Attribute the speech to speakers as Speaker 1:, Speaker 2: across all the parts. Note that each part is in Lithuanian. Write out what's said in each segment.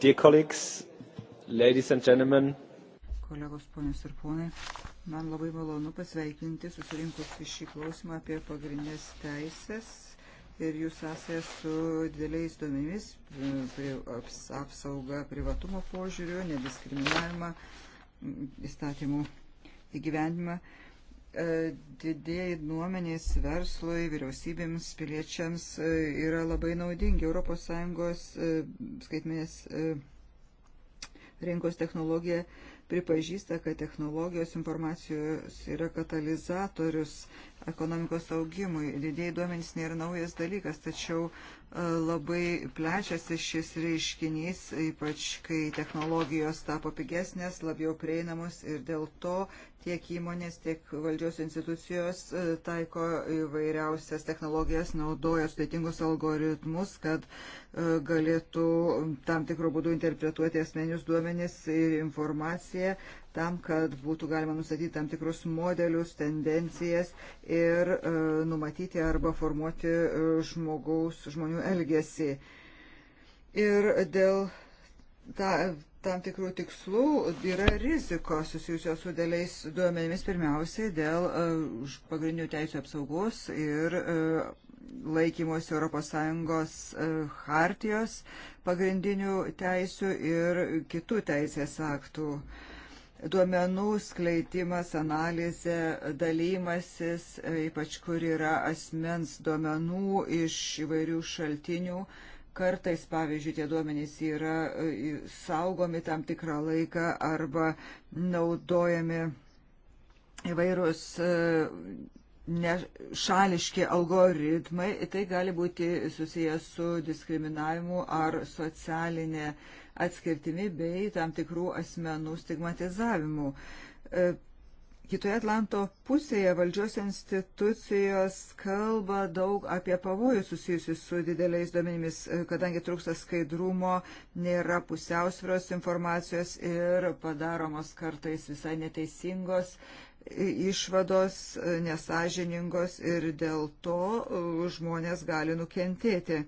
Speaker 1: Dear colleagues, ladies and gentlemen. Kolegos, ponios ir ponai, man labai malonu pasveikinti susirinkus į šį klausimą apie pagrindinės teisės ir jų sąsąją su dideliais duomenimis, pri, aps, apsauga privatumo požiūriu, nediskriminavimą, įstatymų įgyvendimą. Uh, E, didėjai nuomenės verslui, vyriausybėms, piliečiams e, yra labai naudingi. ES e, skaitmės rinkos technologija pripažįsta, kad technologijos informacijos yra katalizatorius ekonomikos augimui. Didėjai duomenys nėra naujas dalykas, tačiau labai plečiasi šis reiškinys, ypač kai technologijos tapo pigesnės, labiau prieinamos ir dėl to tiek įmonės, tiek valdžios institucijos e, taiko įvairiausias technologijas, naudoja sudėtingus algoritmus, kad e, galėtų tam tikrų būdų interpretuoti asmenius duomenis ir informaciją, tam, kad būtų galima nustatyti tam tikrus modelius, tendencijas ir e, numatyti arba formuoti e, žmogaus, žmonių elgesį. Ir dėl ta, tam tikrų tikslų yra rizikos susijusios su dėliais duomenimis pirmiausiai dėl e, pagrindinių teisų apsaugos ir e, laikymosi ES hartijos pagrindinių teisų ir kitų teisės aktų. Uh, duomenų skleidimas, analizė, dalymasis, ypač kur yra asmens duomenų iš įvairių šaltinių. Kartais, pavyzdžiui, tie duomenys yra e, saugomi tam tikrą laiką arba naudojami įvairūs e, šališki algoritmai. Tai gali būti susijęs su diskriminavimu ar socialinė uh, atskirtimi bei tam tikrų asmenų stigmatizavimu. E, kitoje Atlanto pusėje valdžios institucijos kalba daug apie pavojų susijusius su dideliais duomenimis, e, kadangi trūksta skaidrumo, nėra pusiausvėros informacijos ir padaromos kartais visai neteisingos išvados nesažiningos ir dėl to uh, žmonės gali nukentėti.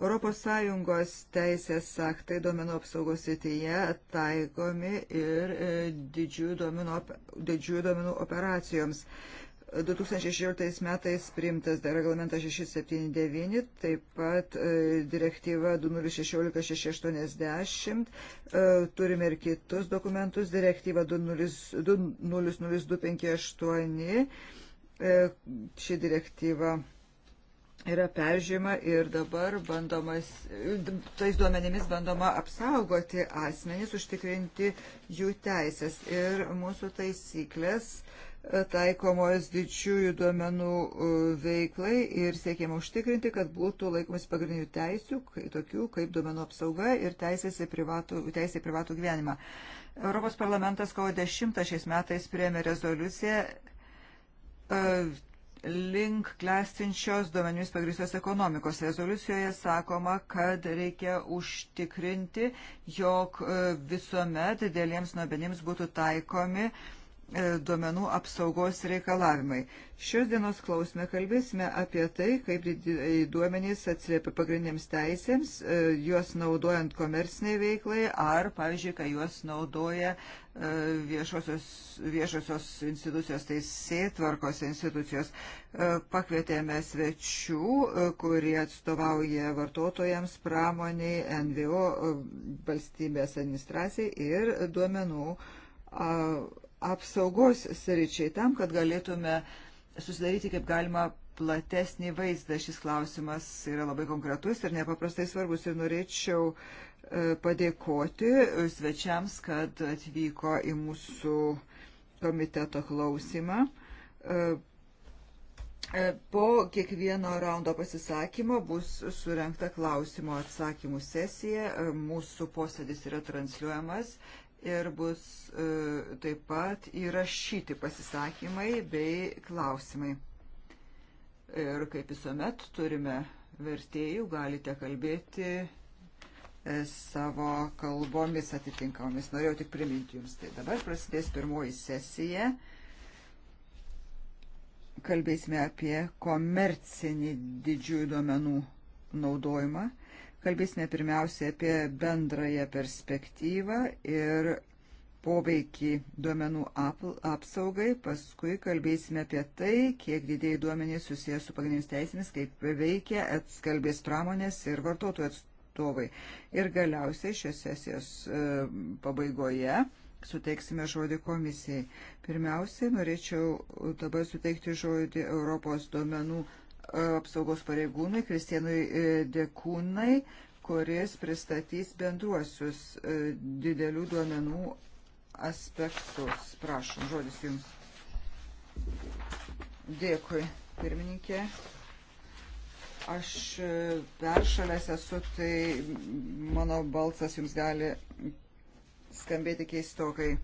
Speaker 1: ES teisės aktai duomenų apsaugos srityje taikomi ir uh, didžiųjų duomenų, didžiųjų duomenų operacijoms. 2016 metais priimtas reglamentas 679, taip pat e, direktyva 2016-680, e, turime ir kitus dokumentus, direktyva 200258, e, ši direktyva yra peržiūrima ir dabar bandomas, tais duomenimis bandoma apsaugoti asmenys, užtikrinti jų teisės ir mūsų taisyklės taikomos didžiųjų duomenų e, veiklai ir siekiama užtikrinti, kad būtų laikomas pagrindinių teisių, tokių kaip duomenų apsauga ir teisė į privatų, teisė į privatų gyvenimą. Europos parlamentas kovo 10 šiais metais priėmė rezoliuciją e, link klestinčios duomenimis pagrįstos ekonomikos. Rezoliucijoje sakoma, kad reikia užtikrinti, jog e, visuomet dideliems nuobenims būtų taikomi uh, E, duomenų apsaugos reikalavimai. Šios dienos klausime kalbėsime apie tai, kaip e, duomenys atsiliepia pagrindiniams teisėms, e, juos naudojant komerciniai veiklai ar, pavyzdžiui, kai juos naudoja viešosios, viešosios institucijos, tai sėtvarkos institucijos. Pakvietėme svečių, kurie atstovauja vartotojams, pramoniai, NVO, valstybės administracijai ir duomenų apsaugos sričiai, tam, kad galėtume susidaryti kaip galima platesnį vaizdą. Šis klausimas yra labai konkretus ir nepaprastai svarbus ir norėčiau e, padėkoti svečiams, kad atvyko į mūsų komiteto klausimą. E, e, po kiekvieno raundo pasisakymo bus surenkta klausimo atsakymų sesija. Mūsų posėdis yra transliuojamas ir bus e, taip pat įrašyti pasisakymai bei klausimai. Ir kaip visuomet turime vertėjų, galite kalbėti e, savo kalbomis atitinkamomis. Norėjau tik priminti jums tai. Dabar prasidės pirmoji sesija. Kalbėsime apie komercinį didžiųjų duomenų naudojimą. Kalbėsime pirmiausiai apie bendrąją perspektyvą ir poveikį duomenų apsaugai, paskui kalbėsime apie tai, kiek didėjai duomenys susijęs su pagrindinėmis teisėmis, kaip veikia, atskalbės pramonės ir vartotojų atstovai. Ir galiausiai šios sesijos e, pabaigoje suteiksime žodį komisijai. Pirmiausiai norėčiau dabar suteikti žodį Europos duomenų apsaugos pareigūnui Kristienui e, Dekūnai, kuris pristatys bendruosius e, didelių duomenų aspektus. Prašom, žodis jums. Dėkui, pirmininkė. Aš peršalęs esu, tai mano balsas jums gali skambėti keistokai.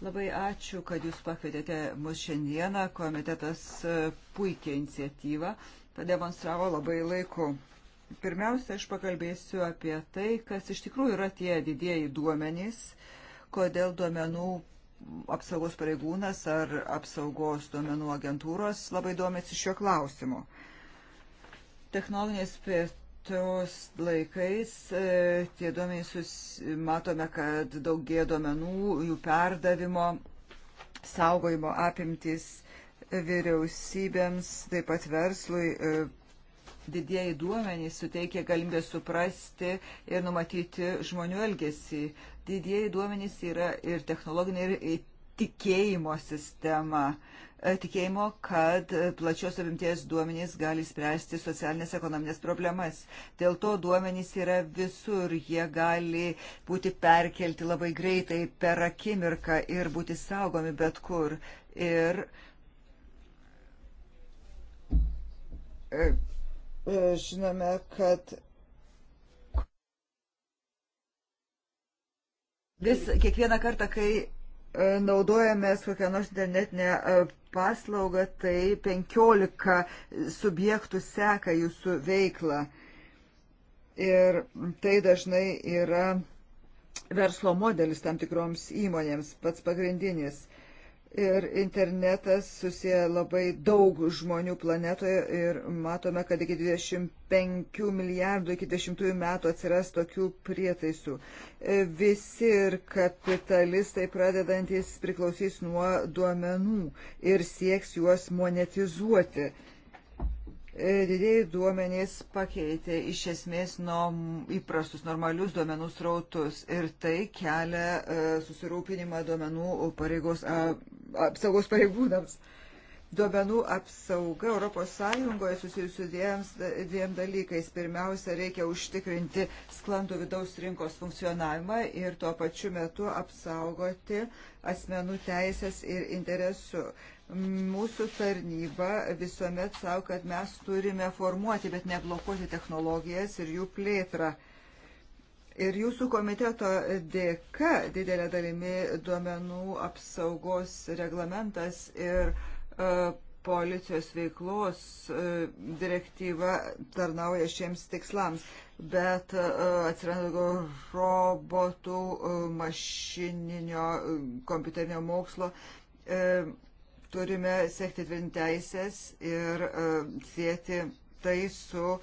Speaker 1: Labai ačiū, kad jūs pakvietėte mus šiandieną. Komitetas e, puikia iniciatyva pademonstravo labai laiku. Pirmiausia, aš pakalbėsiu apie tai, kas iš tikrųjų yra tie didieji duomenys, kodėl duomenų apsaugos pareigūnas ar apsaugos duomenų agentūros labai domėsi šiuo klausimu. Technologinės tos laikais e, tie duomenys sus... matome, kad daugie duomenų, jų perdavimo, saugojimo apimtis vyriausybėms, taip pat verslui e, didieji duomenys suteikia galimybę suprasti ir numatyti žmonių elgesį. Didieji duomenys yra ir technologinė, ir tikėjimo sistema. E, tikėjimo, kad e, plačios apimties duomenys gali spręsti socialinės ekonominės problemas. Dėl to duomenys yra visur, jie gali būti perkelti labai greitai per akimirką ir būti saugomi bet kur. Ir e, žinome, kad vis kiekvieną kartą, kai E, naudojamės kokią nors internetinę e, paslaugą, tai 15 subjektų seka jūsų veiklą. Ir tai dažnai yra verslo modelis tam tikroms įmonėms, pats pagrindinis ir internetas susiję labai daug žmonių planetoje ir matome, kad iki 25 milijardų iki 10 metų atsiras tokių prietaisų. E, visi ir kapitalistai pradedantis priklausys nuo duomenų ir sieks juos monetizuoti. E, Didėjai duomenys pakeitė iš esmės nuo įprastus normalius duomenų srautus ir tai kelia e, susirūpinimą duomenų pareigos apsaugos pareigūnams. Duomenų apsauga ES susijusiu dviems, dviem dalykais. Pirmiausia, reikia užtikrinti sklandų vidaus rinkos funkcionavimą ir tuo pačiu metu apsaugoti asmenų teisės ir interesų. Mūsų tarnyba visuomet savo, kad mes turime formuoti, bet neblokuoti technologijas ir jų plėtrą. Ir jūsų komiteto dėka didelė dalimi duomenų apsaugos reglamentas ir uh, policijos veiklos e, direktyva tarnauja šiems tikslams, bet e, atsiranda daugiau robotų, mašininio, kompiuterinio mokslo. Turime sekti tvirtinteisės ir sėti tai su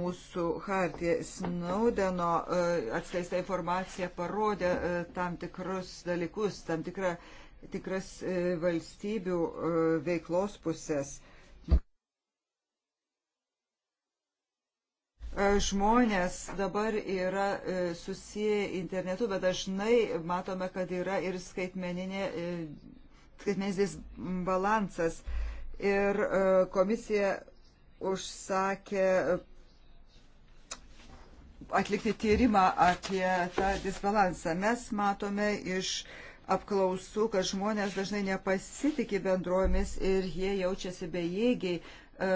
Speaker 1: mūsų hartija Snaudeno e, atskleista informacija parodė e, tam tikrus dalykus, tam tikrą, tikras e, valstybių veiklos pusės. Žmonės dabar yra susiję internetu, bet dažnai matome, kad yra ir skaitmeninė, skaitmeninis balansas. Ir komisija užsakė e, atlikti tyrimą apie tą disbalansą. Mes matome iš apklausų, kad žmonės dažnai nepasitikė bendrojomis ir jie jaučiasi bejėgiai e,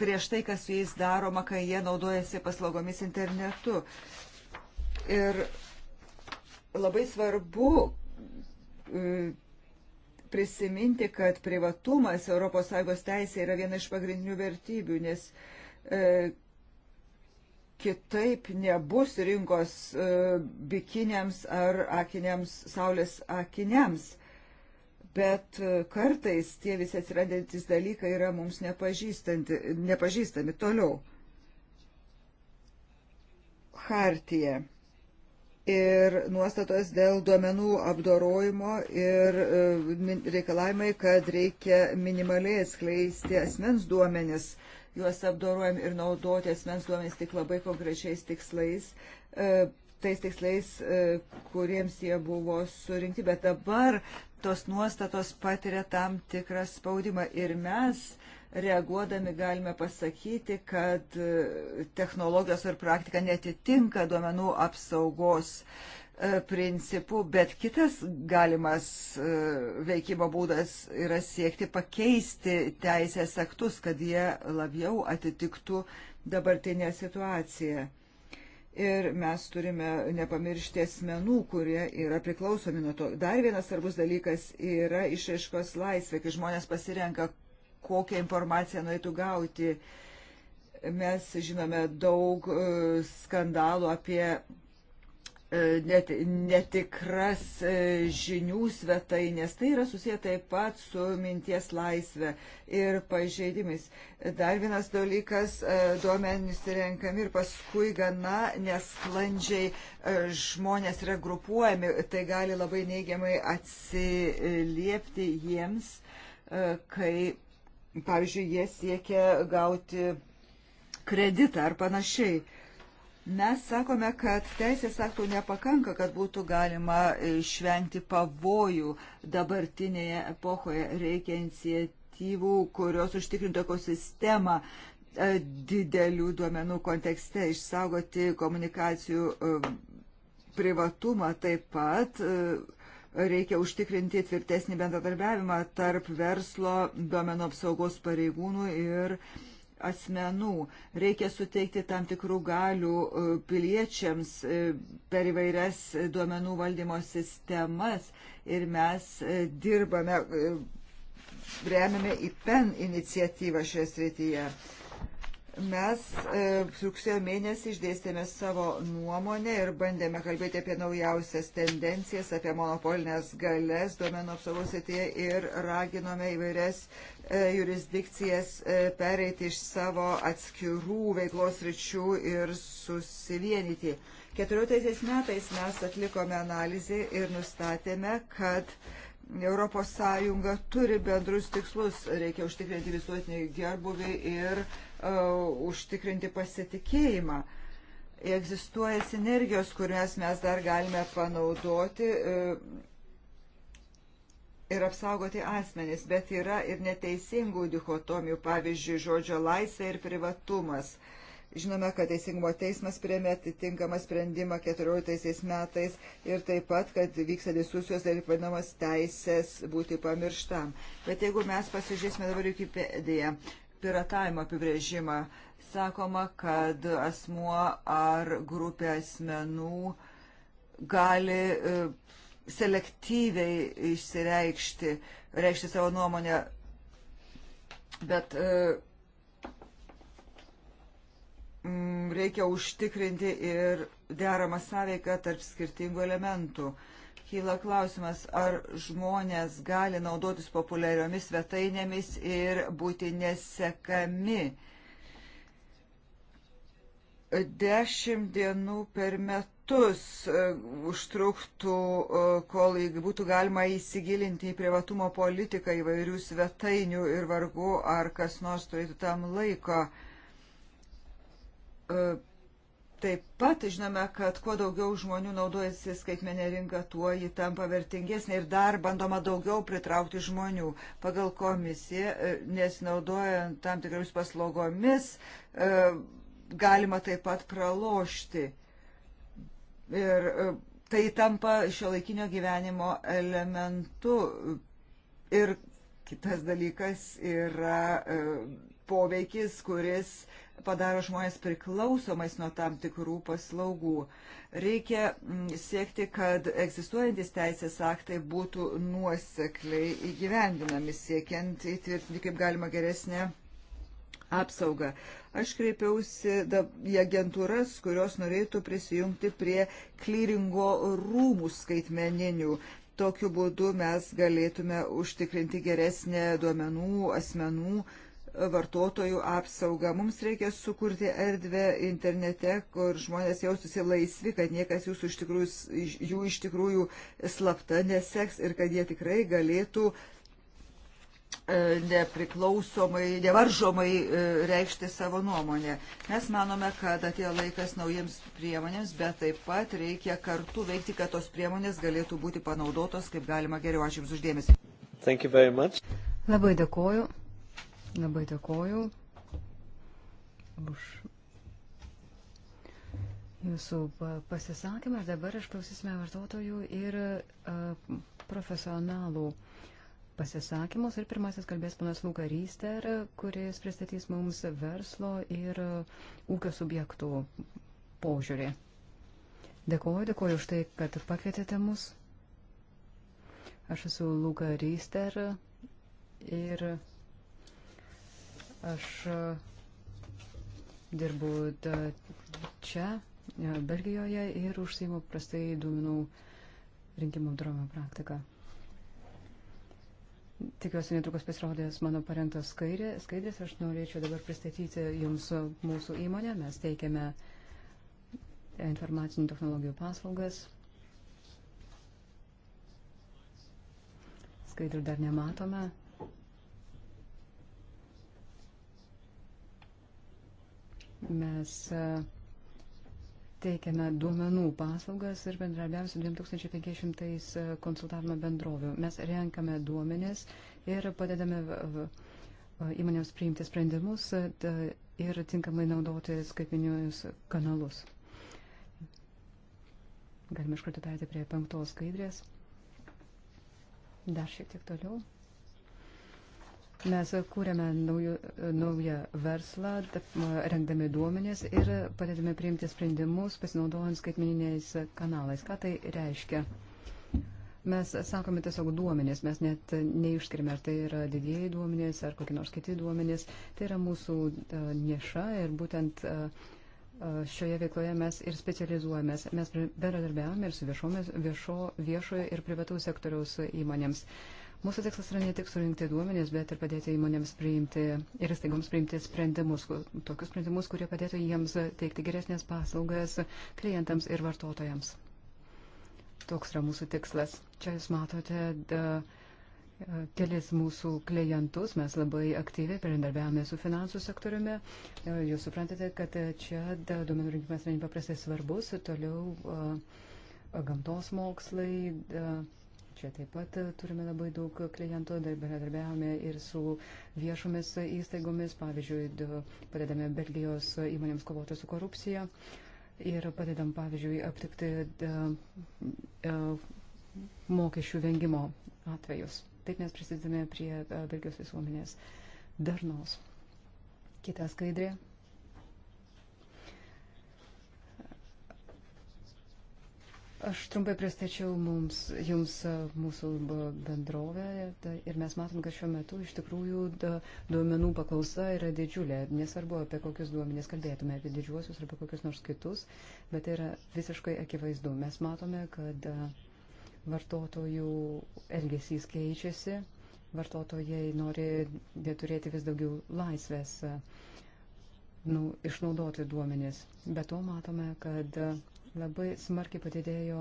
Speaker 1: prieš tai, kas su jais daroma, kai jie naudojasi paslaugomis internetu. Ir labai svarbu e, prisiminti, kad privatumas ES teisė yra viena iš pagrindinių vertybių, nes e, kitaip nebus rinkos e, bikiniams ar akiniams, saulės akiniams. Bet e, kartais tie visi atsirandantis dalykai yra mums nepažįstami toliau. Hartija ir nuostatos dėl duomenų apdorojimo ir e, reikalavimai, kad reikia minimaliai atskleisti asmens duomenis, juos apdorojam ir naudoti asmens duomenis tik labai konkrečiais tikslais, e, tais tikslais, e, kuriems jie buvo surinkti, bet dabar tos nuostatos patiria tam tikrą spaudimą ir mes reaguodami galime pasakyti, kad e, technologijos ir praktika netitinka duomenų apsaugos e, principų, bet kitas galimas e, veikimo būdas yra siekti pakeisti teisės aktus, kad jie labiau atitiktų dabartinę situaciją. Ir mes turime nepamiršti asmenų, kurie yra priklausomi nuo to. Dar vienas svarbus dalykas yra išaiškos laisvė, kai žmonės pasirenka, kokią informaciją norėtų gauti. Mes žinome daug e, skandalų apie e, net, netikras e, žinių svetainės. Tai yra susiję taip pat su minties laisvė ir pažeidimais. Dar vienas dalykas - duomenys renkami ir paskui gana nesklandžiai žmonės yra grupuojami. Tai gali labai neigiamai atsiliepti jiems, kai pavyzdžiui, jie siekia gauti kreditą ar panašiai. Mes sakome, kad teisės aktų nepakanka, kad būtų galima išvengti pavojų dabartinėje epochoje. Reikia iniciatyvų, kurios užtikrintų ekosistemą e, didelių duomenų kontekste, išsaugoti komunikacijų e, privatumą taip pat. E, reikia užtikrinti tvirtesnį bendradarbiavimą tarp verslo, duomenų apsaugos pareigūnų ir asmenų. Reikia suteikti tam tikrų galių e, piliečiams e, per įvairias duomenų valdymo sistemas ir mes e, dirbame, remiame į PEN iniciatyvą šioje srityje. Mes e, rugsėjo mėnesį išdėstėme savo nuomonę ir bandėme kalbėti apie naujausias tendencijas, apie monopolinės galės duomenų apsaugos atėje ir raginome įvairias e, jurisdikcijas e, pereiti iš savo atskirų veiklos ryčių ir susivienyti. 14 metais mes atlikome analizį ir nustatėme, kad Europos Sąjunga turi bendrus tikslus, reikia užtikrinti visuotinį gerbuvį ir uh, E, užtikrinti pasitikėjimą. Egzistuoja sinergijos, kurias mes dar galime panaudoti e, ir apsaugoti asmenis, bet yra ir neteisingų dichotomijų, pavyzdžiui, žodžio laisvė ir privatumas. Žinome, kad Teisingumo teismas priemė atitinkamą sprendimą 14 metais ir taip pat, kad vyksta diskusijos dėl vadinamos teisės būti pamirštam. Bet jeigu mes pasižiūrėsime dabar Wikipediją, piratavimo apibrėžimą. Sakoma, kad asmuo ar grupė asmenų gali e, selektyviai išsireikšti, reikšti savo nuomonę, bet e, reikia užtikrinti ir deramą sąveiką tarp skirtingų elementų kyla klausimas, ar žmonės gali naudotis populiariomis svetainėmis ir būti nesekami. Dešimt dienų per metus e, užtruktų, e, kol būtų galima įsigilinti į privatumo politiką įvairių svetainių ir vargu, ar kas nors turėtų tam laiko e, Taip pat žinome, kad kuo daugiau žmonių naudojasi skaitmenė rinka, tuo ji tampa vertingesnė ir dar bandoma daugiau pritraukti žmonių. Pagal komisiją, e, nesinaudojant tam tikriaus paslaugomis, e, galima taip pat pralošti. Ir e, tai tampa šio laikinio gyvenimo elementu. Ir kitas dalykas yra poveikis, kuris padaro žmonės priklausomais nuo tam tikrų paslaugų. Reikia mm, siekti, kad egzistuojantis teisės aktai būtų nuosekliai įgyvendinami, siekiant įtvirtinti kaip galima geresnę apsaugą. Aš kreipiausi į agentūras, kurios norėtų prisijungti prie klyringo rūmų skaitmeninių. Tokiu būdu mes galėtume užtikrinti geresnę duomenų, asmenų vartotojų apsaugą. Mums reikia sukurti erdvę internete, kur žmonės jaustųsi laisvi, kad niekas jūsų iš tikrųjų, jų iš tikrųjų slapta neseks ir kad jie tikrai galėtų e, nepriklausomai, nevaržomai e, reikšti savo nuomonę. Mes manome, kad atėjo laikas naujiems priemonėms, bet taip pat reikia kartu veikti, kad tos priemonės galėtų būti panaudotos kaip galima geriau. Ačiū Jums uždėmesi.
Speaker 2: Labai dėkoju. Labai dėkoju už jūsų pasisakymą. Ir dabar išklausysime vartotojų ir uh, profesionalų pasisakymus. Ir pirmasis kalbės panas Luka Ryster, kuris pristatys mums verslo ir uh, ūkio subjektų požiūrį. Dėkoju, dėkoju už tai, kad pakvietėte mus. Aš esu Luka Ryster ir. Uh, Aš e, dirbu čia, e, Belgijoje ir užsiimu prastai duomenų rinkimų apdorojimo praktiką. Tikiuosi, netrukus pasirodės mano parengtos skaidrės. Aš norėčiau dabar pristatyti Jums mūsų įmonę. Mes teikiame informacinių technologijų paslaugas. Skaidrų dar nematome. Mes e, teikiame duomenų paslaugas ir bendradarbiavame su 2500 e, konsultavimo bendrovių. Mes renkame duomenis ir padedame e, įmonėms priimti sprendimus ir tinkamai naudoti skaitminius kanalus. Galime iš karto perėti prie penktos skaidrės. Dar šiek tiek toliau. Mes kūrėme naujų, naują verslą, rengdami duomenės ir padedame priimti sprendimus, pasinaudojant skaitmeniniais kanalais. Ką tai reiškia? Mes sakome tiesiog duomenės, mes net neišskiriame, ar tai yra didieji duomenės, ar kokie nors kiti duomenės. Tai yra mūsų e, nieša ir būtent e, e, šioje veikloje mes ir specializuojamės. Mes bendradarbiavame ir su viešo, viešo, viešojo ir privataus sektoriaus įmonėms. Uh, Mūsų tikslas yra ne tik surinkti duomenės, bet ir padėti įmonėms priimti ir įstaigoms priimti sprendimus, tokius sprendimus, kurie padėtų jiems teikti geresnės paslaugas klientams ir vartotojams. Toks yra mūsų tikslas. Čia jūs matote da, kelis mūsų klientus, mes labai aktyviai bendarbiavame su finansų sektoriumi. Jūs suprantate, kad čia da, duomenų rinkimas yra nepaprastai svarbus, toliau a, a, gamtos mokslai. Da, Čia taip pat e, turime labai daug klientų, bendradarbiavome ir su viešomis įstaigomis, pavyzdžiui, padedame Belgijos įmonėms kovoti su korupcija ir padedam, pavyzdžiui, aptikti e, mokesčių vengimo atvejus. Taip mes prisidame prie e, Belgijos visuomenės darnos. Kita skaidrė. Aš trumpai pristačiau mums, jums e, mūsų bendrovę da, tai ir mes matom, kad šiuo metu iš tikrųjų da, duomenų paklausa yra didžiulė. Nesvarbu, apie kokius duomenys kalbėtume, apie didžiuosius ar apie kokius nors kitus, bet tai yra visiškai akivaizdu. Mes matome, kad da, e, vartotojų elgesys keičiasi, vartotojai nori turėti vis daugiau laisvės e, nu, išnaudoti duomenys. Be to matome, kad Labai smarkiai padidėjo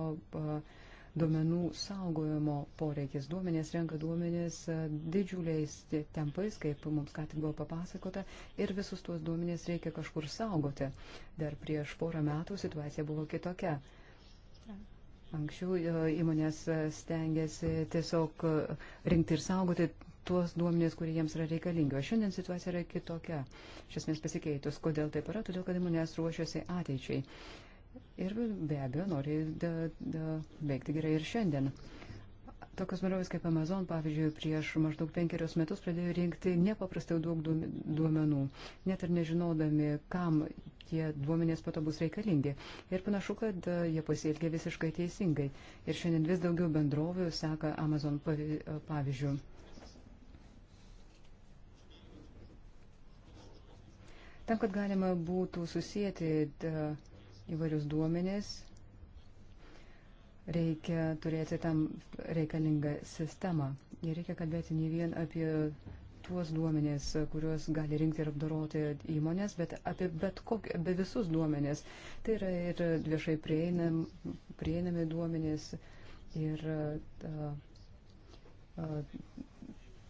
Speaker 2: duomenų saugojimo poreikis. Duomenės renka duomenės didžiuliais tempais, kaip mums ką tik buvo papasakota, ir visus tuos duomenės reikia kažkur saugoti. Dar prieš porą metų situacija buvo kitokia. Anksčiau įmonės stengiasi tiesiog rinkti ir saugoti tuos duomenys, kurie jiems yra reikalingi. O šiandien situacija yra kitokia. Iš esmės pasikeitus. Kodėl taip yra? Todėl, kad įmonės ruošiasi ateičiai ir be abejo nori da, da, veikti gerai ir šiandien. Tokios bendrovės kaip Amazon, pavyzdžiui, prieš maždaug penkerius metus pradėjo rinkti nepaprastai daug duomenų, net ir nežinodami, kam tie duomenės pato bus reikalingi. Ir panašu, kad e, jie pasielgė visiškai teisingai. Ir šiandien vis daugiau bendrovių seka Amazon e, pavyzdžių. Tam, kad galima būtų susijęti e, įvairius duomenis, reikia turėti tam reikalingą sistemą. Ir reikia kalbėti ne vien apie tuos duomenės, kuriuos gali rinkti ir apdoroti įmonės, bet apie bet kokį, be visus duomenės. Tai yra ir viešai prieinam, prieinami duomenės ir ta, a,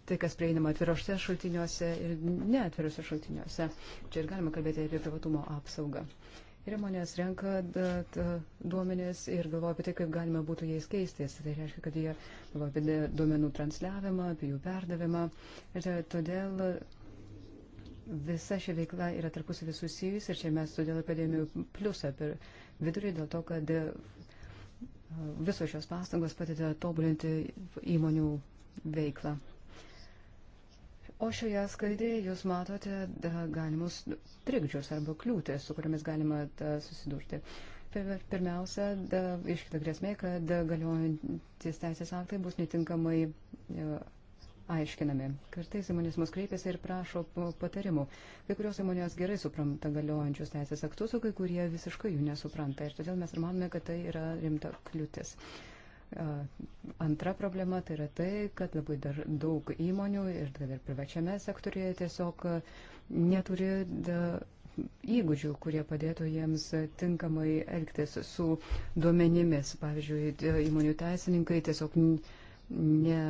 Speaker 2: tai, kas prieinama atvirose šaltiniuose ir neatvirose šaltiniuose. Čia ir galima kalbėti apie privatumo apsaugą. Uh, Ir įmonės renka duomenis ir galvoja apie tai, kaip galima būtų jais keistis. Tai reiškia, kad jie galvoja apie duomenų transliavimą, apie jų perdavimą. Ir todėl visa ši veikla yra tarpusavį susijusi ir čia mes todėl padėjome pliusą per vidurį dėl to, kad visos šios pastangos padeda tobulinti įmonių veiklą. O šioje skaidrėje jūs matote da, galimus trikdžius arba kliūtis, su kuriamis galima da, susidurti. Pirmiausia, da, iškita grėsmė, kad galiojantis teisės aktai bus netinkamai da, e, aiškinami. Kartais įmonės mus kreipiasi ir prašo patarimų. Kai kurios įmonės gerai supranta galiojančius teisės aktus, o kai kurie visiškai jų nesupranta. Ir todėl mes ir manome, kad tai yra rimta kliūtis. Antra problema tai yra tai, kad labai dar daug įmonių ir dar ir privačiame sektorėje tiesiog neturi įgūdžių, kurie padėtų jiems tinkamai elgtis su duomenimis. Pavyzdžiui, įmonių teisininkai tiesiog ne,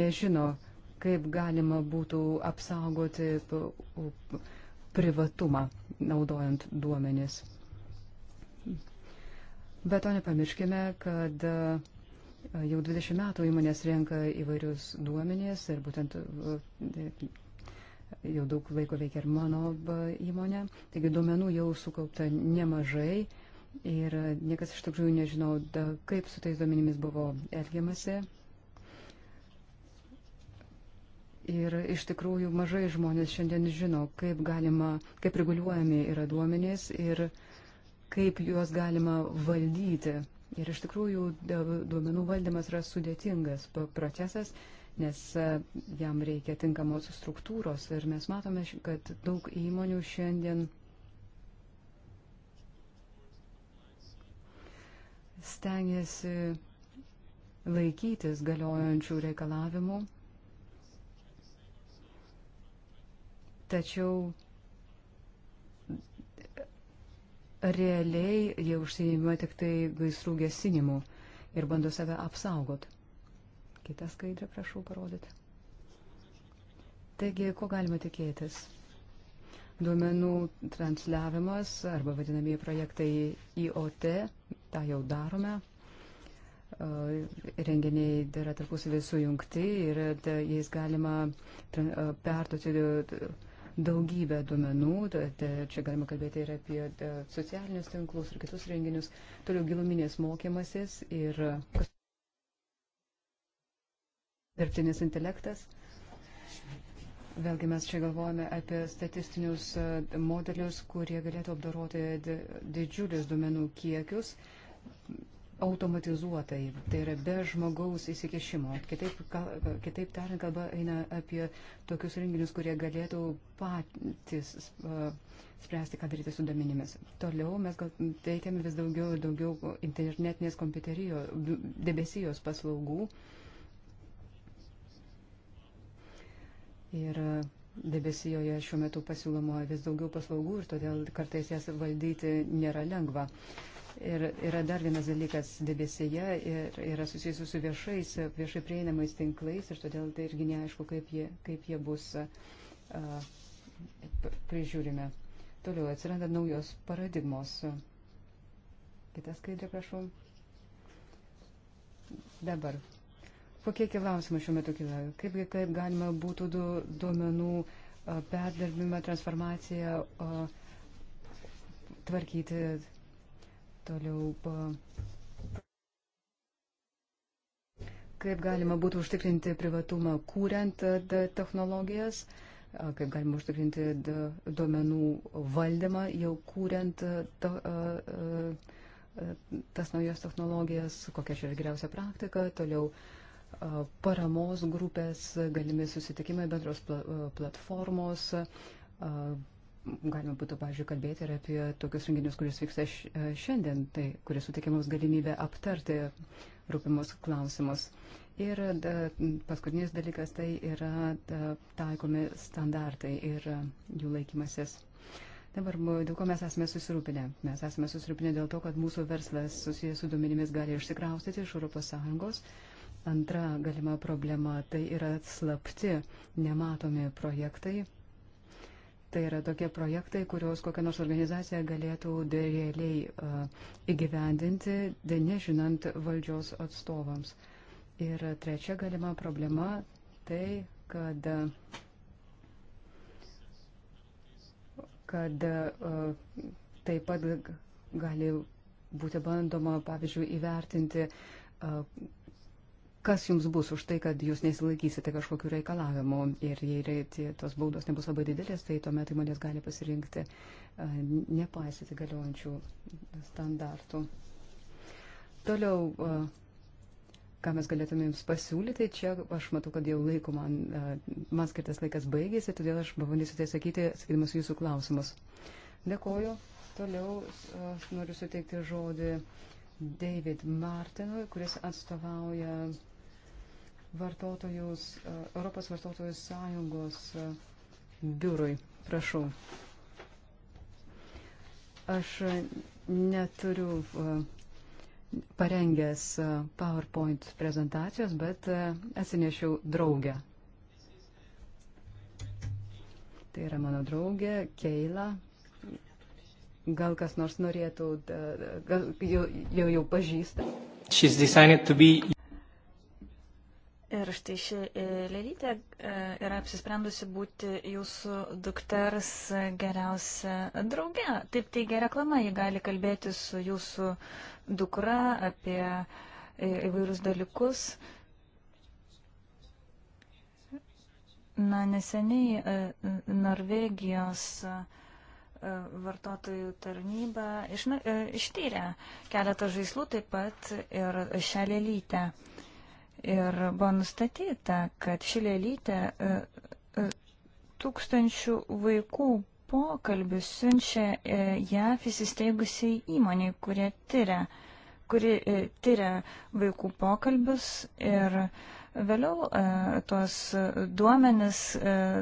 Speaker 2: nežino, kaip galima būtų apsaugoti privatumą naudojant duomenis. Bet to nepamirškime, kad e, jau 20 metų įmonės renka įvairius duomenės ir būtent e, e, jau daug laiko veikia ir mano įmonė. Taigi duomenų jau sukaupta nemažai ir niekas iš tikrųjų nežinau, da, kaip su tais duomenimis buvo elgiamasi. Ir iš tikrųjų mažai žmonės šiandien žino, kaip galima, kaip reguliuojami yra duomenys ir uh, kaip juos galima valdyti. Ir iš tikrųjų duomenų valdymas yra sudėtingas procesas, nes jam reikia tinkamos struktūros. Ir mes matome, kad daug įmonių šiandien stengiasi laikytis galiojančių reikalavimų, tačiau realiai jie užsiima tik tai gaisrų gesinimu ir bando save apsaugoti. Kitą skaidrę prašau parodyti. Taigi, ko galima tikėtis? Duomenų transliavimas arba vadinamieji projektai IOT, tą jau darome. E, renginiai yra tarpusavį sujungti ir e, jais galima e, perduoti daugybę duomenų, tai, tai čia galima kalbėti ir apie e, socialinius tinklus ir kitus renginius, toliau giluminės mokymasis ir dirbtinis intelektas. Vėlgi mes čia galvojame apie statistinius e, modelius, kurie galėtų apdaroti didžiulius duomenų kiekius automatizuotai, tai yra be žmogaus įsikešimo. Kitaip, kitaip tariant, kalba eina apie tokius renginius, kurie galėtų patys uh, spręsti, ką daryti su duomenimis. Toliau mes gal teikiame vis daugiau ir daugiau internetinės kompiuterijos, debesijos paslaugų. Ir debesijoje šiuo metu pasiūloma vis daugiau paslaugų ir todėl kartais jas valdyti nėra lengva. Uh, Ir yra dar vienas dalykas debesyje ir yra susijęs su viešais, viešai prieinamais tinklais ir todėl tai irgi neaišku, kaip jie, kaip jie bus uh, prižiūrime. Toliau atsiranda naujos paradigmos. Kita skaidrė, prašau. Dabar. Kokie klausimai šiuo metu kyla? Kaip, kaip galima būtų du, duomenų uh, perdarbimą, transformaciją uh, tvarkyti Toliau. Kaip galima būtų užtikrinti privatumą, kūrent e, technologijas, kaip galima užtikrinti duomenų valdymą, jau kūrent e, to, e, tas naujas technologijas, kokia čia yra geriausia praktika, toliau paramos grupės, galimi susitikimai, bendros platformos, galima būtų, pažiūrėjau, kalbėti ir apie tokius renginius, kuris vyksta e, šiandien, tai kuris suteikia mums galimybę aptarti rūpimus klausimus. Ir da, paskutinis dalykas tai yra da, taikomi standartai ir jų laikymasis. Dabar dėl ko mes esame susirūpinę? Mes esame susirūpinę dėl to, kad mūsų verslas susijęs su duomenimis gali išsikraustyti iš ES. Antra galima problema tai yra slapti, nematomi projektai, Tai yra tokie projektai, kuriuos kokia nors organizacija galėtų realiai uh, įgyvendinti, nežinant valdžios atstovams. Ir trečia galima problema tai, kad, kad uh, taip pat gali būti bandoma, pavyzdžiui, įvertinti, uh, kas jums bus už tai, kad jūs nesilaikysite kažkokiu reikalavimu ir jei tie, tos baudos nebus labai didelės, tai tuomet įmonės gali pasirinkti nepaisyti galiojančių standartų. Toliau, ką mes galėtume jums pasiūlyti, čia aš matau, kad jau laiko man, man skirtas laikas baigėsi, todėl aš pabandysiu tai sakyti, atsakydamas jūsų klausimus. Dėkoju. Toliau aš noriu suteikti žodį David Martinui, kuris atstovauja vartotojus, e, Europos vartotojų sąjungos e, biurui. Prašau. Aš neturiu e, parengęs PowerPoint prezentacijos, bet atsinešiau draugę. Tai yra mano draugė Keila. Gal kas nors norėtų, gal jau, jau, jau pažįsta.
Speaker 3: She's designed to be Ir štai ši e, lelytė e, yra apsisprendusi būti jūsų dukters geriausia drauge. Taip teigia reklama, ji gali kalbėti su jūsų dukra apie e, įvairius dalykus. Na, neseniai Norvegijos vartotojų tarnyba ištyrė keletą žaislų, taip pat ir šią lelytę. Ir buvo nustatyta, kad ši lėlytė e, e, tūkstančių vaikų pokalbį siunčia e, JAF įsisteigusiai įmoniai, kurie tyria, kuri tyria vaikų pokalbius ir vėliau tuos duomenis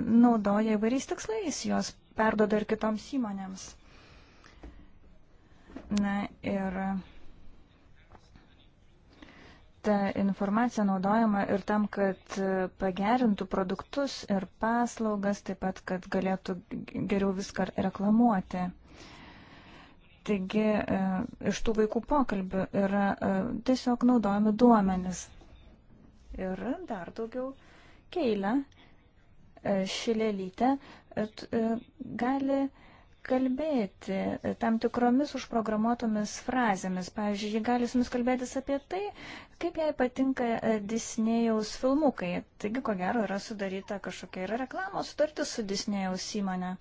Speaker 3: naudoja įvairiais tikslais, juos perdoda ir kitoms įmonėms. Na ir ta informacija naudojama ir tam, kad pagerintų produktus ir paslaugas, taip pat, kad galėtų geriau viską reklamuoti. Taigi e, iš tų vaikų pokalbių yra e, tiesiog naudojami duomenys. Ir dar daugiau keilę e, šilelytę gali kalbėti e, tam tikromis užprogramuotomis frazėmis. Pavyzdžiui, ji gali su jumis kalbėtis apie tai, kaip jai patinka e, Disnėjaus filmukai. Taigi, ko gero, yra sudaryta kažkokia yra reklamos sutartis su Disnėjaus įmonė.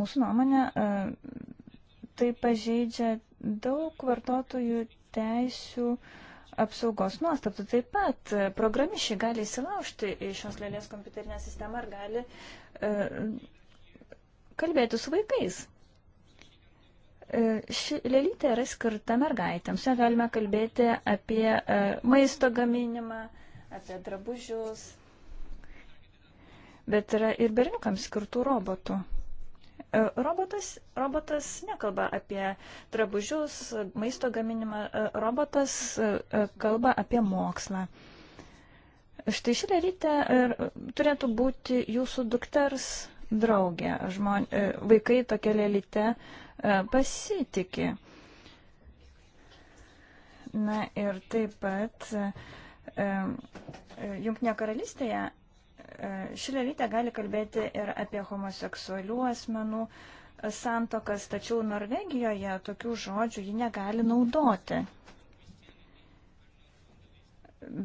Speaker 3: Mūsų nuomonė, e, tai pažeidžia daug vartotojų teisių uh, apsaugos nuostatų. Taip pat e, programišiai gali įsilaužti į šios lėlės kompiuterinę sistemą ar gali e, kalbėti su vaikais. E, ši lėlytė yra skirta mergaitėms. Čia galime kalbėti apie e, maisto gaminimą, apie drabužius, bet yra ir berniukams skirtų robotų. E, robotas, robotas nekalba apie drabužius, maisto gaminimą, e, robotas e, kalba apie mokslą. Štai šitą rytę turėtų būti jūsų dukters draugė. Žmon, vaikai tokia lėlyte pasitikė. Na ir taip pat Junktinė karalystėje Ši lelytė gali kalbėti ir apie homoseksualių asmenų santokas, tačiau Norvegijoje tokių žodžių ji negali naudoti.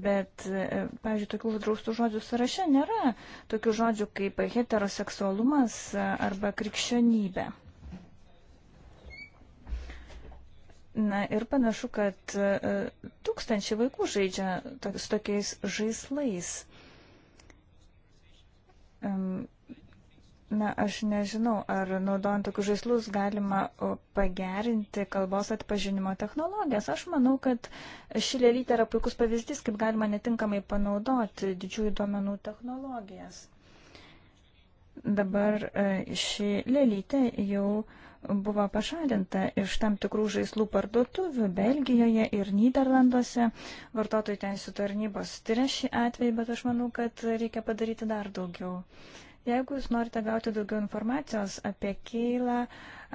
Speaker 3: Bet, e, pavyzdžiui, tokių uždraustų žodžių sąraše nėra tokių žodžių kaip heteroseksualumas arba krikščionybė. Na ir panašu, kad e, tūkstančiai vaikų žaidžia su tokiais žaislais. Na, aš nežinau, ar naudojant tokius žaislus galima pagerinti kalbos atpažinimo technologijas. Aš manau, kad ši lėlytė yra puikus pavyzdys, kaip galima netinkamai panaudoti didžiųjų duomenų technologijas. Dabar e, ši lėlytė jau uh, buvo pašalinta iš tam tikrų žaislų parduotuvių Belgijoje ir Niderlanduose. Vartotojų teisų tarnybos tyria šį atvejį, bet aš manau, kad reikia padaryti dar daugiau. Jeigu jūs norite gauti daugiau informacijos apie Keilą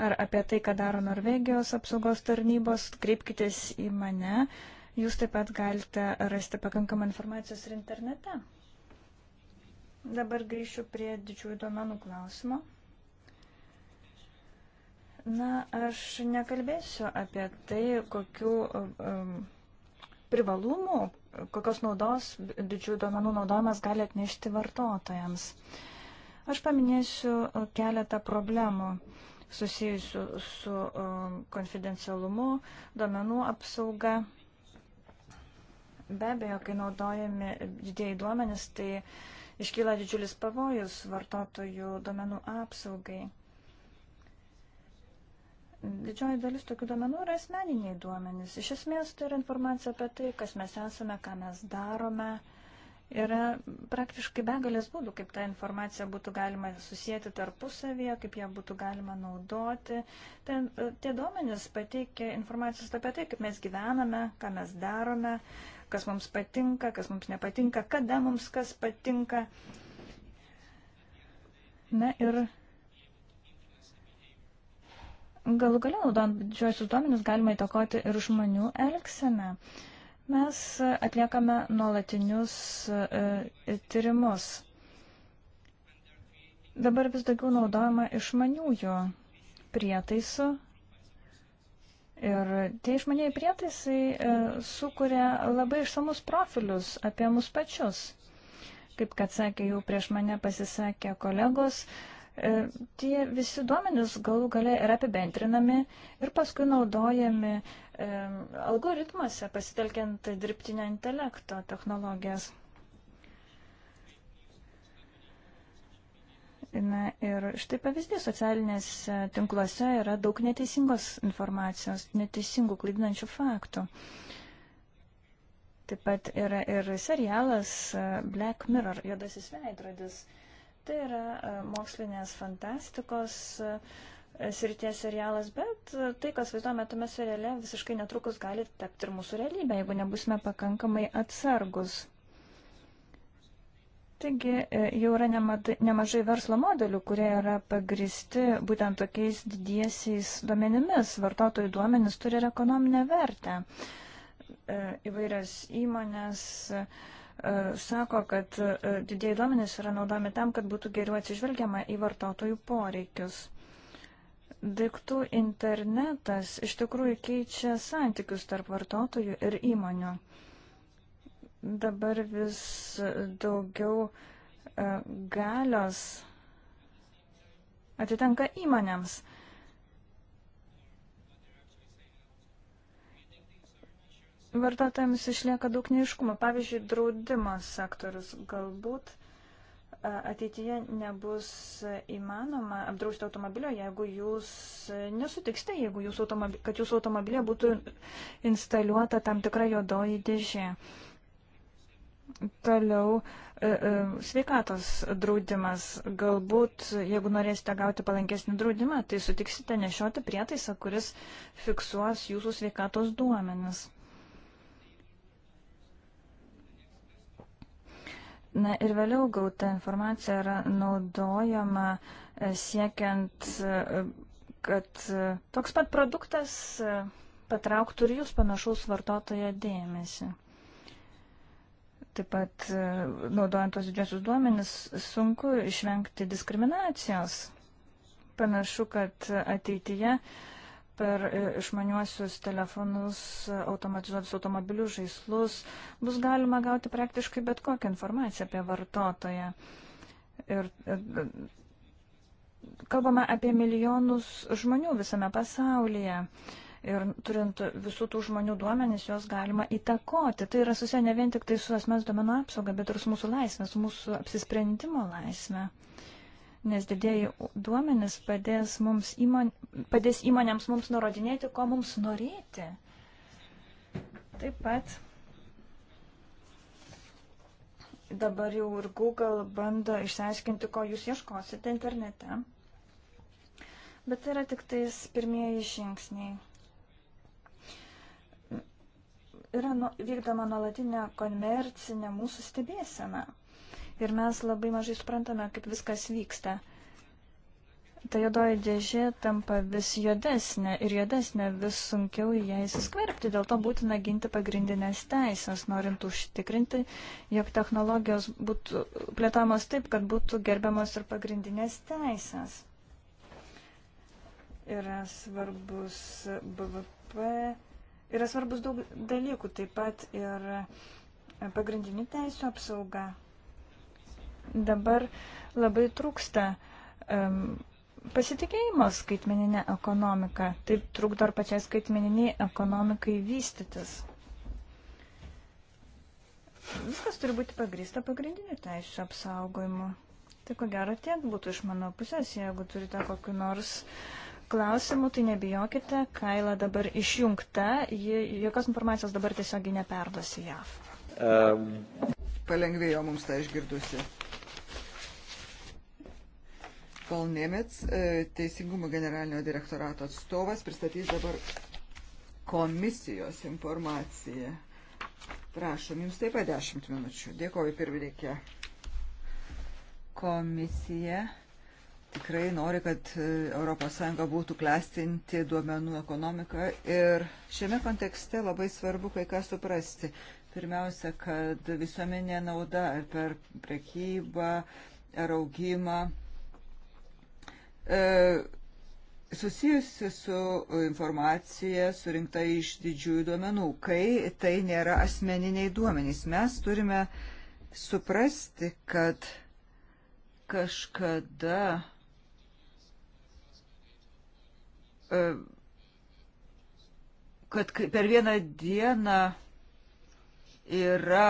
Speaker 3: ar apie tai, ką daro Norvegijos apsaugos tarnybos, kreipkitės į mane. Jūs taip pat galite rasti pakankamą informacijos ir internete. Dabar grįšiu prie didžiųjų duomenų klausimo. Na, aš nekalbėsiu apie tai, kokiu um, privalumų, kokios naudos didžiųjų duomenų naudojimas gali atnešti vartotojams. Aš paminėsiu uh, keletą problemų susijusių su um, konfidencialumu, duomenų apsauga. Be abejo, kai naudojami didėjai duomenys, tai iškyla didžiulis pavojus vartotojų duomenų apsaugai. Didžioji dalis tokių duomenų yra asmeniniai duomenys. Iš esmės tai yra informacija apie tai, kas mes esame, ką mes darome. Yra praktiškai begalės būdų, kaip tą informaciją būtų galima susijęti tarpusavyje, kaip ją būtų galima naudoti. Ten, e, tie duomenys pateikia informacijos apie tai, kaip mes gyvename, ką mes darome, kas mums patinka, kas mums nepatinka, kada mums kas patinka. Na ir Galų galia, naudojant didžiuosius duomenis, galima įtakoti ir žmonių elgseną. Mes atliekame nuolatinius e, e, tyrimus. Dabar vis daugiau naudojama išmaniųjų prietaisų. Ir tie išmaniai prietaisai e, sukuria labai išsamus profilius apie mus pačius. Kaip kad sakė jau prieš mane pasisakė kolegos, uh, E, tie visi duomenys galų gale yra apibendrinami ir paskui naudojami e, algoritmuose pasitelkiant dirbtinio intelekto technologijas. Na ir štai pavyzdys socialinės tinkluose yra daug neteisingos informacijos, neteisingų klaidinančių faktų. Taip pat yra ir serialas e, Black Mirror, juodasis veidrodis. Uh, Tai yra e, mokslinės fantastikos e, srities serialas, bet e, tai, kas vaizduojame tame seriale, visiškai netrukus gali tapti ir mūsų realybę, jeigu nebusime pakankamai atsargus. Taigi jau yra nemažai verslo modelių, kurie yra pagristi būtent tokiais didiesiais duomenimis. Vartotojų duomenys turi ir ekonominę vertę. Įvairios įmonės, įmonės E, sako, kad e, didieji duomenys yra naudojami tam, kad būtų geriau atsižvelgiama į vartotojų poreikius. Daiktų internetas iš tikrųjų keičia santykius tarp vartotojų ir įmonių. Dabar vis daugiau e, galios atitenka įmonėms. vartotojams išlieka daug neiškumo. Pavyzdžiui, draudimo sektorius galbūt e, ateityje nebus įmanoma apdrausti automobilio, jeigu jūs nesutiksite, jeigu jūs automobilio, kad jūsų automobilio būtų instaliuota tam tikra jodoji dėžė. Toliau e, e, sveikatos draudimas. Galbūt, jeigu norėsite gauti palankesnį draudimą, tai sutiksite nešioti prietaisą, kuris fiksuos jūsų sveikatos duomenis. Na ir vėliau gauta informacija yra naudojama e, siekiant, e, kad e, toks pat produktas patrauktų ir jūs panašaus vartotojo dėmesį. Taip pat, naudojant tos didžiosius duomenis, sunku išvengti diskriminacijos. Panašu, kad ateityje uh, per e, išmaniuosius telefonus, automatizuotus automobilius, žaislus, bus galima gauti praktiškai bet kokią informaciją apie vartotoją. Ir, ir e, kalbame apie milijonus žmonių visame pasaulyje. Ir turint visų tų žmonių duomenys, juos galima įtakoti. Tai yra susiję ne vien tik tai su asmens duomenų apsauga, bet ir su mūsų laisvė, su mūsų apsisprendimo laisvė. Uh, nes didėjai duomenys padės, mums įmon, padės įmonėms mums nurodinėti, ko mums norėti. Taip pat dabar jau ir Google bando išsiaiškinti, ko jūs ieškosite internete. Bet tai yra tik tais pirmieji žingsniai. Yra nu, vykdoma nuolatinė komercinė mūsų stebėsena ir mes labai mažai suprantame, kaip viskas vyksta. Ta juodoji dėžė tampa vis juodesnė ir juodesnė, vis sunkiau į ją įsiskverbti, dėl to būtina ginti pagrindinės teisės, norint užtikrinti, jog technologijos būtų plėtojamos taip, kad būtų gerbiamos ir pagrindinės teisės. Yra svarbus BVP, yra svarbus daug dalykų, taip pat ir pagrindinių teisų apsauga dabar labai trūksta um, pasitikėjimo skaitmeninė ekonomika. Taip trukdo ir pačiai skaitmeniniai ekonomikai vystytis. Viskas turi būti pagrįsta pagrindiniu teisų apsaugojimu. Tai ko gero tiek būtų iš mano pusės, jeigu turite kokiu nors klausimų, tai nebijokite, Kaila dabar išjungta, ji jokios informacijos dabar tiesiog neperduosi JAV.
Speaker 1: Um. Palengvėjo mums tai išgirdusi. Paul Nemets, e, Teisingumo generalinio direktorato atstovas, pristatys dabar komisijos informaciją. Prašom, jums taip pat 10 minučių. Dėkoju, pirmininkė. Komisija tikrai nori, kad ES būtų klestinti duomenų ekonomika ir šiame kontekste labai svarbu kai ką suprasti. Pirmiausia, kad visuomenė nauda ar per prekybą, ar augimą E, susijusi su informacija surinkta iš didžiųjų duomenų, kai tai nėra asmeniniai duomenys. Mes turime suprasti, kad kažkada e, kad per vieną dieną yra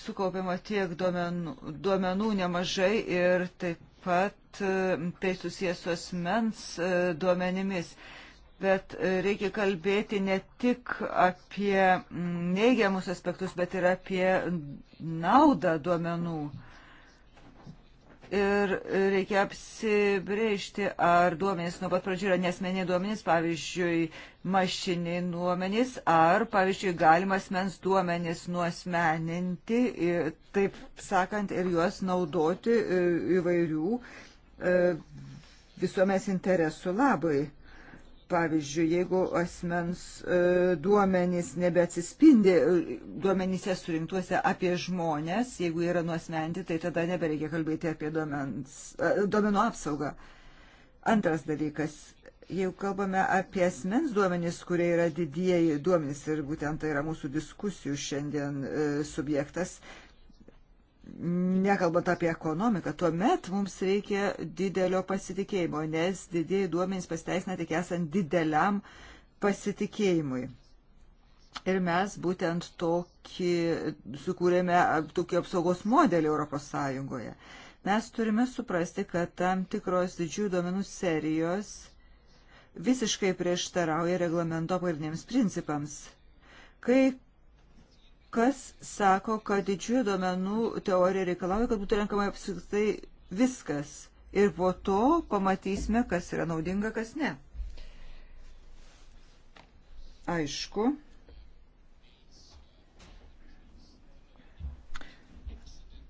Speaker 1: sukaupiama tiek duomenų, duomenų nemažai ir taip pat e, tai susijęs su asmens e, duomenimis. Bet e, reikia kalbėti ne tik apie neigiamus aspektus, bet ir apie naudą duomenų. Ir reikia apsibrėžti, ar duomenys nuo pat pradžių yra nesmeniai duomenys, pavyzdžiui, mašiniai duomenys, ar, pavyzdžiui, galima asmens duomenys nuosmeninti, taip sakant, ir juos naudoti įvairių e, visuomės interesų labai. Pavyzdžiui, jeigu asmens e, duomenys nebeatsispindi e, duomenyse surinktuose apie žmonės, jeigu yra nuosmenti, tai tada nebereikia kalbėti apie duomens, e, duomenų apsaugą. Antras dalykas, jeigu kalbame apie asmens duomenys, kurie yra didieji duomenys ir būtent tai yra mūsų diskusijų šiandien subjektas, nekalbant apie ekonomiką, tuomet mums reikia didelio pasitikėjimo, nes didėjai duomenys pasiteisina tik esant dideliam pasitikėjimui. Ir mes būtent tokį sukūrėme, tokį apsaugos modelį Europos Sąjungoje. Mes turime suprasti, kad tam tikros didžiųjų duomenų serijos visiškai prieštarauja reglamento pagrindiniams principams. Kai kas sako, kad didžiųjų duomenų teorija reikalauja, kad būtų renkama apskritai viskas. Ir po to pamatysime, kas yra naudinga, kas ne. Aišku.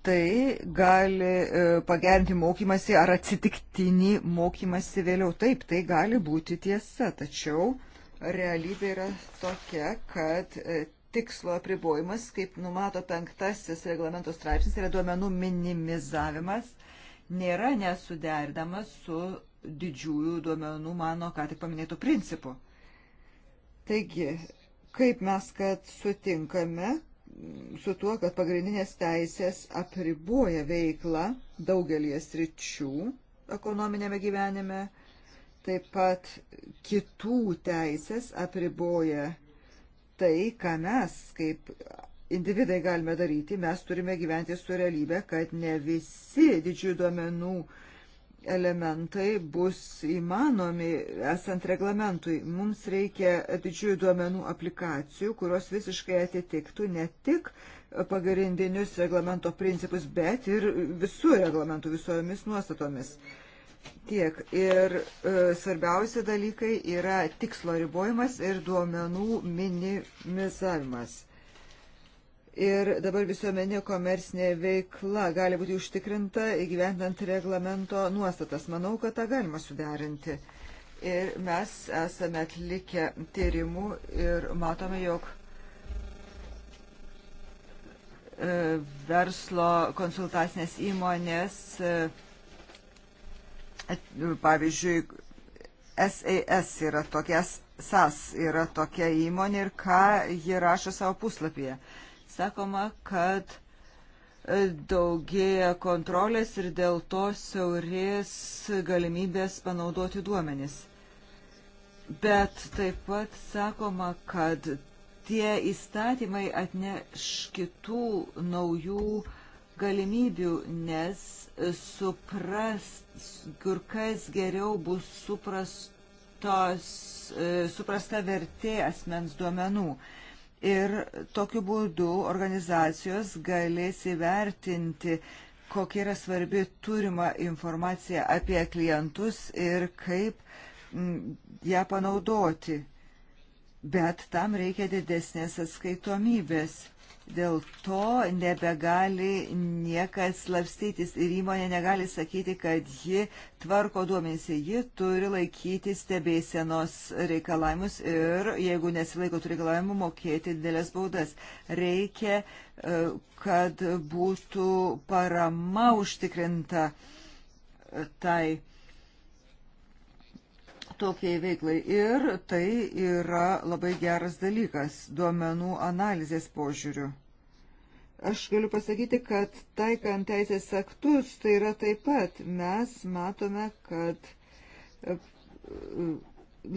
Speaker 1: Tai gali e, pagerinti mokymasi ar atsitiktinį mokymasi vėliau. Taip, tai gali būti tiesa, tačiau realybė yra tokia, kad e, tikslo apribojimas, kaip numato penktasis reglamento straipsnis, tai yra duomenų minimizavimas, nėra nesuderdamas su didžiųjų duomenų mano, ką tik paminėtų principu. Taigi, kaip mes, kad sutinkame su tuo, kad pagrindinės teisės apriboja veiklą daugelį sričių ekonominėme gyvenime, taip pat kitų teisės apriboja tai, ką mes kaip individai galime daryti, mes turime gyventi su realybė, kad ne visi didžiųjų duomenų elementai bus įmanomi esant reglamentui. Mums reikia didžiųjų duomenų aplikacijų, kurios visiškai atitiktų ne tik pagrindinius reglamento principus, bet ir visų reglamentų visojomis nuostatomis. Mm. Tiek. Ir e, svarbiausi dalykai yra tikslo ribojimas ir duomenų minimizavimas. Ir dabar visuomenė komersinė veikla gali būti užtikrinta įgyventant reglamento nuostatas. Manau, kad tą galima suderinti. Ir mes esame atlikę tyrimų ir matome, jog e, verslo konsultacinės įmonės e, Pavyzdžiui, SAS yra tokia, SAS yra tokia įmonė ir ką ji rašo savo puslapyje. Sakoma, kad e, daugėja kontrolės ir dėl to siaurės galimybės panaudoti duomenis. Bet taip pat sakoma, kad tie įstatymai atneš kitų naujų uh, galimybių, nes e, supras, kur kas geriau bus suprastos, e, suprasta vertė asmens duomenų. Ir tokiu būdu organizacijos galės įvertinti, kokia yra svarbi turima informacija apie klientus ir kaip ją panaudoti. Bet tam reikia didesnės atskaitomybės. Dėl to nebegali niekas slapstytis ir įmonė negali sakyti, kad ji tvarko duomenys, ji turi laikyti stebėsenos reikalavimus ir jeigu nesilaiko tų reikalavimų, mokėti didelės baudas. Reikia, e, kad būtų parama užtikrinta e, tai tokiai veiklai. Ir tai yra labai geras dalykas duomenų analizės požiūriu. Aš galiu pasakyti, kad taikant teisės aktus, tai yra taip pat mes matome, kad e,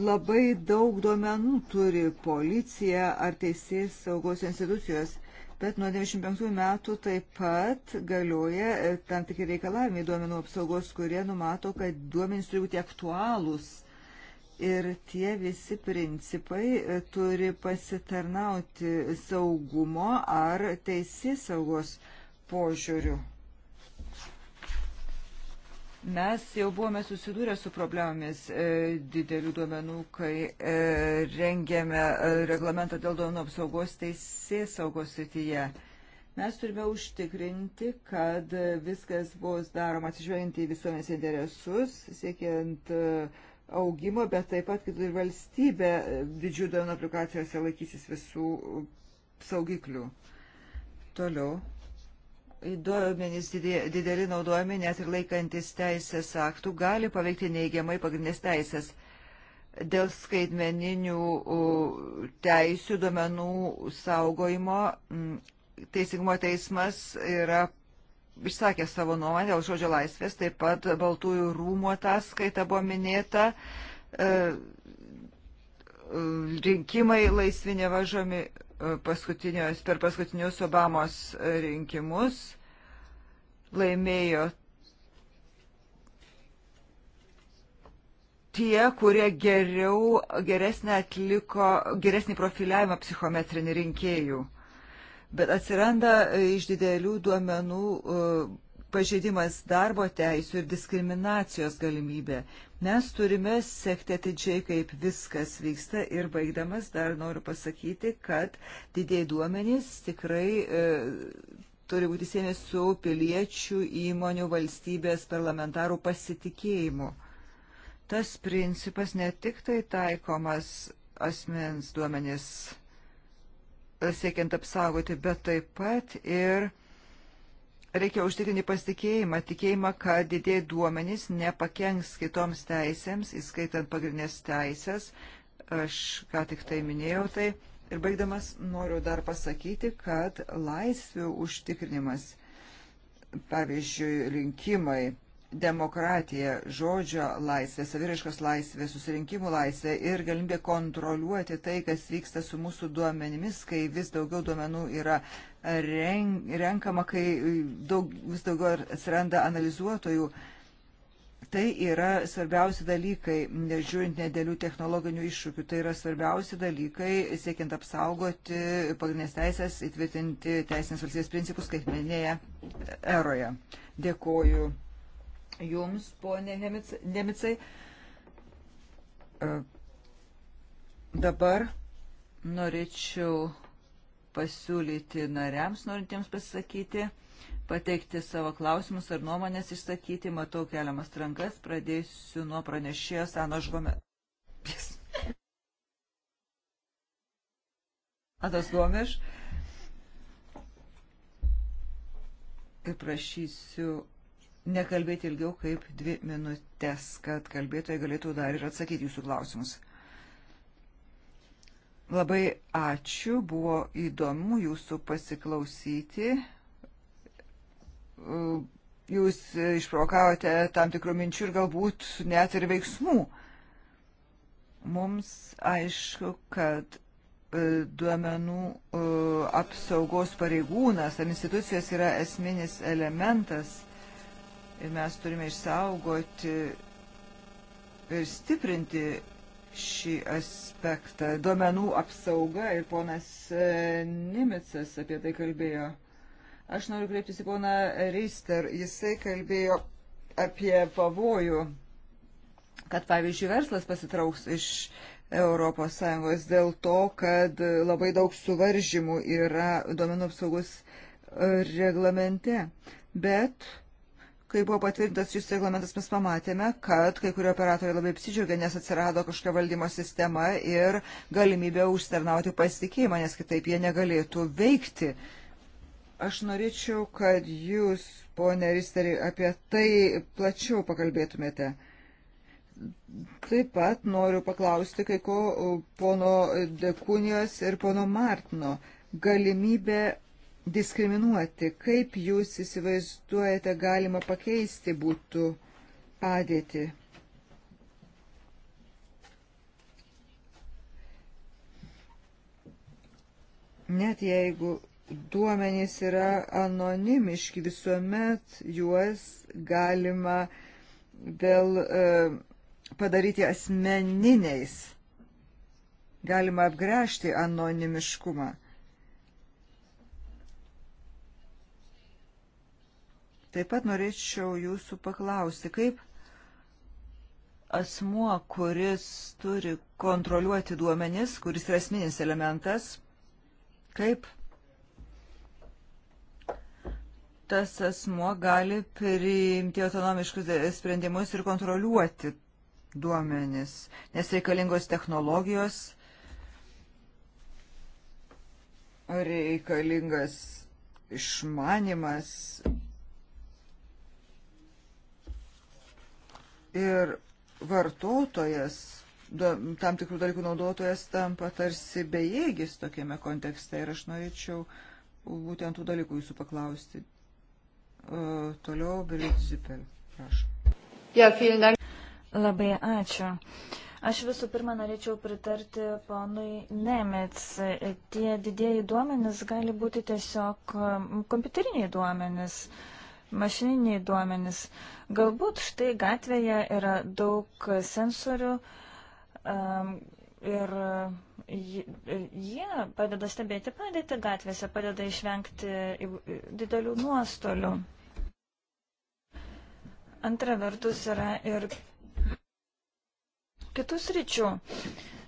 Speaker 1: labai daug duomenų turi policija ar teisės saugos institucijos, bet nuo 95 metų taip pat galioja e, tam tikri reikalavimai duomenų apsaugos, kurie numato, kad duomenys turi būti aktualūs ir tie visi principai e, turi pasitarnauti saugumo ar teisės saugos požiūrių. Mes jau buvome susidūrę su problemomis e, didelių duomenų, kai e, rengėme e, reglamentą dėl duomenų apsaugos teisės saugos srityje. Mes turime užtikrinti, kad viskas bus daroma atsižvelgiant į visuomenės interesus, siekiant e, augimo, bet taip pat, kad ir valstybė e, didžiųjų duomenų aplikacijose laikysis visų e, saugiklių. Toliau. Duomenys dideli naudojami, net ir laikantis teisės aktų, gali paveikti neigiamai pagrindinės teisės dėl skaitmeninių teisių duomenų saugojimo Teisingumo teismas yra išsakė savo nuomonę dėl žodžio laisvės, taip pat Baltųjų rūmų ataskaita buvo minėta, e, rinkimai laisvi nevažomi e, per paskutinius Obamos rinkimus laimėjo tie, kurie geriau, geresnį atliko, geresnį profiliavimą psichometrinį rinkėjų. Uh, bet atsiranda e, iš didelių duomenų e, pažeidimas darbo teisų ir diskriminacijos galimybė. Mes turime sekti atidžiai, kaip viskas vyksta ir baigdamas dar noriu pasakyti, kad didėjai duomenys tikrai e, turi būti siemi su piliečių įmonių valstybės parlamentarų pasitikėjimu. Tas principas ne tik tai taikomas asmens duomenys siekiant apsaugoti, bet taip pat ir reikia užtikrinti pasitikėjimą, tikėjimą, kad didėjai duomenys nepakenks kitoms teisėms, įskaitant pagrindinės teisės. Aš ką tik tai minėjau tai. Ir baigdamas noriu dar pasakyti, kad laisvių užtikrinimas, pavyzdžiui, rinkimai, demokratija, žodžio laisvė, saviriškos laisvė, susirinkimų laisvė ir galimybė kontroliuoti tai, kas vyksta su mūsų duomenimis, kai vis daugiau duomenų yra renkama, kai daug, vis daugiau atsiranda analizuotojų. Tai yra svarbiausi dalykai, nežiūrint nedėlių technologinių iššūkių, tai yra svarbiausi dalykai, siekiant apsaugoti pagrindinės teisės, įtvirtinti teisinės valstybės principus skaitmenėje eroje. Dėkoju Jums, ponė Nemicai. E, dabar norėčiau pasiūlyti nariams, norintiems pasisakyti, pateikti savo klausimus ar nuomonės išsakyti. Matau keliamas rankas, pradėsiu nuo pranešėjos Anos Gomes. Anas Gomes. Ir prašysiu nekalbėti ilgiau kaip dvi minutės, kad kalbėtojai galėtų dar ir atsakyti jūsų klausimus. Labai ačiū, buvo įdomu jūsų pasiklausyti. Jūs išprovokavote tam tikrų minčių ir galbūt net ir veiksmų. Mums aišku, kad e, duomenų e, apsaugos pareigūnas ar institucijos yra esminis elementas Ir mes turime išsaugoti ir stiprinti šį aspektą. Duomenų apsauga ir ponas e, Nimicas apie tai kalbėjo. Aš noriu kreiptis į poną Reister. Jisai kalbėjo apie pavojų, kad pavyzdžiui verslas pasitrauks iš ES dėl to, kad labai daug suvaržymų yra duomenų apsaugos e, reglamente. Bet kai buvo patvirtintas šis reglamentas, mes pamatėme, kad kai kurie operatoriai labai apsidžiaugia, nes atsirado kažkokia valdymo sistema ir galimybė užsitarnauti pasitikėjimą, nes kitaip jie negalėtų veikti. Aš norėčiau, kad jūs, ponė Risteri, apie tai plačiau pakalbėtumėte. Taip pat noriu paklausti kai ko pono Dekunijos ir pono Martino galimybė diskriminuoti. Kaip jūs įsivaizduojate, galima pakeisti būtų padėtį? Net jeigu duomenys yra anonimiški, visuomet juos galima vėl e, padaryti asmeniniais. Galima apgręžti anonimiškumą. Taip pat norėčiau jūsų paklausti, kaip asmuo, kuris turi kontroliuoti duomenis, kuris yra asmeninis elementas, kaip tas asmuo gali priimti autonomiškus sprendimus ir kontroliuoti duomenis, nes reikalingos technologijos, reikalingas išmanimas, ir vartotojas, tam tikrų dalykų naudotojas tampa tarsi bejėgis tokiame kontekste ir aš norėčiau būtent tų dalykų jūsų paklausti. E, toliau Birgit Zipel,
Speaker 3: prašau. Ja, Labai ačiū. Aš visų pirma norėčiau pritarti ponui Nemets. Tie didėjai duomenys gali būti tiesiog kompiuteriniai duomenys. Uh, mašininiai duomenys. Galbūt štai gatvėje yra daug sensorių um, ir e, e, jie padeda stebėti padėtį gatvėse, padeda išvengti didelių nuostolių. Antra vertus yra ir kitus ryčių.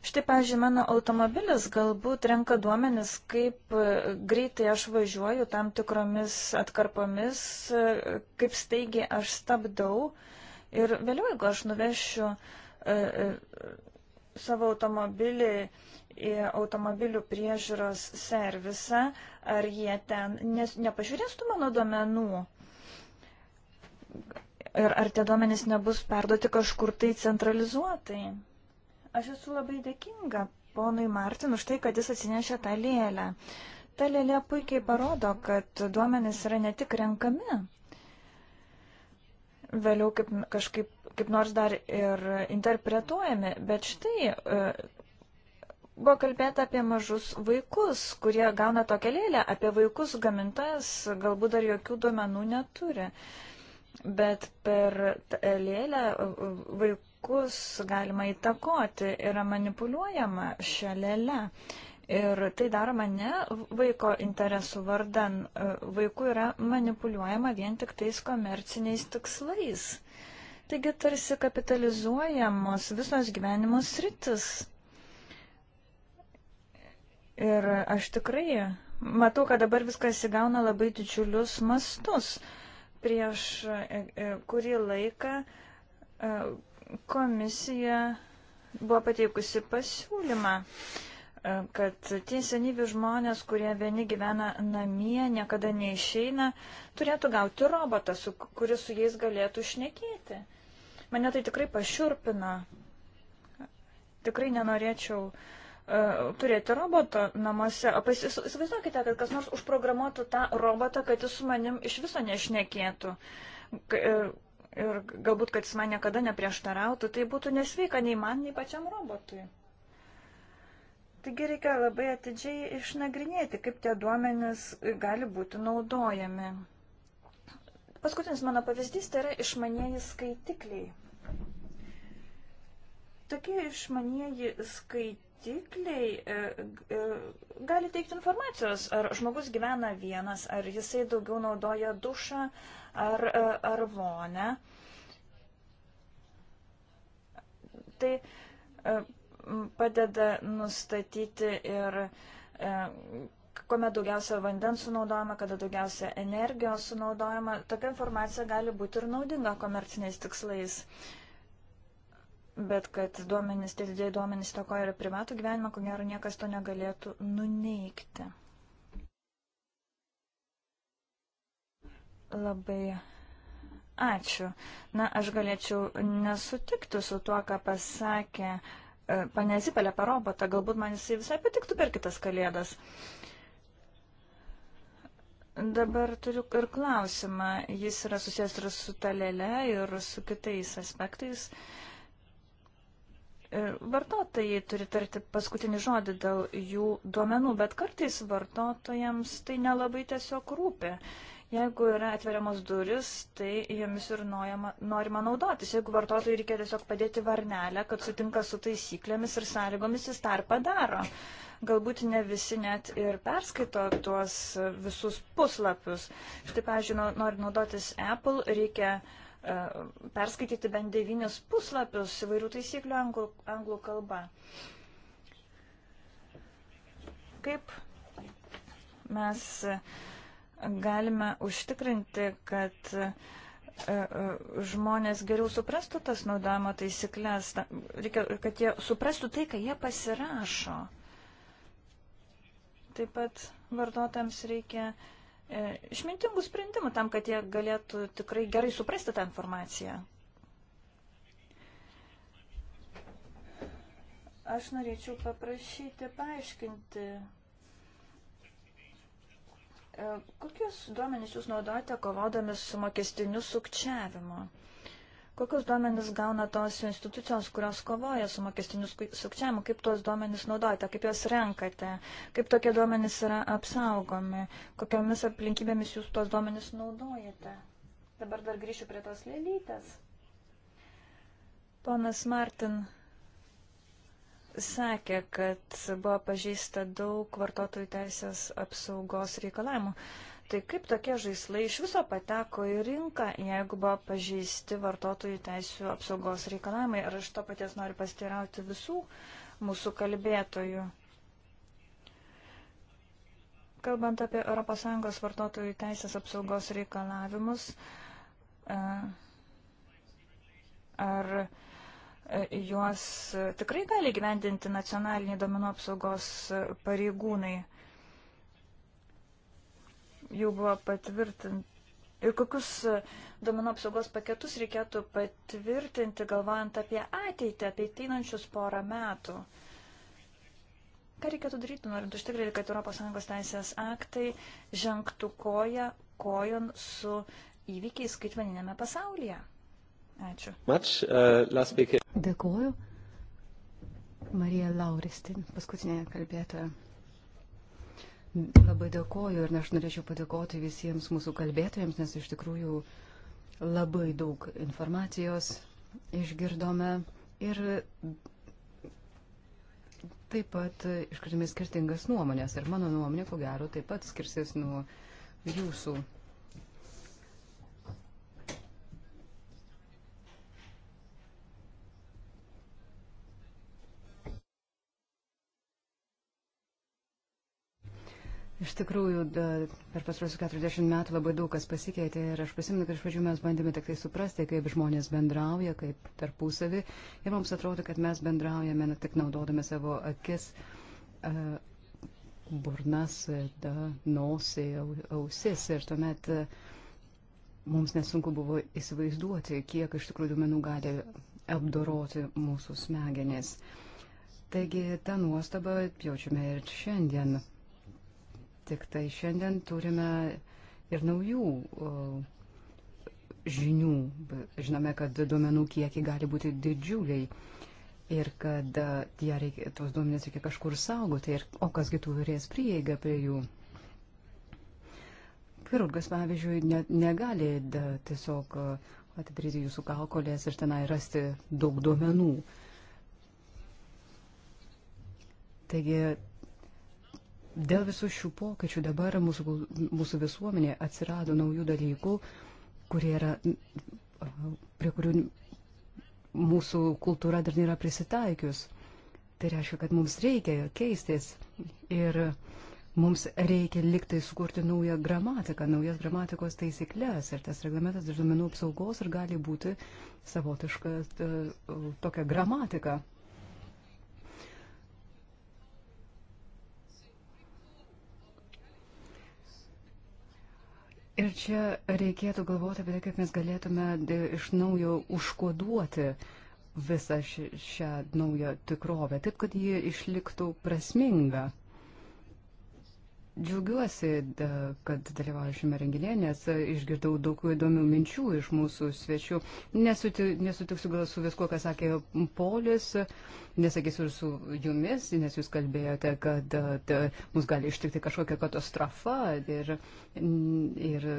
Speaker 3: Štai, pavyzdžiui, mano automobilis galbūt renka duomenis, kaip e, greitai aš važiuoju tam tikromis atkarpomis, e, kaip staigiai aš stabdau. Ir vėliau, jeigu aš nuvešiu e, savo automobilį į automobilių priežiūros servisą, ar jie ten nes, nepažiūrės tų mano duomenų ir ar tie duomenys nebus perduoti kažkur tai centralizuotai. Aš esu labai dėkinga ponui Martin už tai, kad jis atsinešė tą lėlę. Ta lėlė puikiai parodo, kad duomenys yra ne tik renkami. Vėliau kaip, kažkaip, kaip nors dar ir interpretuojami, bet štai e, buvo kalbėta apie mažus vaikus, kurie gauna tokią lėlę, apie vaikus gamintojas galbūt dar jokių duomenų neturi. Uh, bet per lėlę vaikus galima įtakoti, yra manipuliuojama šia lėle. Ir tai daroma ne vaiko interesų vardan, e, vaikų yra manipuliuojama vien tik tais komerciniais tikslais. Taigi tarsi kapitalizuojamos visos gyvenimo sritis. Ir aš tikrai matau, kad dabar viskas įgauna labai didžiulius mastus. Uh, Prieš e, e, kurį laiką e, komisija buvo pateikusi pasiūlymą, kad tie senyvi žmonės, kurie vieni gyvena namie, niekada neišeina, turėtų gauti robotą, su, kuris su jais galėtų šnekėti. Mane tai tikrai pašiurpina. Tikrai nenorėčiau uh, E, turėti robotą namuose. O įsivaizduokite, kad kas nors užprogramuotų tą robotą, kad jis su manim iš viso nešnekėtų. E, ir galbūt, kad jis man niekada neprieštarautų, tai būtų nesveika nei man, nei pačiam robotui. Taigi reikia labai atidžiai išnagrinėti, kaip tie duomenys gali būti naudojami. Paskutinis mano pavyzdys tai yra išmanieji skaitikliai. Tokie išmanieji skaitikliai skaitikliai e, e, gali teikti informacijos, ar žmogus gyvena vienas, ar jisai daugiau naudoja dušą ar, e, ar vonę. Tai padeda nustatyti ir kuomet daugiausia vandens sunaudojama, kada daugiausia energijos sunaudojama. Tokia informacija gali būti ir naudinga komerciniais tikslais. Uh, Bet kad duomenys, tie didieji duomenys įtakoja ir primatų gyvenimą, ko gero niekas to negalėtų nuneikti. Labai ačiū. Na, aš galėčiau nesutikti su tuo, ką pasakė e, panezipelė per robotą. Galbūt man jisai visai patiktų per kitas kalėdas. Dabar turiu ir klausimą. Jis yra susijęs ir su talelė, ir su kitais aspektais. Uh, E, vartotojai turi tarti paskutinį žodį dėl jų duomenų, bet kartais vartotojams tai nelabai tiesiog rūpi. Jeigu yra atveriamos duris, tai jomis ir nojama, norima naudotis. Jeigu vartotojai reikia tiesiog padėti varnelę, kad sutinka su taisyklėmis ir sąlygomis, jis tą ir padaro. Galbūt ne visi net ir perskaito tuos visus puslapius. Štai, pažiūrėjau, norint naudotis Apple, reikia uh, E, perskaityti bent devynis puslapius įvairių taisyklių anglų, anglų kalba. Kaip mes galime užtikrinti, kad e, e, žmonės geriau suprastų tas naudojimo taisyklės, reikia, kad jie suprastų tai, ką jie pasirašo. Taip pat vartotojams reikia uh, E, išmintingų sprendimų tam, kad jie galėtų tikrai gerai suprasti tą informaciją. Aš norėčiau paprašyti paaiškinti, e, kokius duomenys jūs naudojate kovodami su mokestiniu sukčiavimu. Kokius duomenis gauna tos institucijos, kurios kovoja su mokestiniu sukčiavimu, kaip tuos duomenis naudojate, kaip juos renkate, kaip tokie duomenis yra apsaugomi, kokiamis aplinkybėmis jūs tuos duomenis naudojate. Dabar dar grįšiu prie tos lėlytės. Ponas Martin sakė, kad buvo pažeista daug vartotojų teisės apsaugos reikalavimų. Uh, Tai kaip tokie žaislai iš viso pateko į rinką, jeigu buvo pažeisti vartotojų teisų apsaugos reikalavimai? Ar aš to paties noriu pastirauti visų mūsų kalbėtojų? Kalbant apie ES vartotojų teisės apsaugos reikalavimus, e, ar e, juos tikrai gali gyvendinti nacionaliniai domenų apsaugos pareigūnai? jau buvo patvirtinti. Ir kokius e, domenų apsaugos paketus reikėtų patvirtinti, galvojant apie ateitį, apie ateinančius porą metų. Ką reikėtų daryti, norint užtikrinti, kad ES teisės aktai žengtų koją kojon su įvykiais skaitmeninėme pasaulyje? Ačiū.
Speaker 1: Much, uh,
Speaker 2: Dėkuoju. Marija Lauristin, paskutinė kalbėtoja. Labai dėkoju ir aš norėčiau padėkoti visiems mūsų kalbėtojams, nes iš tikrųjų labai daug informacijos išgirdome ir taip pat iškritime skirtingas nuomonės ir mano nuomonė, ko gero, taip pat skirsis nuo jūsų. Iš tikrųjų, da, per pastarosius 40 metų labai daug kas pasikeitė ir aš prisimenu, kad iš pradžių mes bandėme tik tai suprasti, kaip žmonės bendrauja, kaip tarpusavį ir mums atrodo, kad mes bendraujame na, tik naudodami savo akis, a, burnas, da, nosį, ausis ir tuomet a, mums nesunku buvo įsivaizduoti, kiek iš tikrųjų duomenų gali apdoroti mūsų smegenis. Taigi tą nuostabą jaučiame ir šiandien. Tik tai šiandien turime ir naujų žinių. Žinome, kad duomenų kiekiai gali būti didžiuliai ir kad reikia, tos duomenės reikia kažkur saugoti. Ir, o kasgi turės prieigą prie jų? Chirurgas, pavyzdžiui, ne, negali da, tiesiog atidaryti jūsų kalkolės ir tenai rasti daug duomenų. Taigi Dėl visų šių pokyčių dabar mūsų, mūsų visuomenė atsirado naujų dalykų, kurie yra, prie kurių mūsų kultūra dar nėra prisitaikius. Tai reiškia, kad mums reikia keistis ir mums reikia liktai sukurti naują gramatiką, naujas gramatikos taisyklės ir tas reglamentas dėl duomenų apsaugos ir gali būti savotiška tokia gramatika. Ir čia reikėtų galvoti apie tai, kaip mes galėtume e, iš naujo užkoduoti visą šią naują tikrovę, taip kad ji išliktų prasminga. Džiaugiuosi, kad dalyvauju šiame renginėje, nes e, išgirdau daug įdomių minčių iš mūsų svečių. Nesuti, nesutiksiu gal su viskuo, ką sakė Polis, nesakysiu ir su jumis, nes jūs kalbėjote, kad ta, mus gali ištikti kažkokia katastrofa ir, ir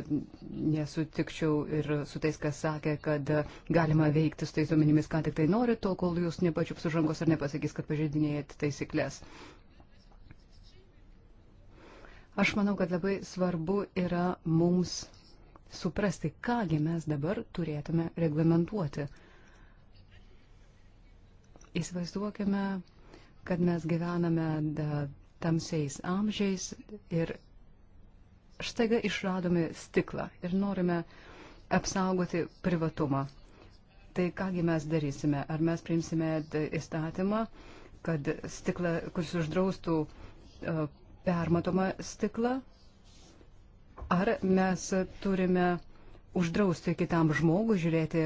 Speaker 2: nesutikčiau ir su tais, kas sakė, kad galima veikti su tais duomenimis, ką tik tai nori, tol kol jūs nepačiups už rankos ar nepasakys, kad pažeidinėjate taisyklės. Aš manau, kad labai svarbu yra mums suprasti, kągi mes dabar turėtume reglamentuoti. Įsivaizduokime, kad mes gyvename da, tamsiais amžiais ir štaiga išradome stiklą ir norime apsaugoti privatumą. Tai kągi mes darysime? Ar mes priimsime įstatymą, kad stiklą, kuris uždraustų uh, permatomą stiklą, ar mes turime uždrausti kitam žmogui žiūrėti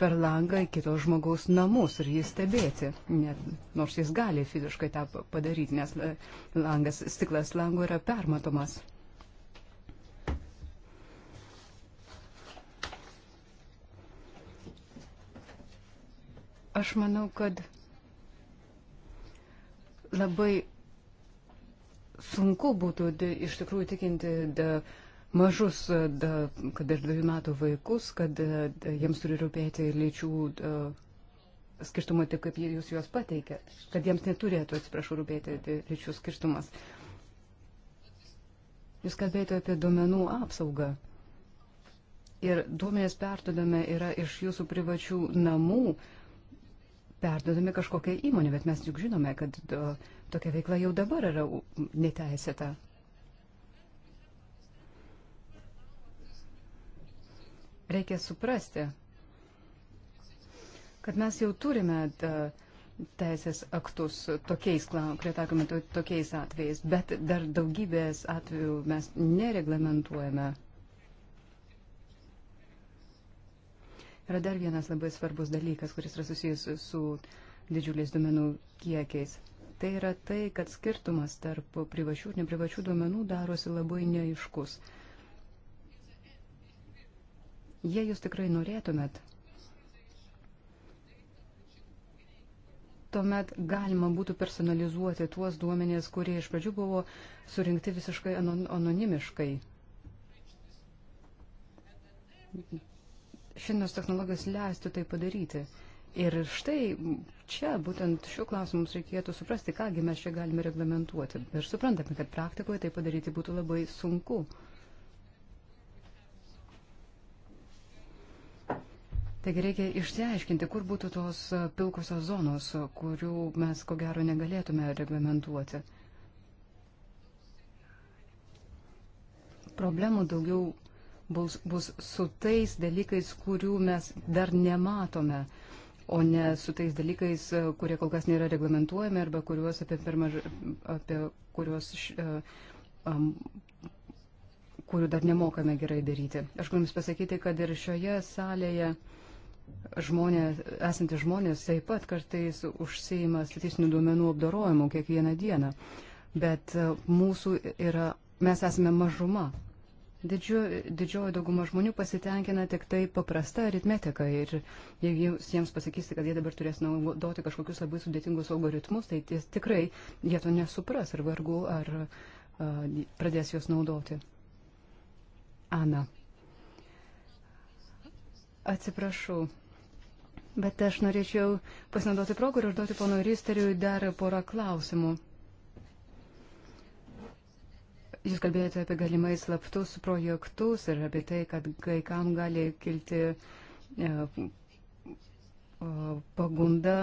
Speaker 2: per langą į kito žmogaus namus ir jį stebėti, Net, nors jis gali fiziškai tą padaryti, nes e, langas, stiklas lango yra permatomas. Aš manau, kad labai sunku būtų dė, iš tikrųjų tikinti dė, mažus, dė, kad ir dviejų metų vaikus, kad dė, jiems turi rūpėti lyčių dė, skirtumai taip, kaip jūs juos pateikė, kad jiems neturėtų, atsiprašau, rūpėti dė, lyčių skirtumas. Jūs kalbėjote apie duomenų apsaugą. Ir duomenės perdodame yra iš jūsų privačių namų, perdodami kažkokią įmonę, bet mes juk žinome, kad uh, tokia veikla jau dabar yra neteisėta. Reikia suprasti, kad mes jau turime teisės aktus tokiais, kurie taikomi tokiais atvejais, bet dar daugybės atvejų mes nereglamentuojame. Yra dar vienas labai svarbus dalykas, kuris yra susijęs su didžiuliais duomenų kiekiais tai yra tai, kad skirtumas tarp privačių ir neprivačių duomenų darosi labai neaiškus. Jei jūs tikrai norėtumėt, tuomet galima būtų personalizuoti tuos duomenės, kurie iš pradžių buvo surinkti visiškai anonimiškai. Šiandienos technologijos leistų tai padaryti. Ir štai čia, būtent šiuo klausimu, mums reikėtų suprasti, kągi mes čia galime reglamentuoti. Ir suprantame, kad praktikoje tai padaryti būtų labai sunku. Taigi reikia išsiaiškinti, kur būtų tos pilkosios zonos, kurių mes ko gero negalėtume reglamentuoti. Problemų daugiau bus, bus su tais dalykais, kurių mes dar nematome o ne su tais dalykais, e, kurie kol kas nėra reglamentuojami arba kuriuos apie, per mažai, apie kuriuos, um, kurių dar nemokame gerai daryti. Aš galiu Jums pasakyti, kad ir šioje salėje žmonės, esantys žmonės taip pat kartais užsieima statistinių duomenų apdorojimu kiekvieną dieną. Bet e, mūsų yra, mes esame mažuma Didžioji dauguma žmonių pasitenkina tik tai paprasta aritmetika ir jeigu jiems pasakysite, kad jie dabar turės naudoti kažkokius labai sudėtingus algoritmus, tai ties, tikrai jie to nesupras ir vargu ar a, pradės juos naudoti. Ana. Atsiprašau, bet aš norėčiau pasinaudoti progą ir užduoti pono Risteriui dar porą klausimų. Jūs kalbėjote apie galimai slaptus projektus ir apie tai, kad kai kam gali kilti e, pagunda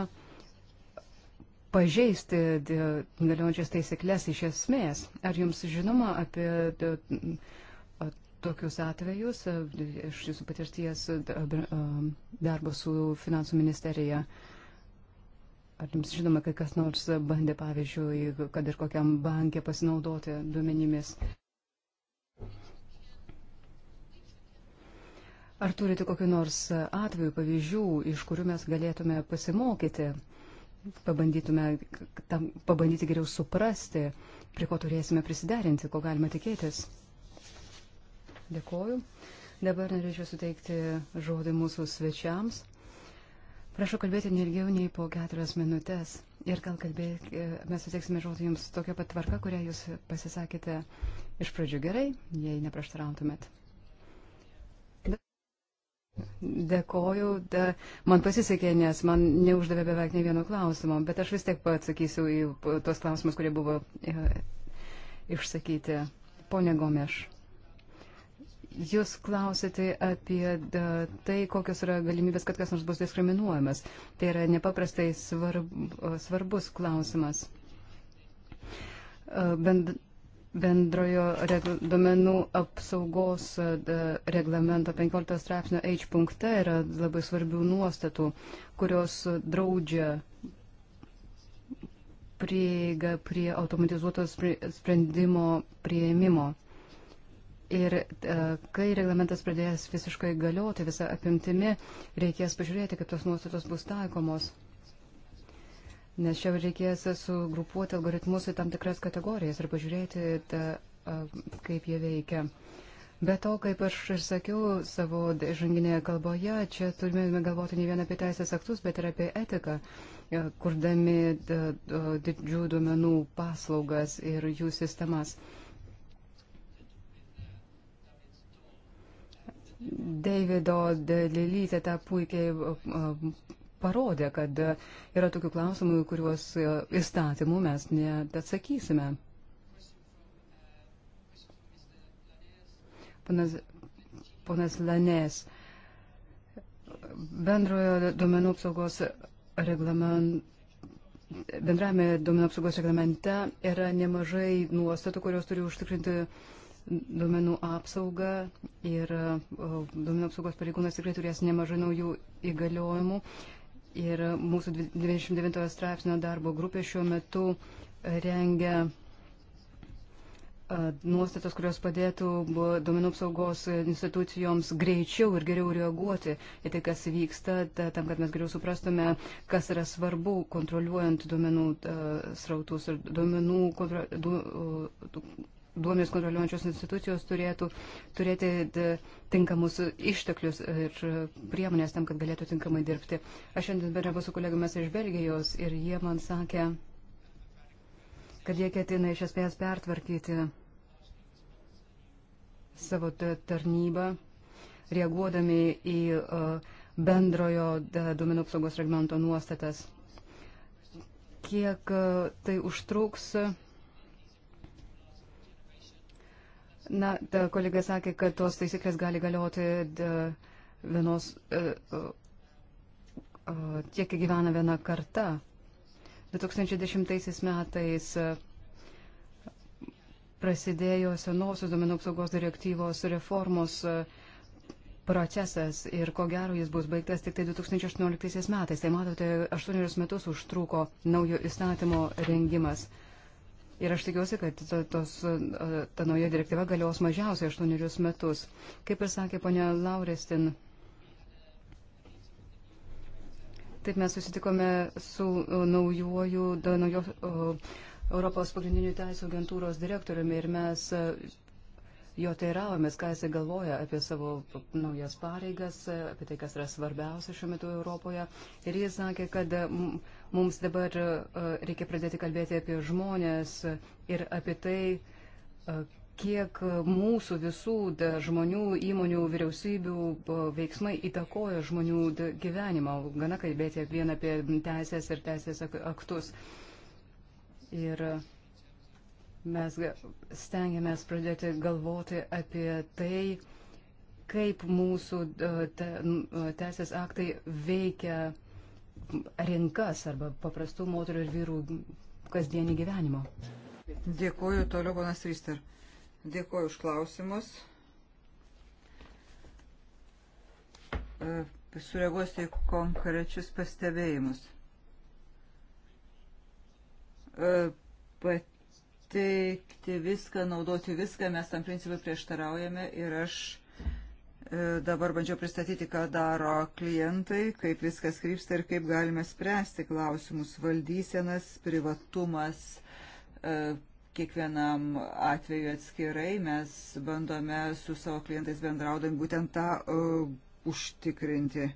Speaker 2: pažeisti e, galiojančias taisyklės iš esmės. Ar jums žinoma apie e, tokius atvejus iš jūsų patirties darbo su finansų ministerija? Uh, Ar jums žinoma, kad kas nors bandė, pavyzdžiui, kad ir kokiam bankė pasinaudoti duomenimis? Ar turite kokiu nors atveju pavyzdžių, iš kurių mes galėtume pasimokyti, pabandytume, tam, pabandyti geriau suprasti, prie ko turėsime prisiderinti, ko galima tikėtis? Dėkoju. Dabar norėčiau suteikti žodį mūsų svečiams. Prašau kalbėti nelgiau nei po keturias minutės ir gal kalbėk, e, mes suteiksime žodį jums tokia pat tvarka, kurią jūs pasisakėte iš pradžių gerai, jei neprieštarautumėt. Dėkoju, da, man pasisekė, nes man neuždavė beveik ne vieno klausimo, bet aš vis tiek atsakysiu į tuos klausimus, kurie buvo e, išsakyti. Pone Gomeš. Jūs klausėte apie e, tai, kokios yra galimybės, kad kas nors bus diskriminuojamas. Tai yra nepaprastai svarb, e, svarbus klausimas. E, bend, bendrojo regl, domenų apsaugos reglamento 15 straipsnio H punkte yra labai svarbių nuostatų, kurios draudžia prieiga prie automatizuotos sprendimo prieimimo. Ir e, kai reglamentas pradės visiškai galioti visą apimtimi, reikės pažiūrėti, kaip tos nuostatos bus taikomos. Nes čia reikės sugrupuoti algoritmus į tam tikras kategorijas ir pažiūrėti, ta, kaip jie veikia. Be to, kaip aš ir sakiau savo žanginėje kalboje, čia turime galvoti ne vien apie teisės aktus, bet ir apie etiką, e, kurdami didžių duomenų paslaugas ir jų sistemas. Davido Lilytė tą puikiai parodė, kad yra tokių klausimų, kuriuos įstatymų mes neatsakysime. Panas, ponas Lanės, bendrojo duomenų apsaugos reglamento bendrame duomenų apsaugos reglamente yra nemažai nuostatų, kurios turi užtikrinti duomenų apsaugą ir duomenų apsaugos pareigūnas tikrai turės nemažai naujų įgaliojimų. Ir mūsų 29 straipsnio darbo grupė šiuo metu rengia nuostatas, kurios padėtų duomenų apsaugos institucijoms greičiau ir geriau reaguoti į tai, kas vyksta, tam, kad mes geriau suprastume, kas yra svarbu kontroliuojant duomenų srautus ir duomenų kontro... du duomenys kontroliuojančios institucijos turėtų turėti e, tinkamus išteklius ir priemonės tam, kad galėtų tinkamai dirbti. Aš šiandien bendravau su kolegomis iš Belgijos ir jie man sakė, kad jie ketina iš esmės pertvarkyti savo tarnybą, reaguodami į e, bendrojo duomenų apsaugos reglamento nuostatas. Kiek e, tai užtruks, Na, ta kolega sakė, kad tos taisyklės gali galioti vienos, e, tiek gyvena viena karta. 2010 metais e, prasidėjo senosios domenų apsaugos direktyvos reformos e, procesas ir ko gero jis bus baigtas tik tai 2018 metais. Tai matote, aštuonerius metus užtruko naujo įstatymo rengimas. Ir aš tikiuosi, kad tos, ta nauja direktyva galios mažiausiai 8 metus. Kaip ir sakė ponia Laurestin, taip mes susitikome su naujoju, naujos Europos pagrindinių teisų agentūros direktoriumi ir mes jo teiravomės, ką jisai galvoja apie savo naujas pareigas, apie tai, kas yra svarbiausia šiuo metu Europoje. Ir jis sakė, kad. M, Mums dabar e, reikia pradėti kalbėti apie žmonės ir apie tai, e, kiek mūsų visų da, žmonių, įmonių, vyriausybių e, veiksmai įtakoja žmonių da, gyvenimą. Gana kalbėti vien apie teisės ir teisės aktus. Ir mes stengiamės pradėti galvoti apie tai, kaip mūsų teisės aktai veikia rinkas arba paprastų moterų ir vyrų kasdienį gyvenimą.
Speaker 1: Dėkuoju toliau, ponas Rister. Dėkuoju už klausimus. E, sureaguosiu į konkrečius pastebėjimus. E, pateikti viską, naudoti viską, mes tam principui prieštaraujame ir aš E, dabar bandžiau pristatyti, ką daro klientai, kaip viskas krypsta ir kaip galime spręsti klausimus valdysenas, privatumas. E, kiekvienam atveju atskirai mes bandome su savo klientais bendraudami būtent tą uh, užtikrinti.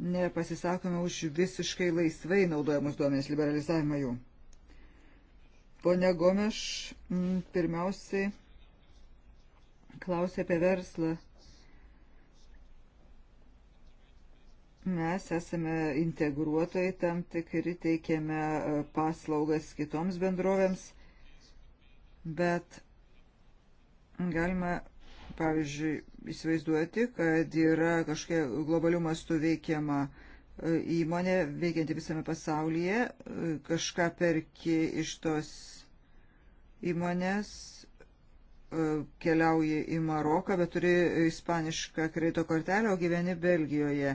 Speaker 1: Nepasisakome už visiškai laisvai naudojamus duomenys liberalizavimą jų. Pone Gomeš, pirmiausiai klausė apie verslą Mes esame integruotojai tam tikri, teikiame e, paslaugas kitoms bendrovėms, bet galima, pavyzdžiui, įsivaizduoti, kad yra kažkokia globalių mastų veikiama e, įmonė, veikianti visame pasaulyje, e, kažką perki iš tos įmonės, keliauji į Maroką, bet turi ispanišką kredito kortelę, o gyveni Belgijoje.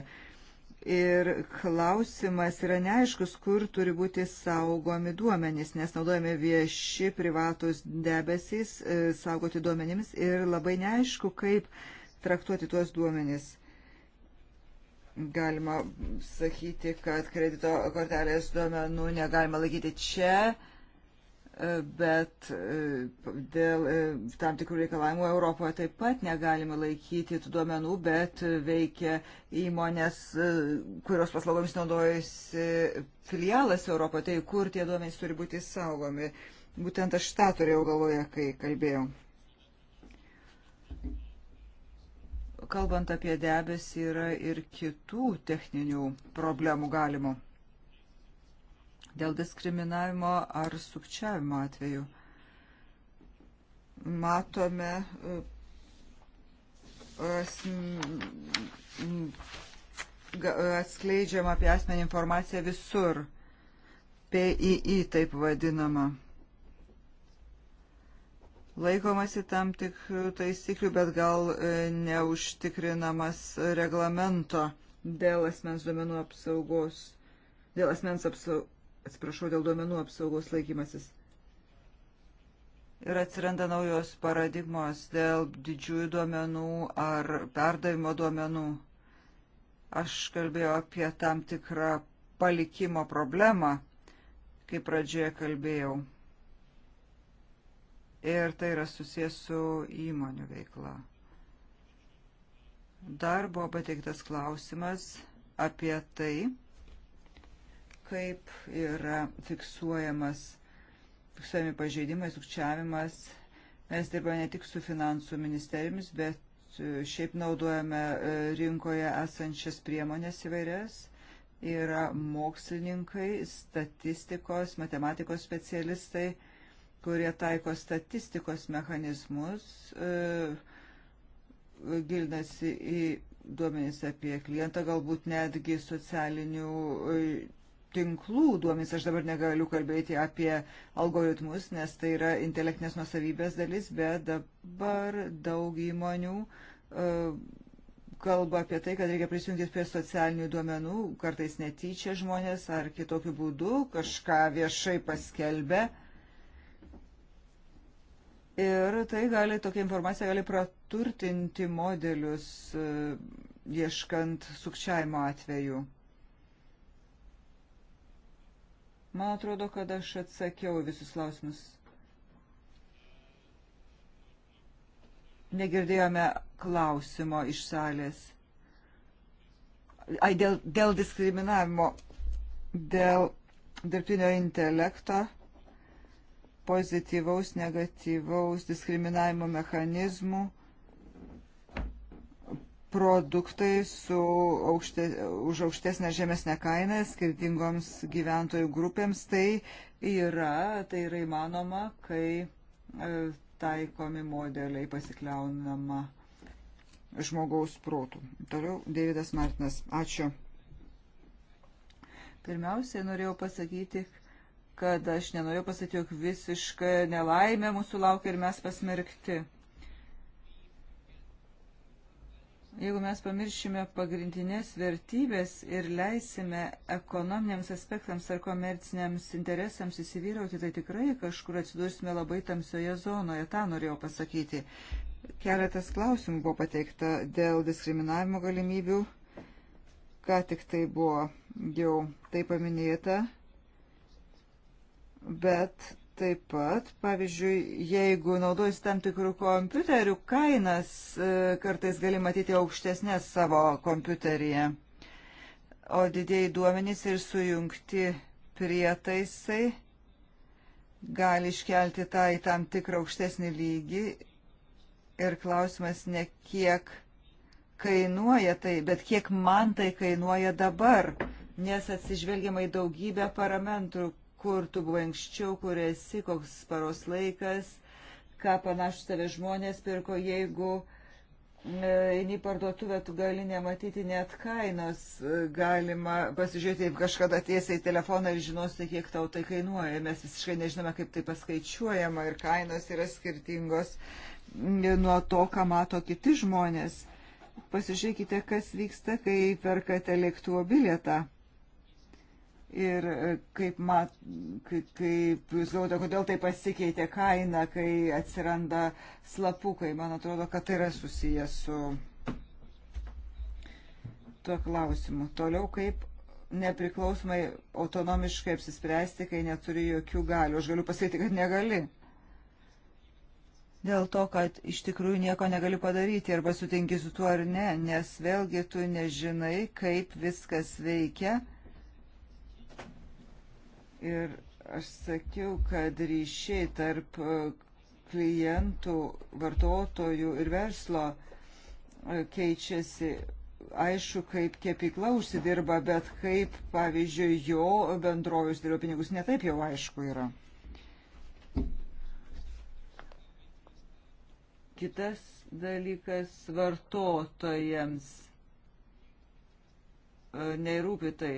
Speaker 1: Ir klausimas yra neaiškus, kur turi būti saugomi duomenys, nes naudojami vieši privatus debesys e, saugoti duomenimis ir labai neaišku, kaip traktuoti tuos duomenys. Galima sakyti, kad kredito kortelės duomenų negalima laikyti čia bet e, dėl e, tam tikrų reikalavimų Europoje taip pat negalime laikyti tų duomenų, bet veikia įmonės, e, kurios paslaugomis naudojasi filialas Europoje, tai kur tie duomenys turi būti saugomi. Būtent aš tą turėjau galvoje, kai kalbėjau. Kalbant apie debesį, yra ir kitų techninių problemų galimų dėl diskriminavimo ar sukčiavimo atveju. Matome e, atskleidžiama apie asmenį informaciją visur. PII taip vadinama laikomasi tam tikrų taisyklių, bet gal e, neužtikrinamas reglamento dėl asmens duomenų apsaugos, dėl asmens apsaugos atsiprašau, dėl duomenų apsaugos laikymasis. Ir atsiranda naujos paradigmos dėl didžiųjų duomenų ar perdavimo duomenų. Aš kalbėjau apie tam tikrą palikimo problemą, kai pradžioje kalbėjau. Ir tai yra susijęs su įmonių veikla. Dar buvo pateiktas klausimas apie tai, kaip yra fiksuojamas, fiksuojami pažeidimai, sukčiavimas. Mes dirbame ne tik su finansų ministerijomis, bet e, šiaip naudojame e, rinkoje esančias priemonės įvairias. Yra mokslininkai, statistikos, matematikos specialistai, kurie taiko statistikos mechanizmus, e, gilinasi į duomenys apie klientą, galbūt netgi socialinių tinklų duomenys, aš dabar negaliu kalbėti apie algoritmus, nes tai yra intelektinės nusavybės dalis, bet dabar daug įmonių e, kalba apie tai, kad reikia prisijungti prie socialinių duomenų, kartais netyčia žmonės ar kitokiu būdu kažką viešai paskelbė. Ir tai gali, tokia informacija gali praturtinti modelius e, ieškant sukčiavimo atveju. Man atrodo, kad aš atsakiau visus klausimus. Negirdėjome klausimo iš salės. Ai, dėl, dėl diskriminavimo, dėl dirbtinio intelekto, pozityvaus, negatyvaus diskriminavimo mechanizmų produktai su aukšte, už aukštesnę žemesnę kainą skirtingoms gyventojų grupėms. Tai yra, tai yra įmanoma, kai e, taikomi modeliai pasikliaunama žmogaus protų. Toliau Davidas Martinas. Ačiū. Pirmiausiai norėjau pasakyti, kad aš nenorėjau pasakyti, jog visiška nelaimė mūsų laukia ir mes pasmerkti. Jeigu mes pamiršime pagrindinės vertybės ir leisime ekonominiams aspektams ar komerciniams interesams įsivyrauti, tai tikrai kažkur atsidursime labai tamsioje zonoje. Ta norėjau pasakyti. Keletas klausimų buvo pateikta dėl diskriminavimo galimybių. Ką tik tai buvo jau tai paminėta. Bet Taip pat, pavyzdžiui, jeigu naudojasi tam tikrų kompiuterių, kainas e, kartais gali matyti aukštesnės savo kompiuteryje. O didėjai duomenys ir sujungti prietaisai gali iškelti tą į tam tikrą aukštesnį lygį. Ir klausimas ne kiek kainuoja tai, bet kiek man tai kainuoja dabar, nes atsižvelgiama į daugybę parametrų, kur tu buvai anksčiau, kur esi, koks paros laikas, ką panašus tave žmonės pirko, jeigu e, eini parduotuvę, tu gali nematyti net kainos, e, galima pasižiūrėti, jeigu kažkada tiesiai telefoną ir žinosi, kiek tau tai kainuoja. Mes visiškai nežinome, kaip tai paskaičiuojama ir kainos yra skirtingos e, nuo to, ką mato kiti žmonės. Pasižiūrėkite, kas vyksta, kai perkate lėktuvo bilietą. Ir e, kaip, mat, kaip, kaip jūs galvote, kodėl tai pasikeitė kaina, kai atsiranda slapukai, man atrodo, kad tai yra susijęs su tuo klausimu. Toliau kaip nepriklausomai autonomiškai apsispręsti, kai neturi jokių galių. Aš galiu pasakyti, kad negali. Dėl to, kad iš tikrųjų nieko negali padaryti, arba sutinki su tuo ar ne, nes vėlgi tu nežinai, kaip viskas veikia Ir aš sakiau, kad ryšiai tarp e, klientų, vartotojų ir verslo e, keičiasi. Aišku, kaip kepikla užsidirba, bet kaip, pavyzdžiui, jo bendrovė užsidirba pinigus, netaip jau aišku yra. Kitas dalykas vartotojams e, nerūpi tai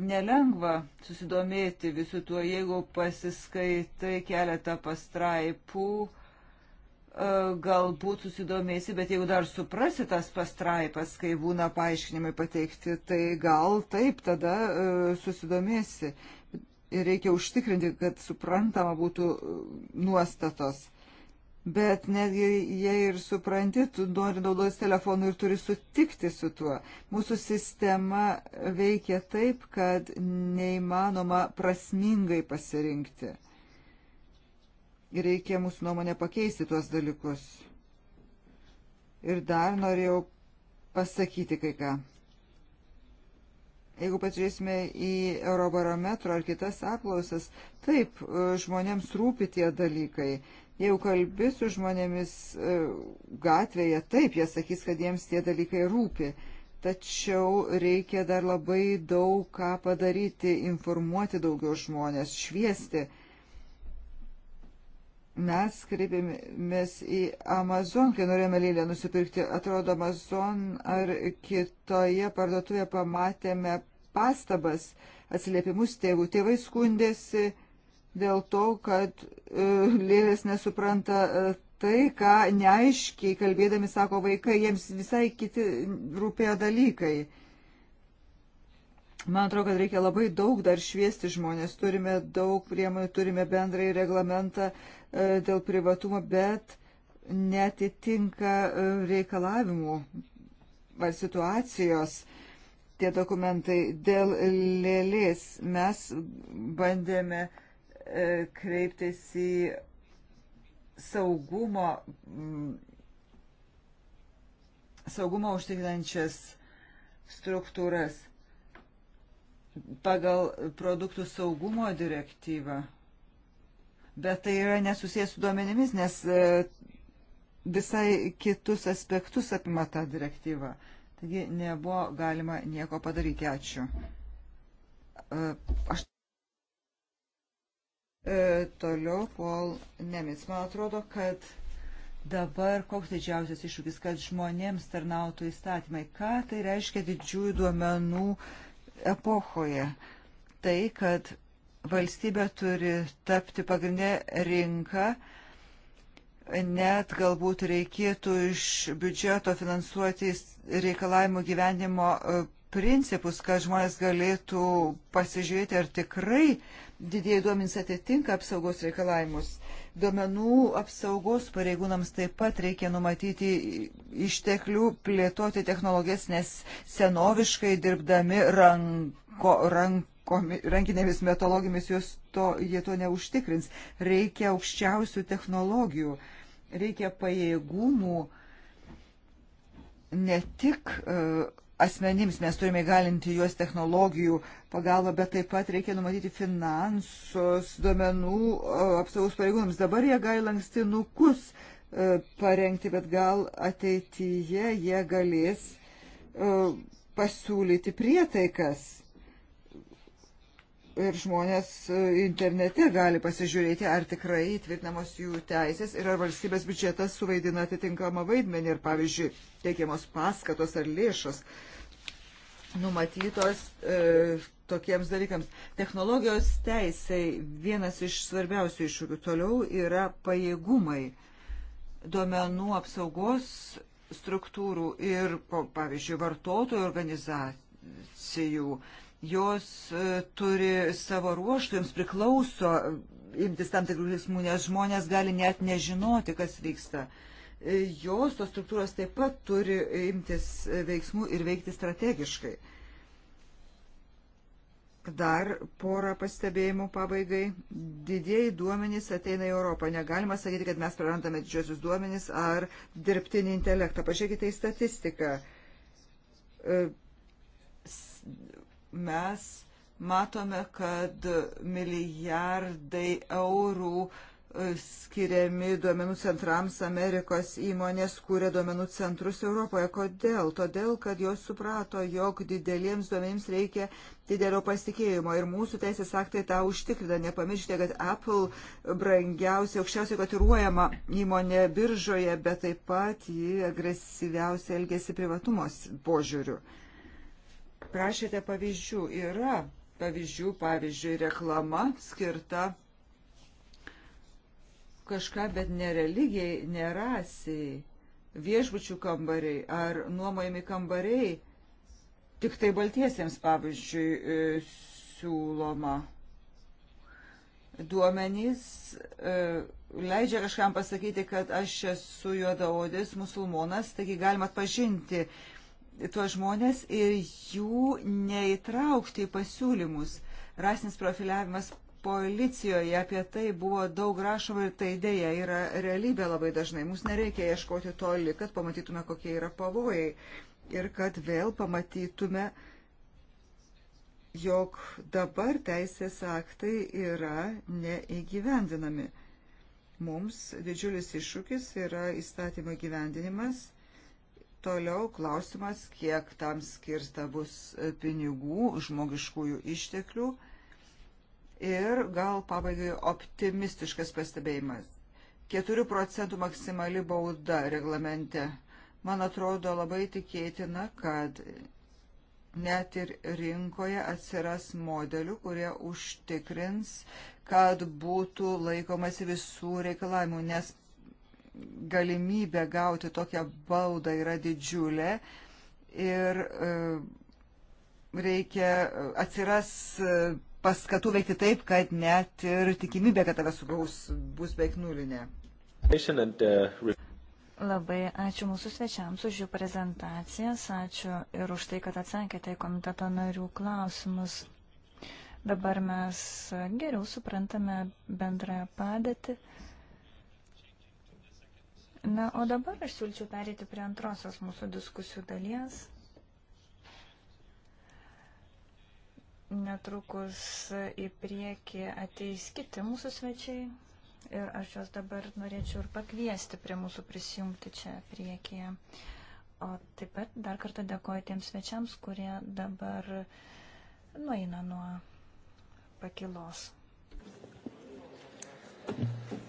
Speaker 1: nelengva susidomėti visu tuo, jeigu pasiskaitai keletą pastraipų, e, galbūt susidomėsi, bet jeigu dar suprasi tas pastraipas, kai būna paaiškinimai pateikti, tai gal taip tada e, susidomėsi. Ir reikia užtikrinti, kad suprantama būtų e, nuostatos bet netgi jei ir supranti, tu nori naudotis telefonu ir turi sutikti su tuo. Mūsų sistema veikia taip, kad neįmanoma prasmingai pasirinkti. Ir reikia mūsų nuomonę pakeisti tuos dalykus. Ir dar norėjau pasakyti kai ką. Jeigu pažiūrėsime į Eurobarometro ar kitas apklausas, taip, žmonėms rūpi tie dalykai Jeigu kalbi su žmonėmis e, gatvėje, taip, jie sakys, kad jiems tie dalykai rūpi. Tačiau reikia dar labai daug ką padaryti, informuoti daugiau žmonės, šviesti. Mes kreipėmės į Amazon, kai norėjome lėlę nusipirkti. Atrodo, Amazon ar kitoje parduotuvėje pamatėme pastabas atsiliepimus tėvų. Tėvai skundėsi, dėl to, kad e, lėlės nesupranta e, tai, ką neaiškiai kalbėdami sako vaikai, jiems visai kiti rūpėjo dalykai. Man atrodo, kad reikia labai daug dar šviesti žmonės, turime daug priemonių, turime bendrąjį reglamentą e, dėl privatumo, bet netitinka reikalavimų ar situacijos tie dokumentai dėl lėlės. Mes bandėme uh, E, kreiptis į saugumo, saugumo užtikrinančias struktūras pagal produktų saugumo direktyvą. Bet tai yra nesusijęs su duomenimis, nes e, visai kitus aspektus apima tą direktyvą. Taigi nebuvo galima nieko padaryti. Ačiū. E, aš E, toliau, Paul Nemis. Man atrodo, kad dabar koks didžiausias iššūkis, kad žmonėms tarnautų įstatymai. Ką tai reiškia didžiųjų duomenų epochoje? Tai, kad valstybė turi tapti pagrindinę rinką, net galbūt reikėtų iš biudžeto finansuoti reikalavimų gyvenimo e, principus, kad žmonės galėtų pasižiūrėti, ar tikrai didieji duomenys atitinka apsaugos reikalavimus. Duomenų apsaugos pareigūnams taip pat reikia numatyti išteklių plėtoti technologijas, nes senoviškai dirbdami ranko, rankomi, rankinėmis metologijomis to, jie to neužtikrins. Reikia aukščiausių technologijų, reikia pajėgumų ne tik uh, asmenims, mes turime įgalinti juos technologijų pagalba, bet taip pat reikia numatyti finansus, duomenų e, apsaugos pareigūnams. Dabar jie gali lankstinukus e, parengti, bet gal ateityje jie galės e, pasiūlyti prietaikas. Ir žmonės internete gali pasižiūrėti, ar tikrai įtvirtinamos jų teisės ir ar valstybės biudžetas suvaidina atitinkamą vaidmenį ir, pavyzdžiui, teikiamos paskatos ar lėšos. Uh, numatytos e, tokiems dalykams. Technologijos teisai vienas iš svarbiausių iššūkių toliau yra pajėgumai duomenų apsaugos struktūrų ir, pavyzdžiui, vartotojų organizacijų. Jos e, turi savo ruoštų, jums priklauso imtis tam tikrų veiksmų, nes žmonės gali net nežinoti, kas vyksta. E, E, jos, tos struktūros taip pat turi imtis veiksmų ir veikti strategiškai. Dar porą pastebėjimų pabaigai. Didieji duomenys ateina į Europą. Negalima sakyti, kad mes prarandame didžiosius duomenys ar dirbtinį intelektą. Pažiūrėkite į statistiką. E, mes matome, kad milijardai eurų uh, skiriami duomenų centrams Amerikos įmonės kūrė duomenų centrus Europoje. Kodėl? Todėl, kad jos suprato, jog dideliems duomenims reikia didelio pasitikėjimo ir mūsų teisės aktai tą užtikrina. Nepamirškite, kad Apple brangiausia, aukščiausiai kotiruojama įmonė biržoje, bet taip pat ji agresyviausiai elgėsi privatumos požiūriu. Prašėte pavyzdžių. Yra pavyzdžių, pavyzdžiui, reklama skirta kažką, bet ne religijai, ne rasiai, viešbučių kambariai ar nuomojami kambariai, tik tai baltiesiems pavyzdžiui e, siūloma. Duomenys e, leidžia kažkam pasakyti, kad aš esu juodaodis musulmonas, taigi galima atpažinti tuos žmonės ir jų neįtraukti į pasiūlymus. Rasinis profiliavimas policijoje apie tai buvo daug rašoma ir tai dėja yra realybė labai dažnai. Mums nereikia ieškoti toli, kad pamatytume, kokie yra pavojai ir kad vėl pamatytume, jog dabar teisės aktai yra neįgyvendinami. Mums didžiulis iššūkis yra įstatymo gyvendinimas. Toliau klausimas, kiek tam skirta bus pinigų, žmogiškųjų išteklių Ir gal pabaigai optimistiškas pastebėjimas. 4 procentų maksimali bauda reglamente. Man atrodo labai tikėtina, kad net ir rinkoje atsiras modelių, kurie užtikrins, kad būtų laikomasi visų reikalavimų, nes galimybė gauti tokią baudą yra didžiulė ir e, reikia atsiras paskatų veikti taip, kad net ir tikimybė, kad tave sugaus, bus beveik nulinė.
Speaker 3: Labai ačiū mūsų svečiams už jų prezentacijas, ačiū ir už tai, kad atsakėte į komiteto narių klausimus. Dabar mes geriau suprantame bendrąją padėtį. Na, o dabar aš siūlyčiau perėti prie antrosios mūsų diskusijų dalies. netrukus į priekį ateis kiti mūsų svečiai ir aš juos dabar norėčiau ir pakviesti prie mūsų prisijungti čia priekyje. O taip pat dar kartą dėkoju tiems svečiams, kurie dabar nueina nuo pakilos. Thank you.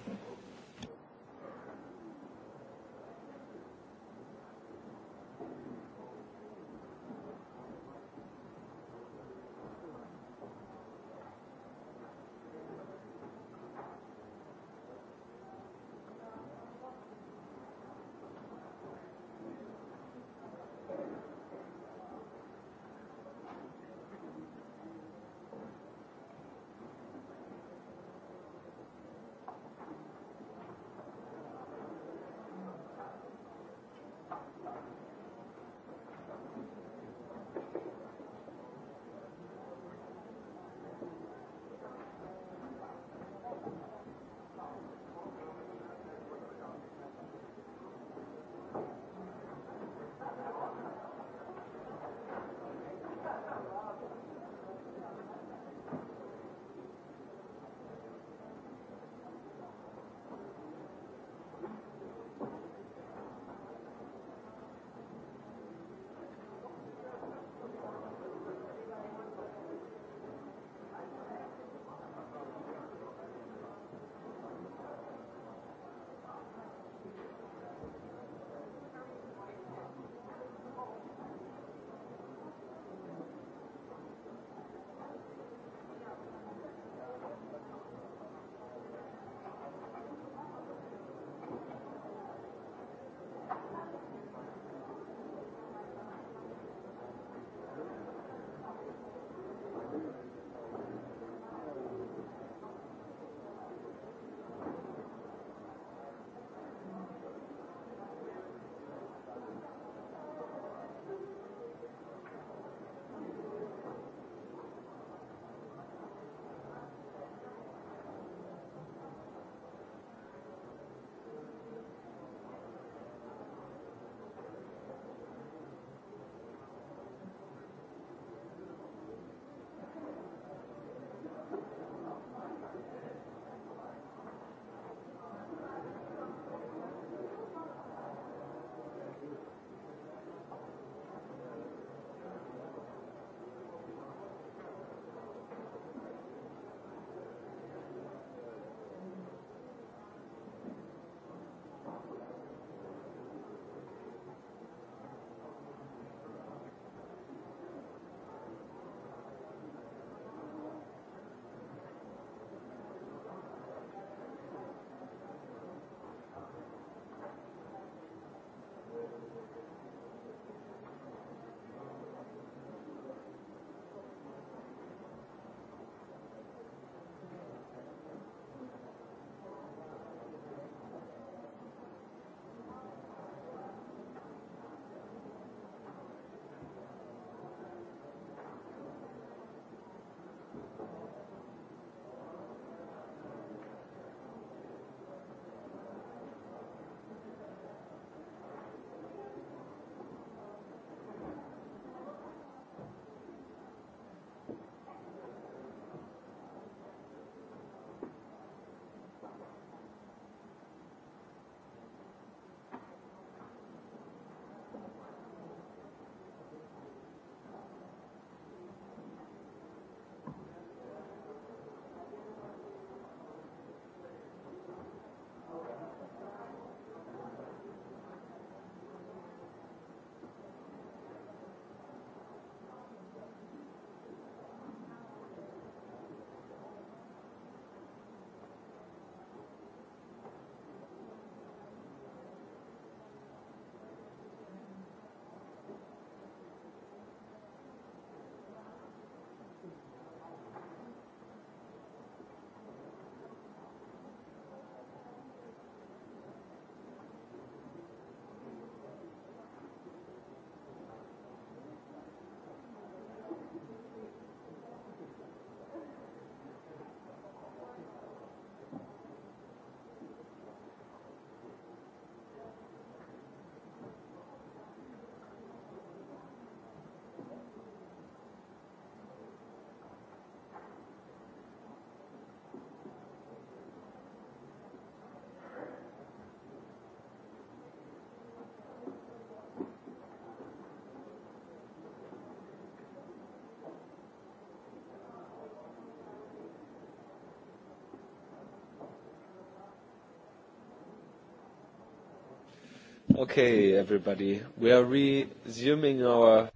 Speaker 1: Okay, everybody, we are resuming our.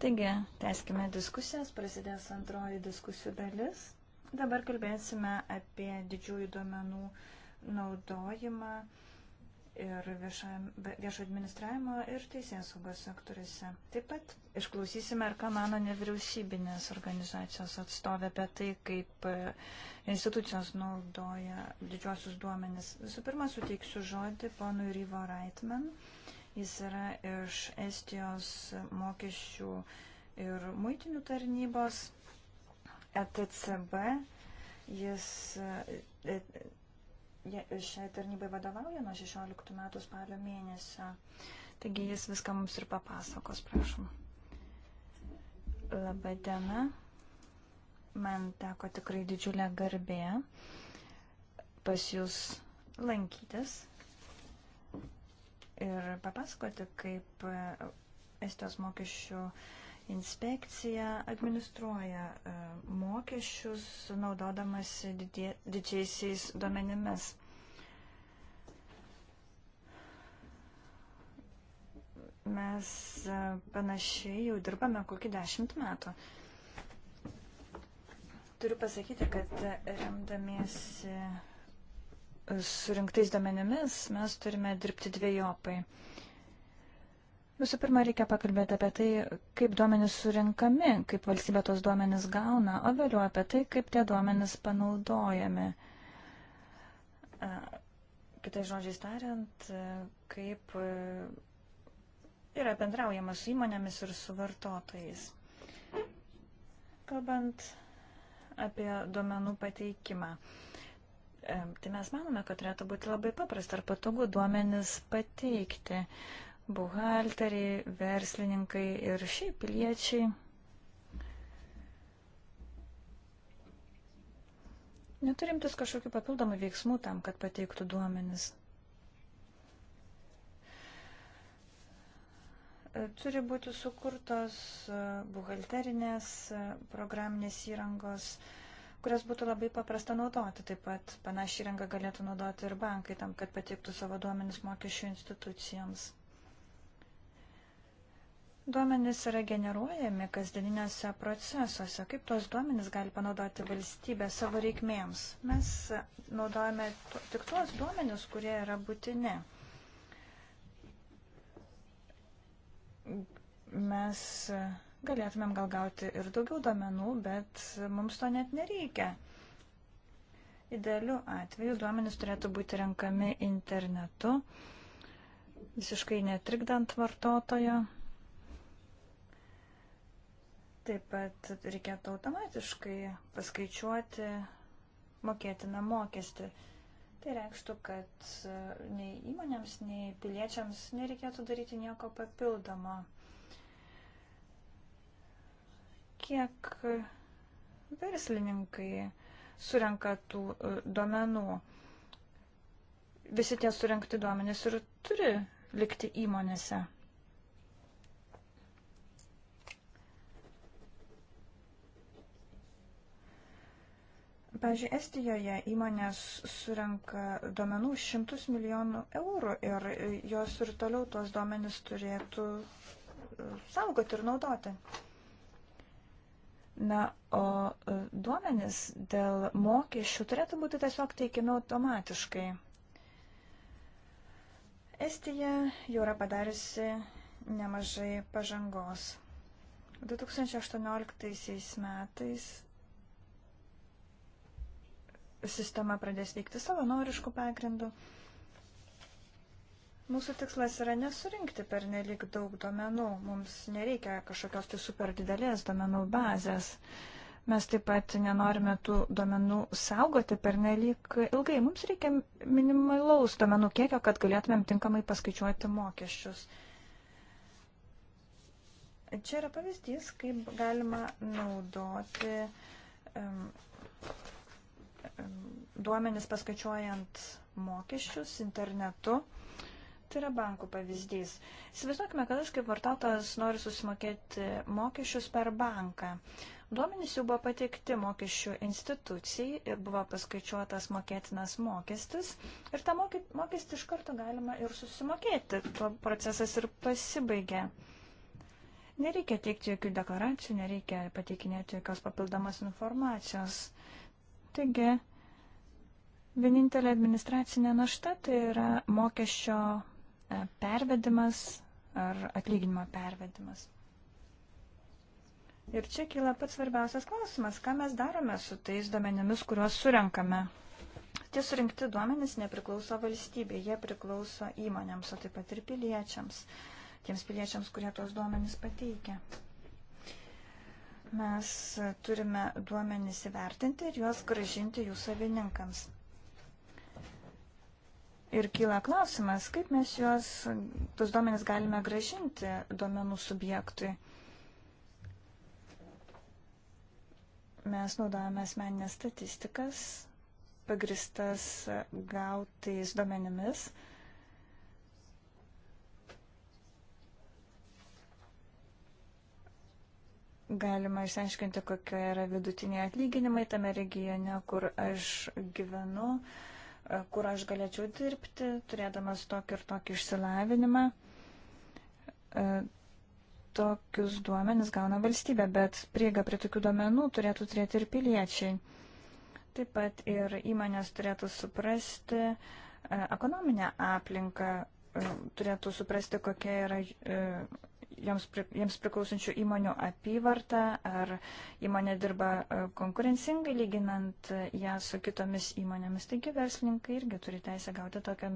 Speaker 3: Taigi, teskime diskusijas, prasidės antroji diskusijų dalis. Dabar kalbėsime apie didžiųjų duomenų naudojimą ir viešo administravimo ir teisės saugos sektoriuose. Taip pat išklausysime, ar ką mano nevyriausybinės organizacijos atstovė apie tai, kaip e, institucijos naudoja didžiosius duomenis. Visų pirma, suteiksiu žodį ponui Ryvo Reitman. Jis yra iš Estijos mokesčių ir muitinių tarnybos ETCB. Jis e, e, šiai tarnybai vadovauja nuo 16 metų spalio mėnesio. Taigi jis viską mums ir papasakos, prašom. Labą dieną. Man teko tikrai didžiulė garbė pas jūs lankytis ir papasakoti, kaip Estijos mokesčių uh, Inspekcija administruoja e, mokesčius, naudodamas didžiaisiais duomenimis. Mes e, panašiai jau dirbame kokį dešimt metų. Turiu pasakyti, kad remdamiesi surinktais duomenimis mes turime dirbti dviejopai. Uh, Visų pirma, reikia pakalbėti apie tai, kaip duomenys surinkami, kaip valstybė tos duomenys gauna, o vėliau apie tai, kaip tie duomenys panaudojami. Kitai žodžiai tariant, kaip yra bendraujama su įmonėmis ir su vartotojais. Kalbant apie duomenų pateikimą. Tai mes manome, kad turėtų būti labai paprasta ar patogu duomenis pateikti buhalteriai, verslininkai ir šiaip piliečiai. Neturimtis kažkokių papildomų veiksmų tam, kad pateiktų duomenis. Turi būti sukurtos e, buhalterinės e, programinės įrangos, kurias būtų labai paprasta naudoti. Taip pat panašią įrangą galėtų naudoti ir bankai tam, kad pateiktų savo duomenis mokesčių institucijoms. Duomenys yra generuojami kasdieninėse procesuose. Kaip tos duomenys gali panaudoti valstybė savo reikmėms? Mes naudojame tik tuos duomenys, kurie yra būtini. Mes galėtumėm gal gauti ir daugiau duomenų, bet mums to net nereikia. Idealiu atveju duomenys turėtų būti renkami internetu, visiškai netrikdant vartotojo. Taip pat reikėtų automatiškai paskaičiuoti mokėtiną mokestį. Tai reikštų, kad e, nei įmonėms, nei piliečiams nereikėtų daryti nieko papildomo. Kiek verslininkai surenka tų e, duomenų? Visi tie surinkti duomenys ir turi likti įmonėse. Pavyzdžiui, Estijoje įmonės surenka duomenų šimtus milijonų eurų ir jos ir toliau tuos duomenis turėtų e, saugoti ir naudoti. Na, o e, duomenis dėl mokesčių turėtų būti tiesiog teikiami automatiškai. Estija jau yra padariusi nemažai pažangos. 2018 metais sistema pradės veikti savanoriškų pagrindų. Mūsų tikslas yra nesurinkti per nelik daug domenų. Mums nereikia kažkokios tai super didelės domenų bazės. Mes taip pat nenorime tų domenų saugoti per nelik ilgai. Mums reikia minimalaus domenų kiekio, kad galėtumėm tinkamai paskaičiuoti mokesčius. Čia yra pavyzdys, kaip galima naudoti um, duomenis paskaičiuojant mokesčius internetu. Tai yra bankų pavyzdys. Įsivaizduokime, kad aš kaip vartotojas noriu susimokėti mokesčius per banką. Duomenys jau buvo pateikti mokesčių institucijai ir buvo paskaičiuotas mokėtinas mokestis. Ir tą mokestį iš karto galima ir susimokėti. Tuo procesas ir pasibaigė. Nereikia teikti jokių deklaracijų, nereikia pateikinėti jokios papildomos informacijos. Taigi, vienintelė administracinė našta tai yra mokesčio e, pervedimas ar atlyginimo pervedimas. Ir čia kyla pats svarbiausias klausimas, ką mes darome su tais duomenimis, kuriuos surenkame. Tie surinkti duomenys nepriklauso valstybė, jie priklauso įmonėms, o taip pat ir piliečiams, tiems piliečiams, kurie tos duomenys pateikia. Mes turime duomenys įvertinti ir juos gražinti jų savininkams. Ir kyla klausimas, kaip mes juos, tos duomenys galime gražinti duomenų subjektui. Mes naudojame asmeninės statistikas, pagristas gautais duomenimis. galima išsiaiškinti, kokie yra vidutiniai atlyginimai tame regione, kur aš gyvenu, e, kur aš galėčiau dirbti, turėdamas tokį ir tokį išsilavinimą. E, tokius duomenis gauna valstybė, bet prieiga prie tokių duomenų turėtų turėti ir piliečiai. Taip pat ir įmonės turėtų suprasti e, ekonominę aplinką, turėtų suprasti, kokia yra joms, jiems priklausančių įmonių apyvartą, ar įmonė dirba e, konkurencingai lyginant e, ją su kitomis įmonėmis. Taigi verslininkai irgi turi teisę gauti tokią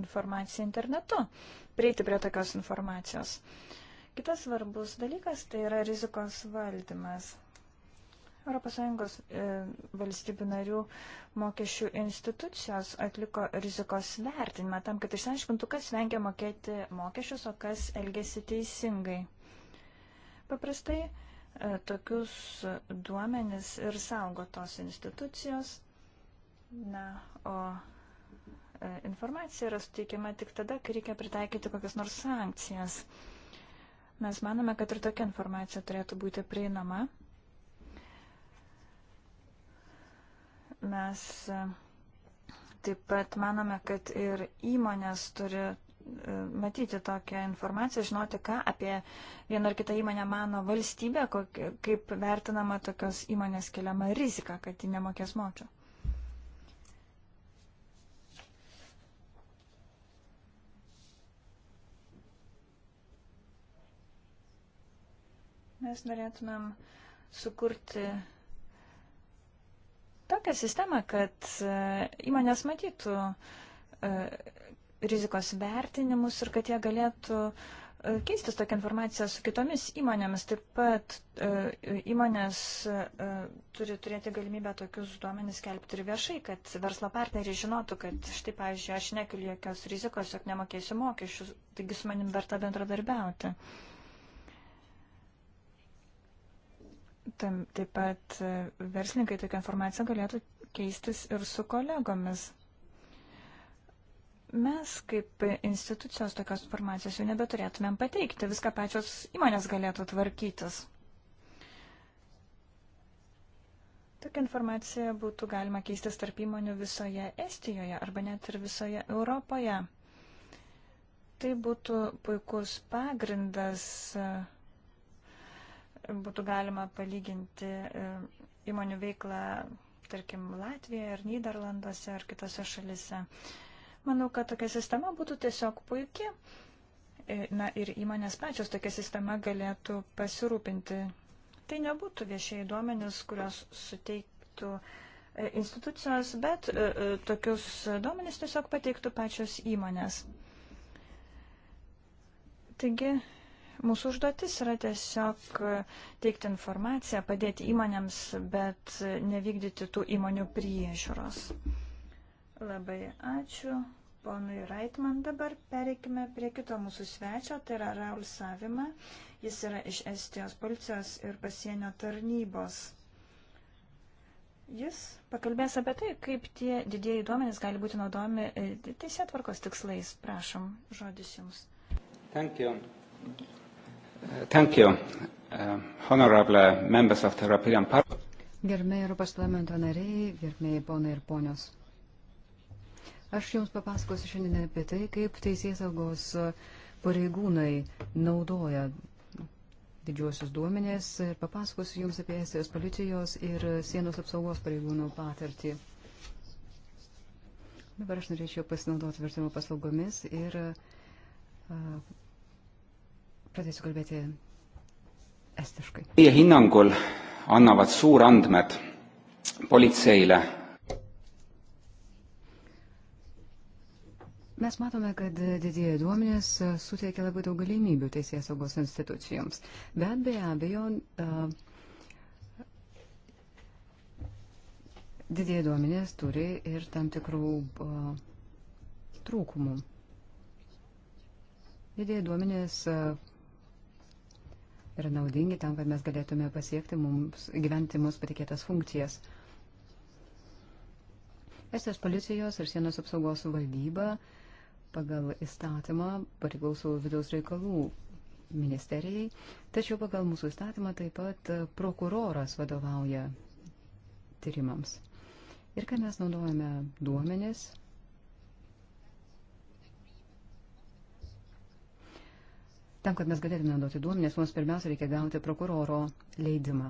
Speaker 3: informaciją internetu, prieiti prie tokios informacijos. Kitas svarbus dalykas tai yra rizikos valdymas. ES e, valstybių narių mokesčių institucijos atliko rizikos vertinimą tam, kad išsiaiškintų, kas vengia mokėti mokesčius, o kas elgesi teisingai. Paprastai e, tokius duomenis ir saugo tos institucijos. Na, o e, informacija yra suteikiama tik tada, kai reikia pritaikyti kokias nors sankcijas. Mes manome, kad ir tokia informacija turėtų būti prieinama Mes e, taip pat manome, kad ir įmonės turi e, matyti tokią informaciją, žinoti, ką apie vieną ar kitą įmonę mano valstybė, kaip vertinama tokios įmonės keliama rizika, kad ji nemokės močio. Mes norėtumėm sukurti tokią sistemą, kad e, įmonės matytų e, rizikos vertinimus ir kad jie galėtų e, keistis tokią informaciją su kitomis įmonėmis. Taip pat įmonės turi turėti galimybę tokius duomenys kelbti ir viešai, kad verslo partneriai žinotų, kad štai, pavyzdžiui, aš nekeliu jokios rizikos, jog nemokėsiu mokesčius, taigi su manim verta bendradarbiauti. Uh, Tam, taip pat e, verslininkai tokią informaciją galėtų keistis ir su kolegomis. Mes kaip institucijos tokios informacijos jau nebeturėtumėm pateikti, viską pačios įmonės galėtų tvarkytis. Tokią informaciją būtų galima keistis tarp įmonių visoje Estijoje arba net ir visoje Europoje. Tai būtų puikus pagrindas uh, būtų galima palyginti e, įmonių veiklą, tarkim, Latvijoje ar Niderlanduose ar kitose šalise. Manau, kad tokia sistema būtų tiesiog puikia. E, na ir įmonės pačios tokia sistema galėtų pasirūpinti. Tai nebūtų viešiai duomenys, kurios suteiktų e, institucijos, bet tokius duomenys tiesiog pateiktų pačios įmonės. Taigi, Mūsų užduotis yra tiesiog teikti informaciją, padėti įmonėms, bet nevykdyti tų įmonių priežiūros. Labai ačiū. Ponui Reitman dabar pereikime prie kito mūsų svečio, tai yra Raul Savima. Jis yra iš Estijos policijos ir pasienio tarnybos. Jis pakalbės apie tai, kaip tie didieji duomenys gali būti naudomi e, teisėtvarkos tikslais. Prašom, žodis jums.
Speaker 1: Thank you. Thank you. Uh, honorable members of the European Parliament.
Speaker 2: Gerbėjai Europos parlamento nariai, gerbėjai ponai ir ponios. Aš Jums papasakosiu šiandien apie tai, kaip teisės saugos pareigūnai naudoja didžiuosius duomenės ir papasakosiu Jums apie Estijos policijos ir sienos apsaugos pareigūnų patirtį. Dabar aš norėčiau pasinaudoti vertimo paslaugomis ir uh, Pradėsiu kalbėti
Speaker 1: estiškai. Teie hinnangul annavad suurandmed politseile.
Speaker 2: Mes matome, kad didieji duomenės suteikia labai daug galimybių teisės saugos institucijoms, bet be abejo, didieji duomenės turi ir tam tikrų trūkumų. Didieji duomenės yra naudingi tam, kad mes galėtume pasiekti mums, gyventi mums patikėtas funkcijas. Estijos policijos ir sienos apsaugos valdyba pagal įstatymą priklauso vidaus reikalų ministerijai, tačiau pagal mūsų įstatymą taip pat prokuroras vadovauja tyrimams. Ir kai mes naudojame duomenis, Tam, kad mes galėtume naudoti duomenės, mums pirmiausia reikia gauti prokuroro leidimą.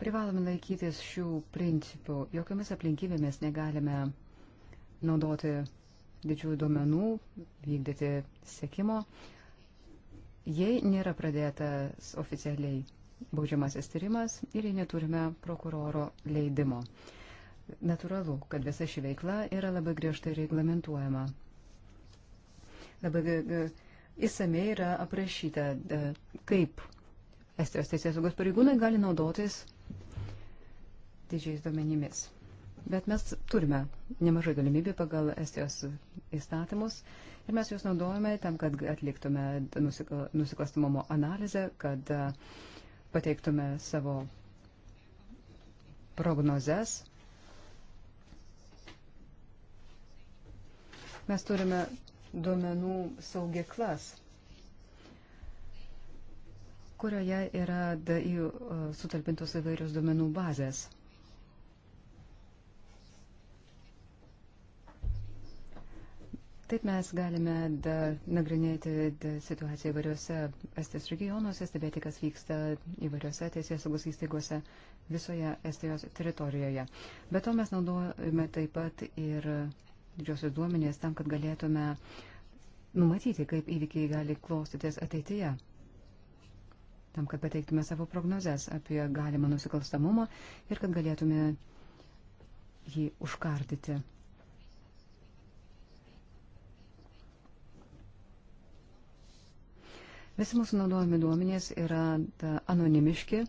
Speaker 2: Privalome laikytis šių principų. Jokiomis aplinkybėmis negalime naudoti didžiųjų duomenų, vykdyti sekimo, jei nėra pradėtas oficialiai baudžiamasis tyrimas ir jei neturime prokuroro leidimo. Natūralu, kad visa ši veikla yra labai griežtai reglamentuojama. Labai įsamei e, e, yra aprašyta, e, kaip Estijos teisės saugos pareigūnai gali naudotis didžiais duomenimis. Bet mes turime nemažai galimybių pagal Estijos įstatymus ir mes juos naudojame tam, kad atliktume nusikalstamumo analizę, kad pateiktume savo prognozes Mes turime duomenų saugiklas, kurioje yra sutalpintos įvairios duomenų bazės. Taip mes galime da, nagrinėti da, situaciją įvairiuose Estijos regionuose, stebėti, kas vyksta įvairiuose teisės saugos įstaigose visoje Estijos teritorijoje. Be to mes naudojame taip pat ir didžiosios duomenės tam, kad galėtume numatyti, kaip įvykiai gali klostytis ateityje. Tam, kad pateiktume savo prognozes apie galimą nusikalstamumą ir kad galėtume jį užkardyti. Visi mūsų naudojami duomenys yra anonimiški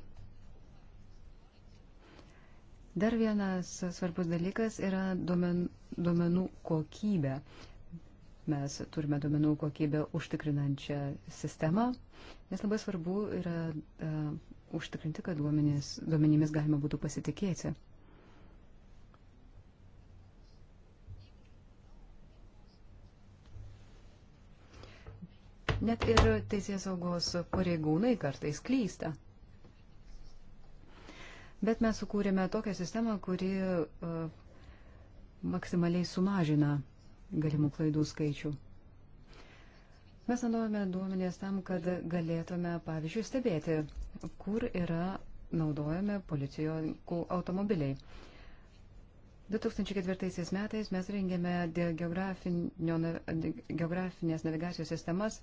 Speaker 2: Dar vienas svarbus dalykas yra duomen, duomenų kokybė. Mes turime duomenų kokybę užtikrinančią sistemą, nes labai svarbu yra uh, užtikrinti, kad duomenys, duomenimis galima būtų pasitikėti. Net ir teisės saugos pareigūnai kartais klysta bet mes sukūrėme tokią sistemą, kuri e, maksimaliai sumažina galimų klaidų skaičių. Mes naudojame duomenės tam, kad galėtume, pavyzdžiui, stebėti, kur yra naudojami policijų automobiliai. 2004 metais mes rengėme geografinės navigacijos sistemas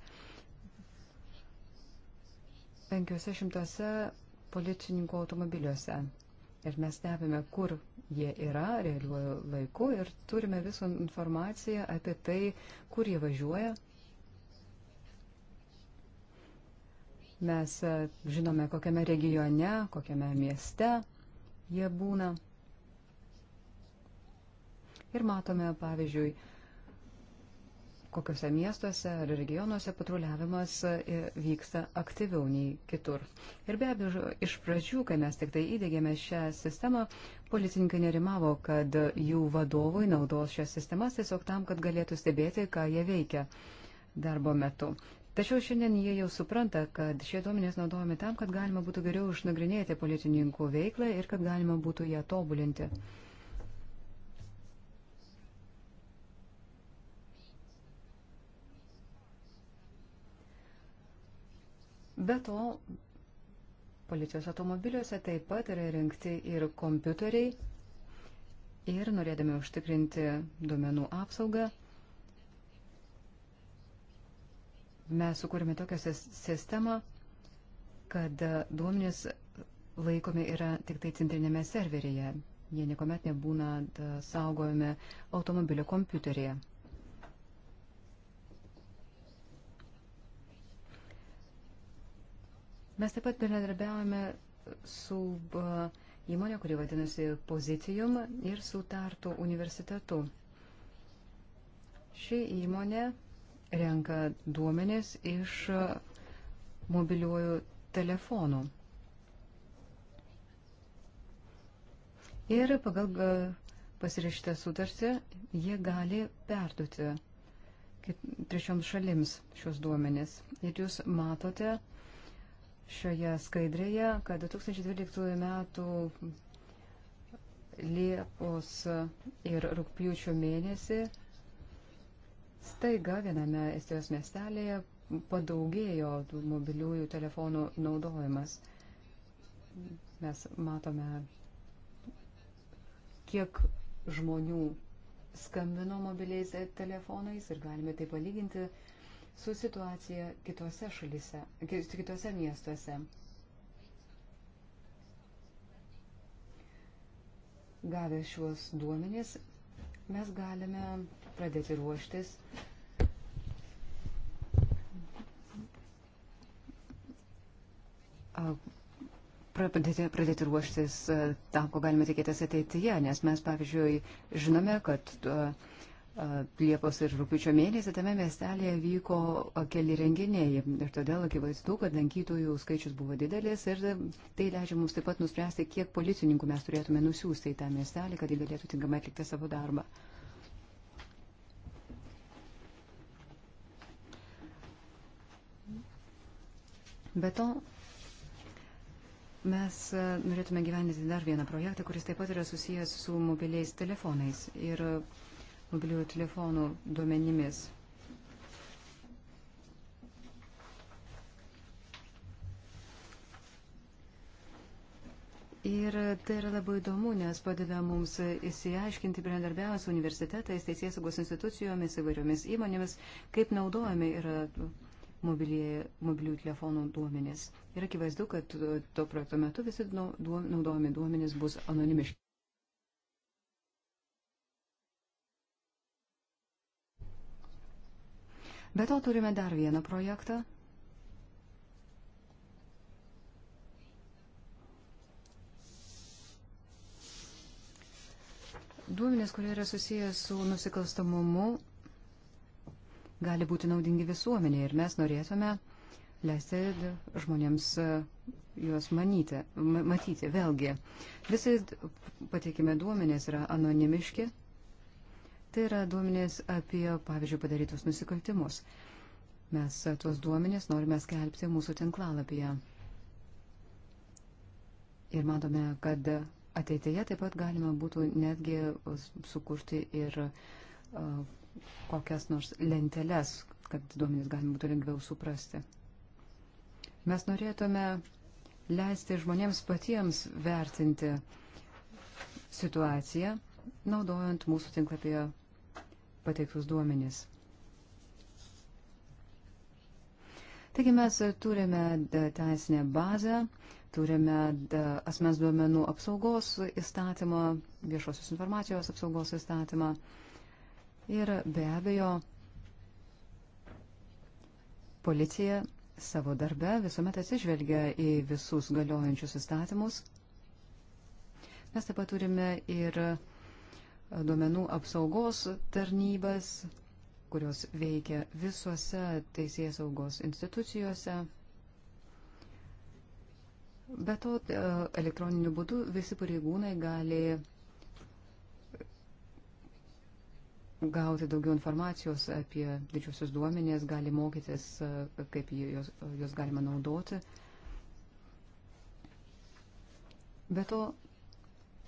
Speaker 2: 500 policininkų automobiliuose. Ir mes stebime, kur jie yra realiuoju laiku ir turime visą informaciją apie tai, kur jie važiuoja. Mes e, žinome, kokiame regione, kokiame mieste jie būna. Ir matome, pavyzdžiui, kokiuose miestuose ar regionuose patruliavimas e, vyksta aktyviau nei kitur. Ir be abejo, iš pradžių, kai mes tik tai įdėgėme šią sistemą, policininkai nerimavo, kad jų vadovai naudos šias sistemas tiesiog tam, kad galėtų stebėti, ką jie veikia darbo metu. Tačiau šiandien jie jau supranta, kad šie duomenys naudojami tam, kad galima būtų geriau išnagrinėti policininkų veiklą ir kad galima būtų ją tobulinti. Mhm. Be to, policijos automobiliuose taip pat yra rinkti ir kompiuteriai. Ir norėdami užtikrinti duomenų apsaugą, mes sukūrėme tokią sistemą, kad duomenys laikomi yra tik tai centrinėme serveryje. Jie niekuomet nebūna saugojami automobilio kompiuteryje. Mes taip pat bendradarbiavome su įmonė, kuri vadinasi Pozicijum ir su Tartu universitetu. Ši įmonė renka duomenis iš mobiliuojų telefonų. Ir pagal pasirašytą sutartį jie gali perduoti trečioms šalims šios duomenis. Ir jūs matote, šioje skaidrėje, kad 2012 metų Liepos ir rūpjūčio mėnesį staiga viename Estijos miestelėje padaugėjo mobiliųjų telefonų naudojimas. Mes matome, kiek žmonių skambino mobiliais telefonais ir galime tai palyginti su situacija kitose šalyse, kitose miestuose. Gavę šiuos duomenys, mes galime pradėti ruoštis Pradėti, pradėti ruoštis tam, ko galime tikėtis ateityje, nes mes, pavyzdžiui, žinome, kad uh, Liepos ir rūpiučio mėnesį tame miestelėje vyko keli renginiai ir todėl akivaizdu, kad lankytojų skaičius buvo didelis ir tai leidžia mums taip pat nuspręsti, kiek policininkų mes turėtume nusiųsti į tą miestelį, kad jie galėtų tinkamai atlikti savo darbą. Be to, Mes norėtume gyveninti dar vieną projektą, kuris taip pat yra susijęs su mobiliais telefonais. Ir mobiliųjų telefonų duomenimis. Ir tai yra labai įdomu, nes padeda mums įsiaiškinti bendarbiavimą su universitetais, teisės saugos institucijomis, įvairiomis įmonėmis, kaip naudojami yra mobiliųjų telefonų duomenys. Ir akivaizdu, kad to projekto metu visi nu, naudojami duomenys bus anonimiški. Be to turime dar vieną projektą. Duomenės, kurie yra susijęs su nusikalstamumu, gali būti naudingi visuomenė ir mes norėtume leisti žmonėms e, juos manyti, matyti. Vėlgi, visi pateikime duomenės yra anonimiški Tai yra duomenės apie, pavyzdžiui, padarytus nusikaltimus. Mes tuos duomenės norime skelbti mūsų tinklalapyje. Ir matome, kad ateityje taip pat galima būtų netgi sukurti ir uh, kokias nors lenteles, kad duomenys galima būtų lengviau suprasti. Mes norėtume leisti žmonėms patiems vertinti situaciją, naudojant mūsų tinklapyje pateiktus duomenys. Taigi mes turime e, teisinę bazę, turime e, asmens duomenų apsaugos įstatymą, viešosios informacijos apsaugos įstatymą ir be abejo policija savo darbe visuomet atsižvelgia į visus galiojančius įstatymus. Mes taip pat turime ir uh, duomenų apsaugos tarnybas, kurios veikia visuose teisės saugos institucijose. Be to, e, elektroniniu būdu visi pareigūnai gali gauti daugiau informacijos apie didžiosius duomenės, gali mokytis, e, kaip jos, jos galima naudoti. Be to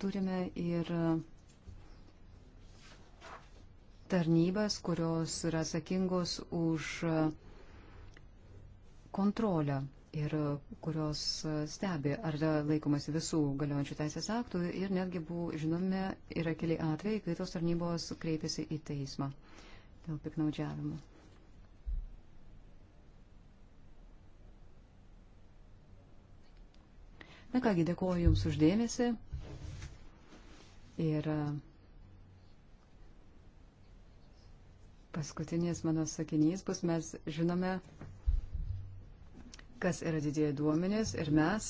Speaker 2: turime ir tarnybas, kurios yra atsakingos už kontrolę ir kurios stebi, ar laikomasi visų galiojančių teisės aktų ir netgi buvo, žinome, yra keli atvejai, kai tos tarnybos kreipėsi į teismą dėl piknaudžiavimo. Na kągi, dėkuoju Jums uždėmesi ir Paskutinis mano sakinys bus, mes žinome, kas yra didieji duomenys ir mes,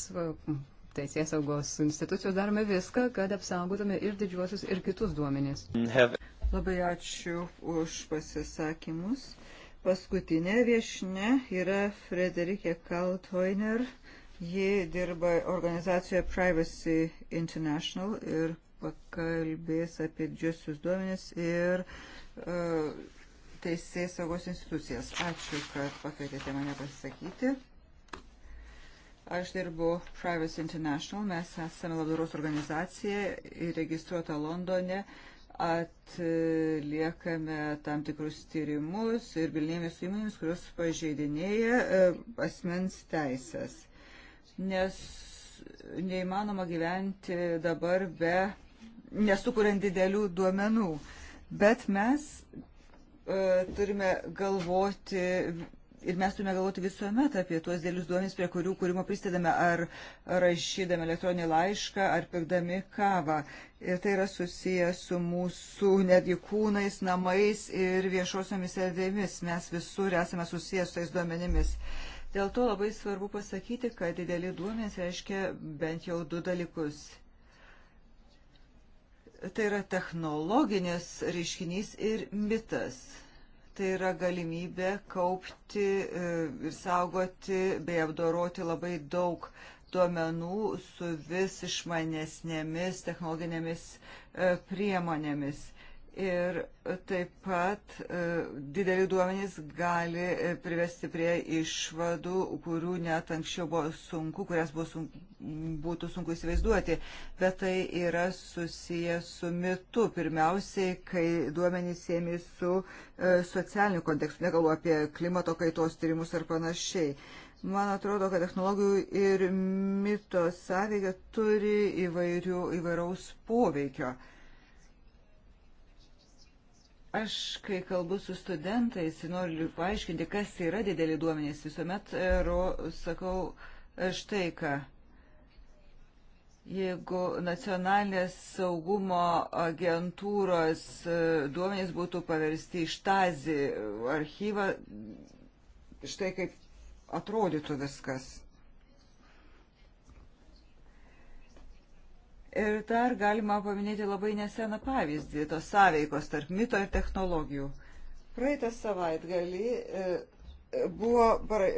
Speaker 2: teisės saugos institucijos, darome viską, kad apsaugotume ir didžiuosius,
Speaker 1: ir kitus duomenys. Labai ačiū už pasisakymus. Paskutinė viešinė yra Frederikė Kalthoiner. Ji dirba organizacijoje Privacy International ir pakalbės apie didžiosius duomenys ir uh, teisės saugos institucijas. Ačiū, kad pakvietėte mane pasisakyti. Aš dirbu Privacy International, mes esame labdaros organizacija įregistruota Londone atliekame tam tikrus tyrimus ir bilinėmės su įmonėmis, kurios pažeidinėja e, asmens teisės. Nes neįmanoma gyventi dabar be, nesukuriant didelių duomenų. Bet mes E, turime galvoti ir mes turime galvoti visuomet apie tuos dėlius duomenys, prie kurių kūrimo prisidedame, ar rašydami elektroninį laišką, ar pirkdami kavą. Ir tai yra susiję su mūsų netgi kūnais, namais ir viešosiomis erdvėmis. Mes visur esame susiję su tais duomenimis. Dėl to labai svarbu pasakyti, kad dideli duomenys reiškia bent jau du dalykus tai yra technologinis reiškinys ir mitas. Tai yra galimybė kaupti e, ir saugoti bei apdoroti labai daug duomenų su vis išmanesnėmis technologinėmis e, priemonėmis. Ir taip pat e, dideli duomenys gali e, privesti prie išvadų, kurių net anksčiau buvo sunku, kurias buvo sunku, būtų sunku įsivaizduoti. Bet tai yra susiję su mitu. Pirmiausiai, kai duomenys siemi su e, socialiniu kontekstu, negalu apie klimato kaitos tyrimus ar panašiai. Man atrodo, kad technologijų ir mito sąveikia turi įvairių, įvairaus poveikio. Aš, kai kalbu su studentais, noriu paaiškinti, kas yra dideli duomenys. Visuomet e, ro, sakau e, štai ką. Jeigu nacionalinės saugumo agentūros e, duomenys būtų paversti iš tazi archyvą, štai kaip atrodytų viskas. Ir dar galima paminėti labai neseną pavyzdį tos sąveikos tarp mito ir technologijų. Praeitą savaitgalį e, buvo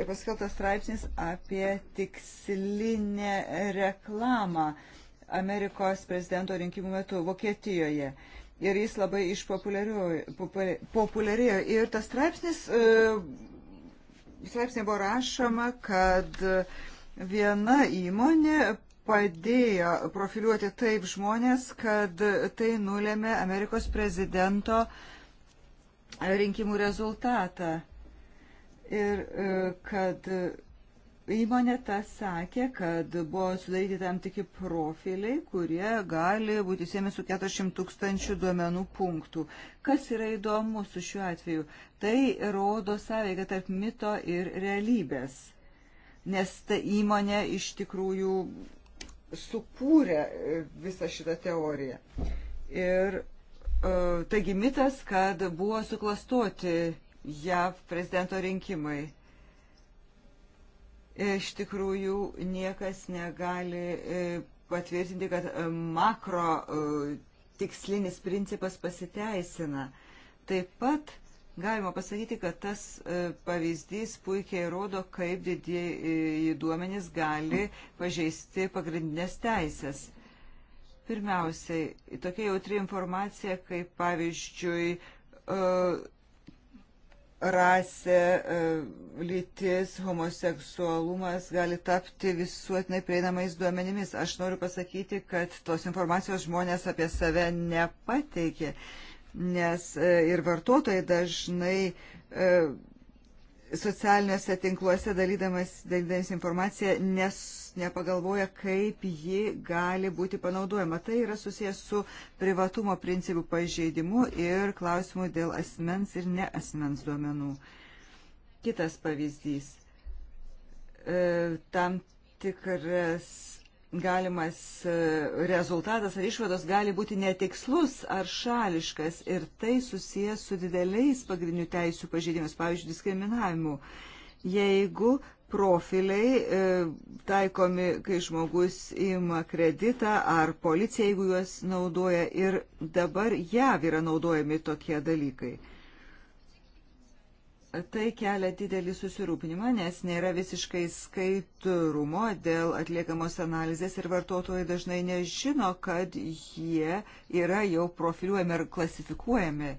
Speaker 1: paskeltas straipsnis apie tikslinę reklamą Amerikos prezidento rinkimų metu Vokietijoje. Ir jis labai išpopuliarėjo. Ir tas straipsnis, e, straipsnė buvo rašoma, kad viena įmonė padėjo profiliuoti taip žmonės, kad tai nulėmė Amerikos prezidento rinkimų rezultatą. Ir e, kad įmonė ta sakė, kad buvo sudaryti tam tikri profiliai, kurie gali būti siemi su 400 tūkstančių duomenų punktų. Kas yra įdomu su šiuo atveju? Tai rodo sąveiką tarp mito ir realybės nes ta įmonė iš tikrųjų sukūrė e, visą šitą teoriją. Ir e, taigi mitas, kad buvo suklastoti JAV prezidento rinkimai. Iš tikrųjų, niekas negali e, patvirtinti, kad makro tikslinis principas pasiteisina. Taip pat Galima pasakyti, kad tas e, pavyzdys puikiai rodo, kaip didieji duomenys gali pažeisti pagrindinės teisės. Pirmiausiai, tokia jautri informacija, kaip pavyzdžiui, e, rasė, e, lytis, homoseksualumas gali tapti visuotinai prieinamais duomenimis. Aš noriu pasakyti, kad tos informacijos žmonės apie save nepateikė nes e, ir vartotojai dažnai e, socialiniuose tinkluose dalydamas, dalydamas informaciją nes, nepagalvoja, kaip ji gali būti panaudojama. Tai yra susijęs su privatumo principų pažeidimu ir klausimu dėl asmens ir ne asmens duomenų. Kitas pavyzdys. E, tam tikras galimas e, rezultatas ar išvados gali būti netikslus ar šališkas ir tai susijęs su dideliais pagrindinių teisių pažeidimus, pavyzdžiui, diskriminavimu. Jeigu profiliai e, taikomi, kai žmogus ima kreditą ar policija, jeigu juos naudoja ir dabar jav yra naudojami tokie dalykai. Tai kelia didelį susirūpinimą, nes nėra visiškai skaitrumo dėl atliekamos analizės ir vartotojai dažnai nežino, kad jie yra jau profiliuojami ir klasifikuojami.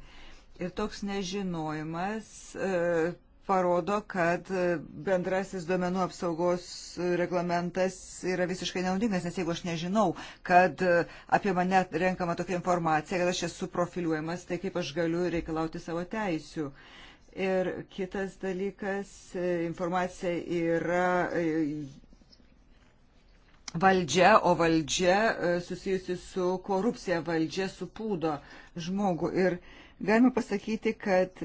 Speaker 1: Ir toks nežinojimas e, parodo, kad bendrasis duomenų apsaugos reglamentas yra visiškai nenaudingas, nes jeigu aš nežinau, kad apie mane renkama tokia informacija, kad aš esu profiliuojamas, tai kaip aš galiu reikalauti savo teisių. E, Ir kitas dalykas, e, informacija yra e, valdžia, o valdžia e, susijusi su korupcija, valdžia supūdo žmogų. Ir Galima pasakyti, kad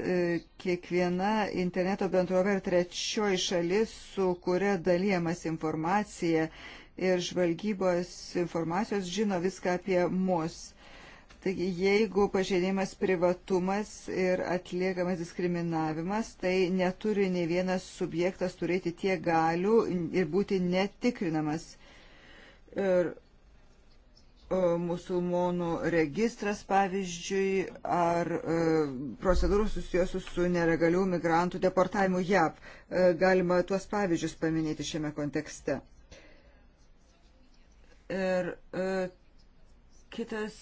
Speaker 1: kiekviena interneto bendrovė ir trečioji šalis, su kuria dalyjamas informacija ir žvalgybos informacijos, žino viską apie mus. Taigi, jeigu pažeidimas privatumas ir atliekamas diskriminavimas, tai neturi nei vienas subjektas turėti tiek galių ir būti netikrinamas. Ir e, musulmonų registras, pavyzdžiui, ar e, procedūrų susijusių su neregalių migrantų deportavimu JAV. E, galima tuos pavyzdžius paminėti šiame kontekste. Ir kitas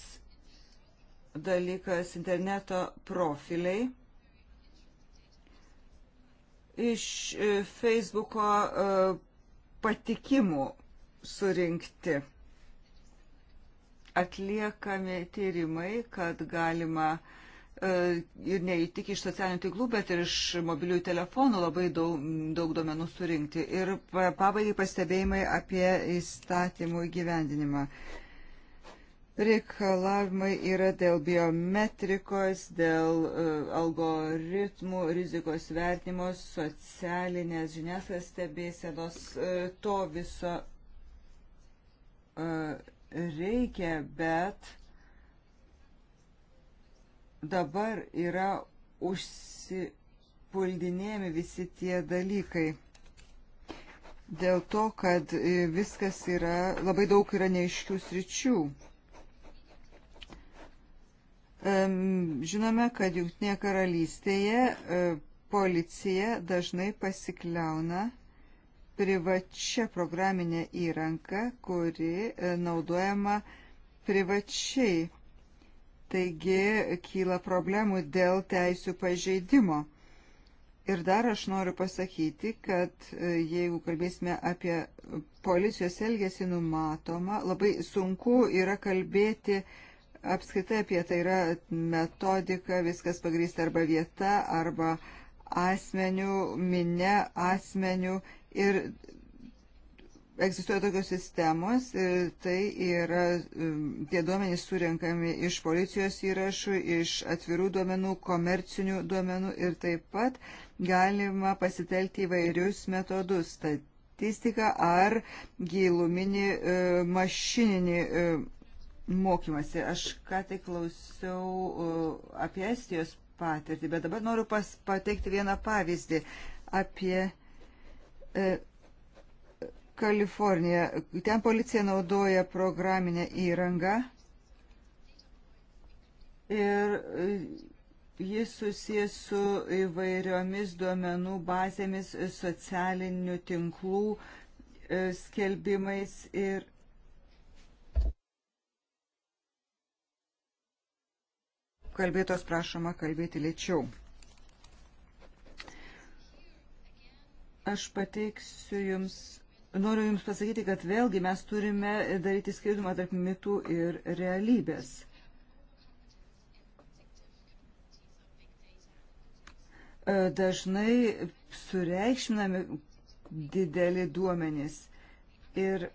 Speaker 1: dalykas interneto profiliai. Iš e, Facebooko e, patikimų surinkti atliekami tyrimai, kad galima e, ir ne tik iš socialinių tiklų, bet ir iš mobilių telefonų labai daug, daug duomenų surinkti. Ir pabaigai pastebėjimai apie įstatymų įgyvendinimą. Reikalavimai yra dėl biometrikos, dėl e, algoritmų, rizikos vertinimo, socialinės žiniasklaidos stebėsienos. E, to viso e, reikia, bet dabar yra užsipuldinėjami visi tie dalykai dėl to, kad viskas yra, labai daug yra neiškių sričių. Žinome, kad Junktinėje karalystėje e, policija dažnai pasikliauna privačia programinė įranka, kuri e, naudojama privačiai. Taigi kyla problemų dėl teisų pažeidimo. Ir dar aš noriu pasakyti, kad e, jeigu kalbėsime apie policijos elgesį numatomą, labai sunku yra kalbėti uh, apskaitai apie tai yra metodika, viskas pagrįsta arba vieta, arba asmenių, minė asmenių ir egzistuoja tokios sistemos ir tai yra, um, tie duomenys surinkami iš policijos įrašų, iš atvirų duomenų, komercinių duomenų ir taip pat galima pasitelkti įvairius metodus, statistiką ar giluminį uh, mašininį uh, mokymasi. Aš ką tik klausiau uh, apie Estijos patirtį, bet dabar noriu pas, pateikti vieną pavyzdį apie e, Kaliforniją. Ten policija naudoja programinę įrangą ir uh, jis susijęs su įvairiomis duomenų bazėmis socialinių tinklų e, skelbimais ir Kalbėtos prašoma kalbėti lėčiau. Aš pateiksiu Jums, noriu Jums pasakyti, kad vėlgi mes turime daryti skirtumą tarp mitų ir realybės. E, dažnai sureikšminami dideli duomenys ir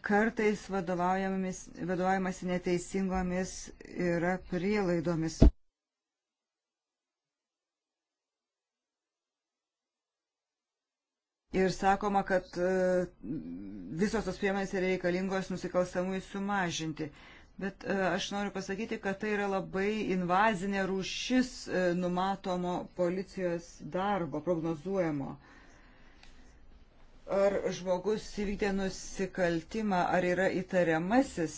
Speaker 1: kartais vadovaujamasi neteisingomis yra prielaidomis. Ir sakoma, kad e, visos tos priemonės yra reikalingos nusikalstamui sumažinti. Bet e, aš noriu pasakyti, kad tai yra labai invazinė rūšis e, numatomo policijos darbo, prognozuojamo darbo ar žmogus įvykdė nusikaltimą, ar yra įtariamasis,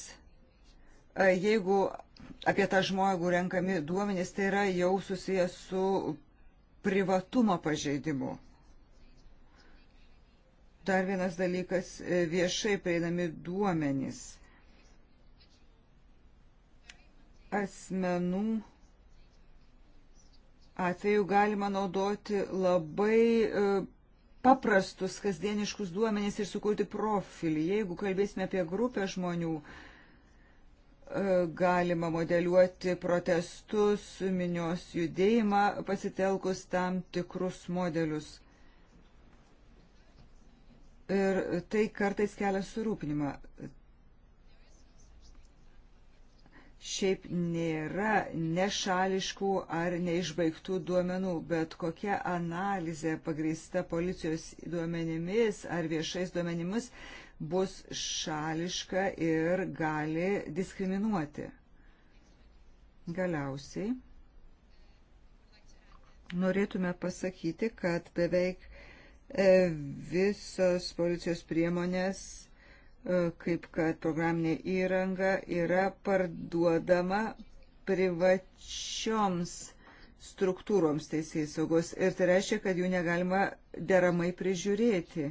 Speaker 1: e, jeigu apie tą žmogų renkami duomenys, tai yra jau susijęs su privatumo pažeidimu. Dar vienas dalykas - e, viešai prieinami duomenys. Asmenų atveju galima naudoti labai e, paprastus kasdieniškus duomenys ir sukurti profilį. Jeigu kalbėsime apie grupę žmonių, e, galima modeliuoti protestus, minios judėjimą, pasitelkus tam tikrus modelius. Ir tai kartais kelia surūpinimą šiaip nėra nešališkų ar neišbaigtų duomenų, bet kokia analizė pagrįsta policijos duomenimis ar viešais duomenimis bus šališka ir gali diskriminuoti. Galiausiai norėtume pasakyti, kad beveik e, visos policijos priemonės E, kaip kad programinė įranga yra parduodama privačioms struktūroms teisėjai saugos ir tai reiškia, kad jų negalima deramai prižiūrėti.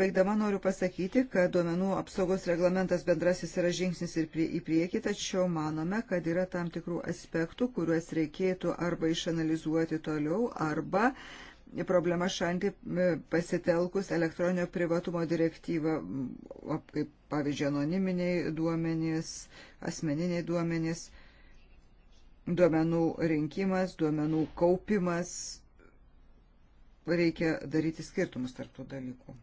Speaker 1: Baigdama noriu pasakyti, kad duomenų apsaugos reglamentas bendrasis yra žingsnis ir prie, į priekį, tačiau manome, kad yra tam tikrų aspektų, kuriuos reikėtų arba išanalizuoti toliau, arba problema šanti pasitelkus elektroninio privatumo direktyvą, kaip pavyzdžiui, anoniminiai duomenys, asmeniniai duomenys, duomenų rinkimas, duomenų kaupimas. Reikia daryti skirtumus tarptų dalykų.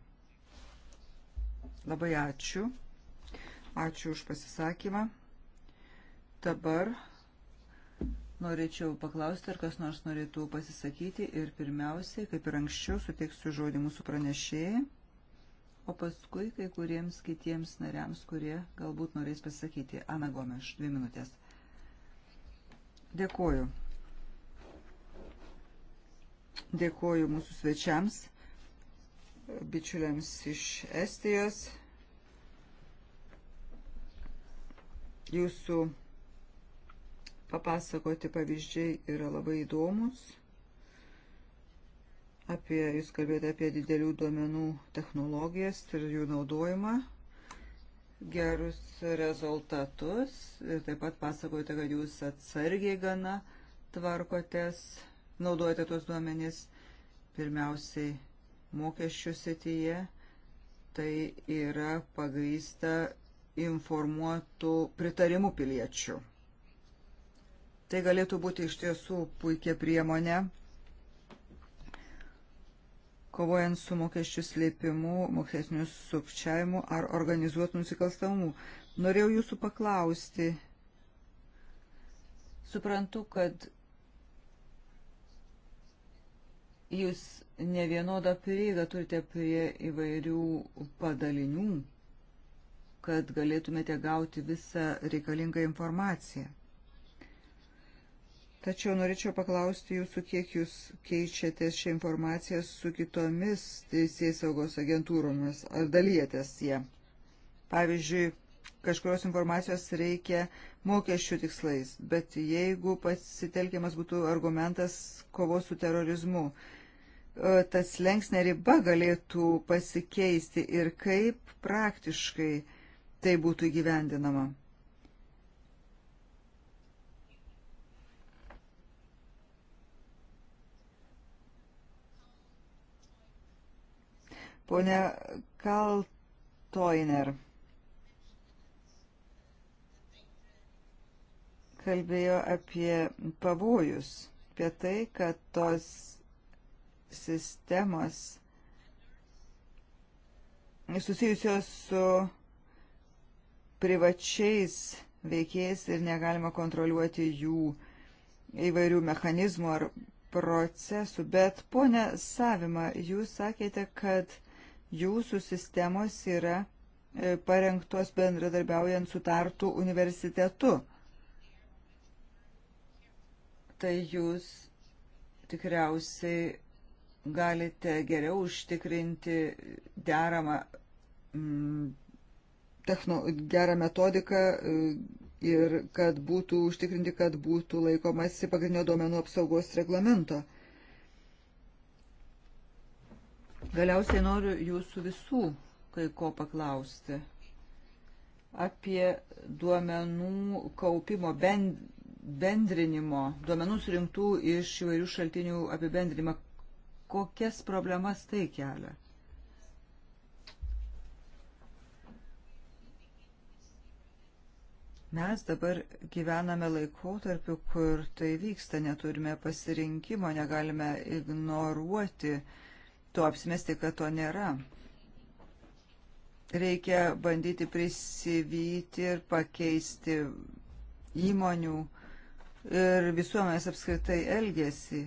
Speaker 1: Labai ačiū. Ačiū už pasisakymą. Dabar Norėčiau paklausti, ar kas nors norėtų pasisakyti ir pirmiausiai, kaip ir anksčiau, suteiksiu žodį mūsų pranešėjai, o paskui kai kuriems kitiems nariams, kurie galbūt norės pasisakyti. Ana Gomeš, dvi minutės. Dėkoju. Dėkoju mūsų svečiams, bičiuliams iš Estijos. Jūsų papasakoti pavyzdžiai yra labai įdomus. Apie, jūs kalbėjote apie didelių duomenų technologijas ir jų naudojimą, gerus rezultatus ir taip pat pasakojate, kad jūs atsargiai gana tvarkotės, naudojate tuos duomenys pirmiausiai mokesčių sityje. Tai yra pagrysta informuotų pritarimų piliečių. Tai galėtų būti iš tiesų puikia priemonė, kovojant su mokesčių slėpimu, mokesnių sukčiavimu ar organizuotų nusikalstamų. Norėjau jūsų paklausti. Suprantu, kad jūs ne vienodą prieigą turite prie įvairių padalinių, kad galėtumėte gauti visą reikalingą informaciją. Tačiau norėčiau paklausti jūsų, kiek jūs keičiatės šią informaciją su kitomis teisės saugos agentūromis, ar dalyjatės ją. Pavyzdžiui, kažkurios informacijos reikia mokesčių tikslais, bet jeigu pasitelkiamas būtų argumentas kovos su terorizmu, e, tas lengsnė riba galėtų pasikeisti ir kaip praktiškai tai būtų gyvendinama. Pone Kaltoiner kalbėjo apie pavojus, apie tai, kad tos sistemos susijusios su privačiais veikėjais ir negalima kontroliuoti jų įvairių mechanizmų ar procesų. Bet, ponė Savima, jūs sakėte, kad Jūsų sistemos yra e, parengtos bendradarbiaujant su Tartu universitetu. Tai jūs tikriausiai galite geriau užtikrinti deramą, mm, techno, gerą metodiką e, ir kad būtų užtikrinti, kad būtų laikomasi pagrindinio duomenų apsaugos reglamento. Galiausiai noriu jūsų visų kai ko paklausti apie duomenų kaupimo bendrinimo, duomenų surinktų iš įvairių šaltinių apibendrinimą. Kokias problemas tai kelia? Mes dabar gyvename laikotarpiu, kur tai vyksta, neturime pasirinkimo, negalime ignoruoti uh, to apsimesti, kad to nėra. Reikia bandyti prisivyti ir pakeisti įmonių ir visuomenės apskritai elgesį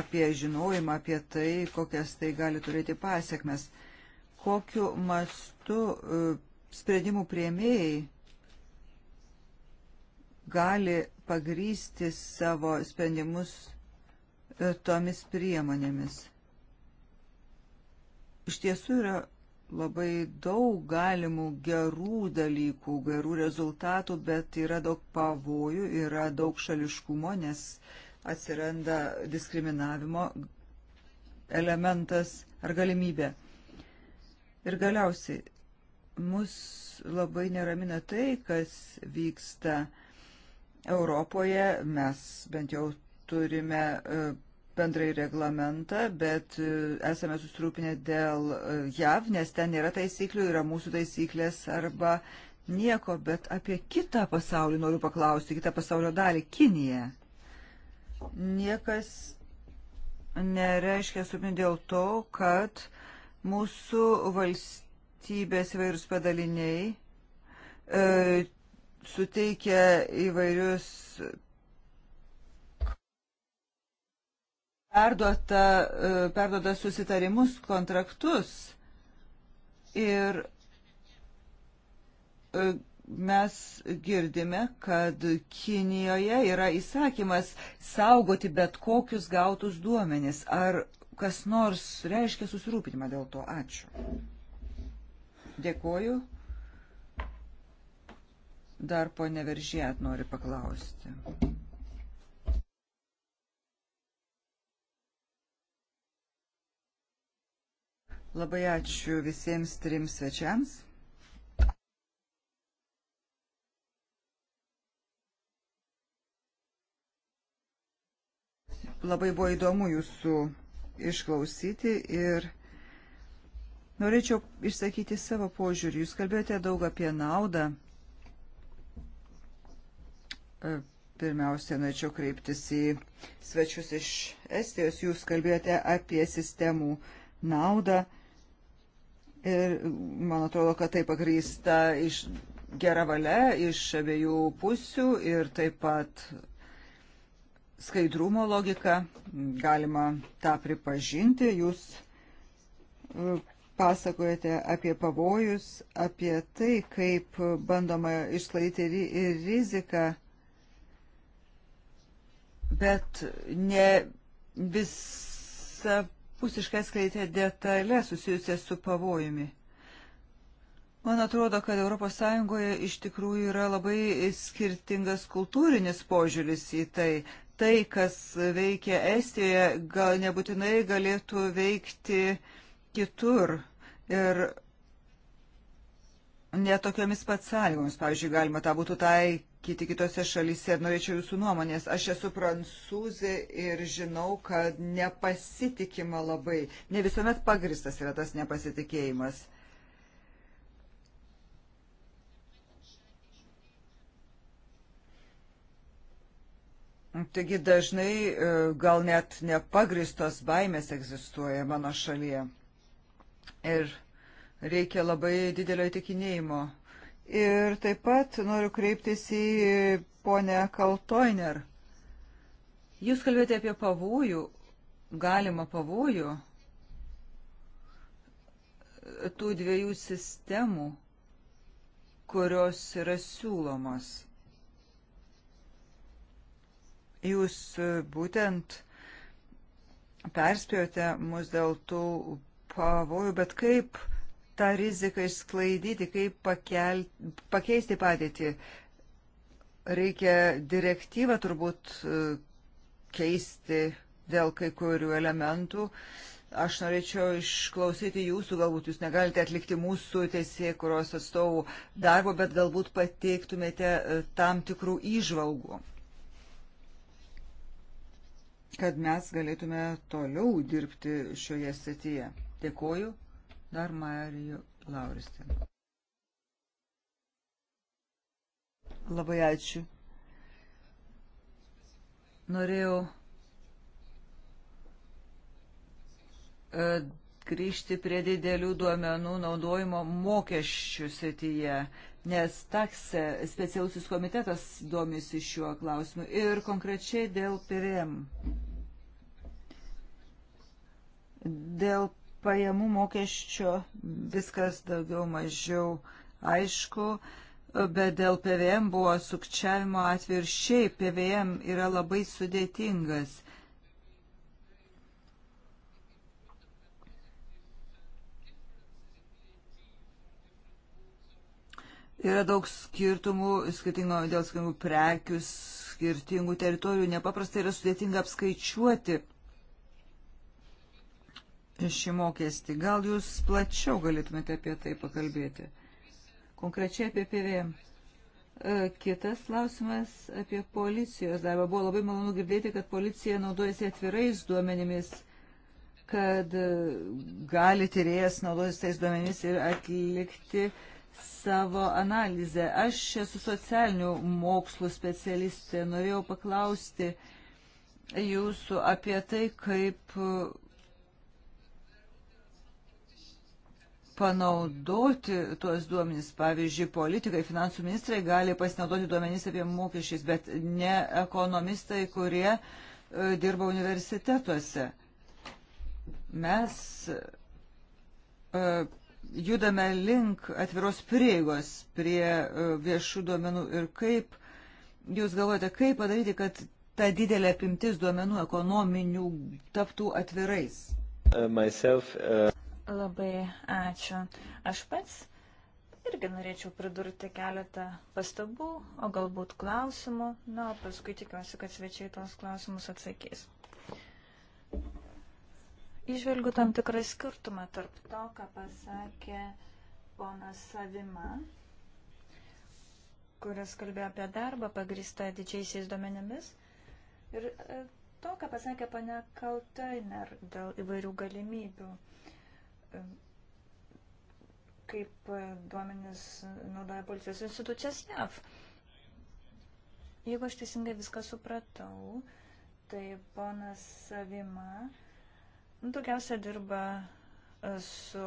Speaker 1: apie žinojimą, apie tai, kokias tai gali turėti pasiekmes. Kokiu mastu e, sprendimų prieimėjai gali pagrysti savo sprendimus e, tomis priemonėmis. Iš tiesų yra labai daug galimų gerų dalykų, gerų rezultatų, bet yra daug pavojų, yra daug šališkumo, nes atsiranda diskriminavimo elementas ar galimybė. Ir galiausiai mus labai neramina tai, kas vyksta Europoje. Mes bent jau turime uh, bendrai reglamentą, bet e, esame susirūpinę dėl e, JAV, nes ten nėra taisyklių, yra mūsų taisyklės arba nieko, bet apie kitą pasaulį noriu paklausti, kitą pasaulio dalį - Kiniją. Niekas nereiškia supin dėl to, kad mūsų valstybės įvairius padaliniai e, suteikia įvairius perduota, e, perduoda susitarimus, kontraktus. Ir e, mes girdime, kad Kinijoje yra įsakymas saugoti bet kokius gautus duomenis. Ar kas nors reiškia susirūpinimą dėl to? Ačiū. Dėkoju. Dar ponė Veržėt nori paklausti. Labai ačiū visiems trims svečiams. Labai buvo įdomu jūsų išklausyti ir norėčiau išsakyti savo požiūrį. Jūs kalbėjote daug apie naudą. E, pirmiausia, norėčiau kreiptis į svečius iš Estijos. Jūs kalbėjote apie sistemų naudą. Ir man atrodo, kad tai pagrysta iš gera valia iš abiejų pusių ir taip pat skaidrumo logika. Galima tą pripažinti. Jūs e, pasakojate apie pavojus, apie tai, kaip bandoma išsklaidyti riziką, bet ne visą visapusiškai atskleidė detalę susijusią su pavojumi. Man atrodo, kad ES iš tikrųjų yra labai skirtingas kultūrinis požiūris į tai. Tai, kas veikia Estijoje, gal nebūtinai galėtų veikti kitur. Ir netokiomis pats sąlygomis. Pavyzdžiui, galima tą būtų taikyti taikyti kitose šalyse ir norėčiau jūsų nuomonės. Aš esu prancūzė ir žinau, kad nepasitikima labai. Ne visuomet pagristas yra tas nepasitikėjimas. Taigi dažnai e, gal net nepagristos baimės egzistuoja mano šalyje. Ir reikia labai didelio įtikinėjimo Ir taip pat noriu kreiptis į ponę Kaltoiner. Jūs kalbėjote apie pavojų, galimą pavojų tų dviejų sistemų, kurios yra siūlomos. Jūs būtent perspėjote mus dėl tų pavojų, bet kaip uh, tą riziką išsklaidyti, kaip pakel, pakeisti padėtį. Reikia direktyvą turbūt e, keisti dėl kai kurių elementų. Aš norėčiau išklausyti jūsų, galbūt jūs negalite atlikti mūsų teisėkuros atstovų darbo, bet galbūt pateiktumėte e, tam tikrų įžvalgų, kad mes galėtume toliau dirbti šioje srityje. Dėkuoju. Dar Marijų Lauristin. Labai ačiū. Norėjau e, grįžti prie didelių duomenų naudojimo mokesčių srityje, nes takse specialusis komitetas domisi šiuo klausimu ir konkrečiai dėl PVM. Dėl pajamų mokesčio viskas daugiau mažiau aišku, bet dėl PVM buvo sukčiavimo atveju ir šiaip PVM yra labai sudėtingas. Yra daug skirtumų, skirtingo, dėl skirtingų prekių, skirtingų teritorijų. Nepaprastai yra sudėtinga apskaičiuoti šį mokestį. Gal jūs plačiau galėtumėte apie tai pakalbėti? Konkrečiai apie PVM. E, kitas klausimas apie policijos darbą. Buvo labai malonu girdėti, kad policija naudojasi atvirais duomenimis kad e, gali tyrėjas naudotis tais duomenimis ir atlikti savo analizę. Aš esu socialinių mokslų specialistė, norėjau paklausti jūsų apie tai, kaip panaudoti tuos duomenys. Pavyzdžiui, politikai, finansų ministrai gali pasinaudoti duomenys apie mokesčius, bet ne ekonomistai, kurie e, dirba universitetuose. Mes e, judame link atviros prieigos prie e, viešų duomenų ir kaip jūs galvojate, kaip padaryti, kad ta didelė apimtis duomenų ekonominių taptų atvirais?
Speaker 3: Uh, myself, uh... Labai ačiū. Aš pats irgi norėčiau pridurti keletą pastabų, o galbūt klausimų, na, o paskui tikiuosi, kad svečiai tos klausimus atsakys. Išvelgiu tam tikrą skirtumą tarp to, ką pasakė ponas Savima, kuris kalbėjo apie darbą pagrįstą didžiaisiais duomenimis, ir e, to, ką pasakė pane Kaltainer dėl įvairių galimybių kaip e, duomenis naudoja policijos institucijas JAV. Jeigu aš teisingai viską supratau, tai ponas Savima nu, daugiausia dirba e, su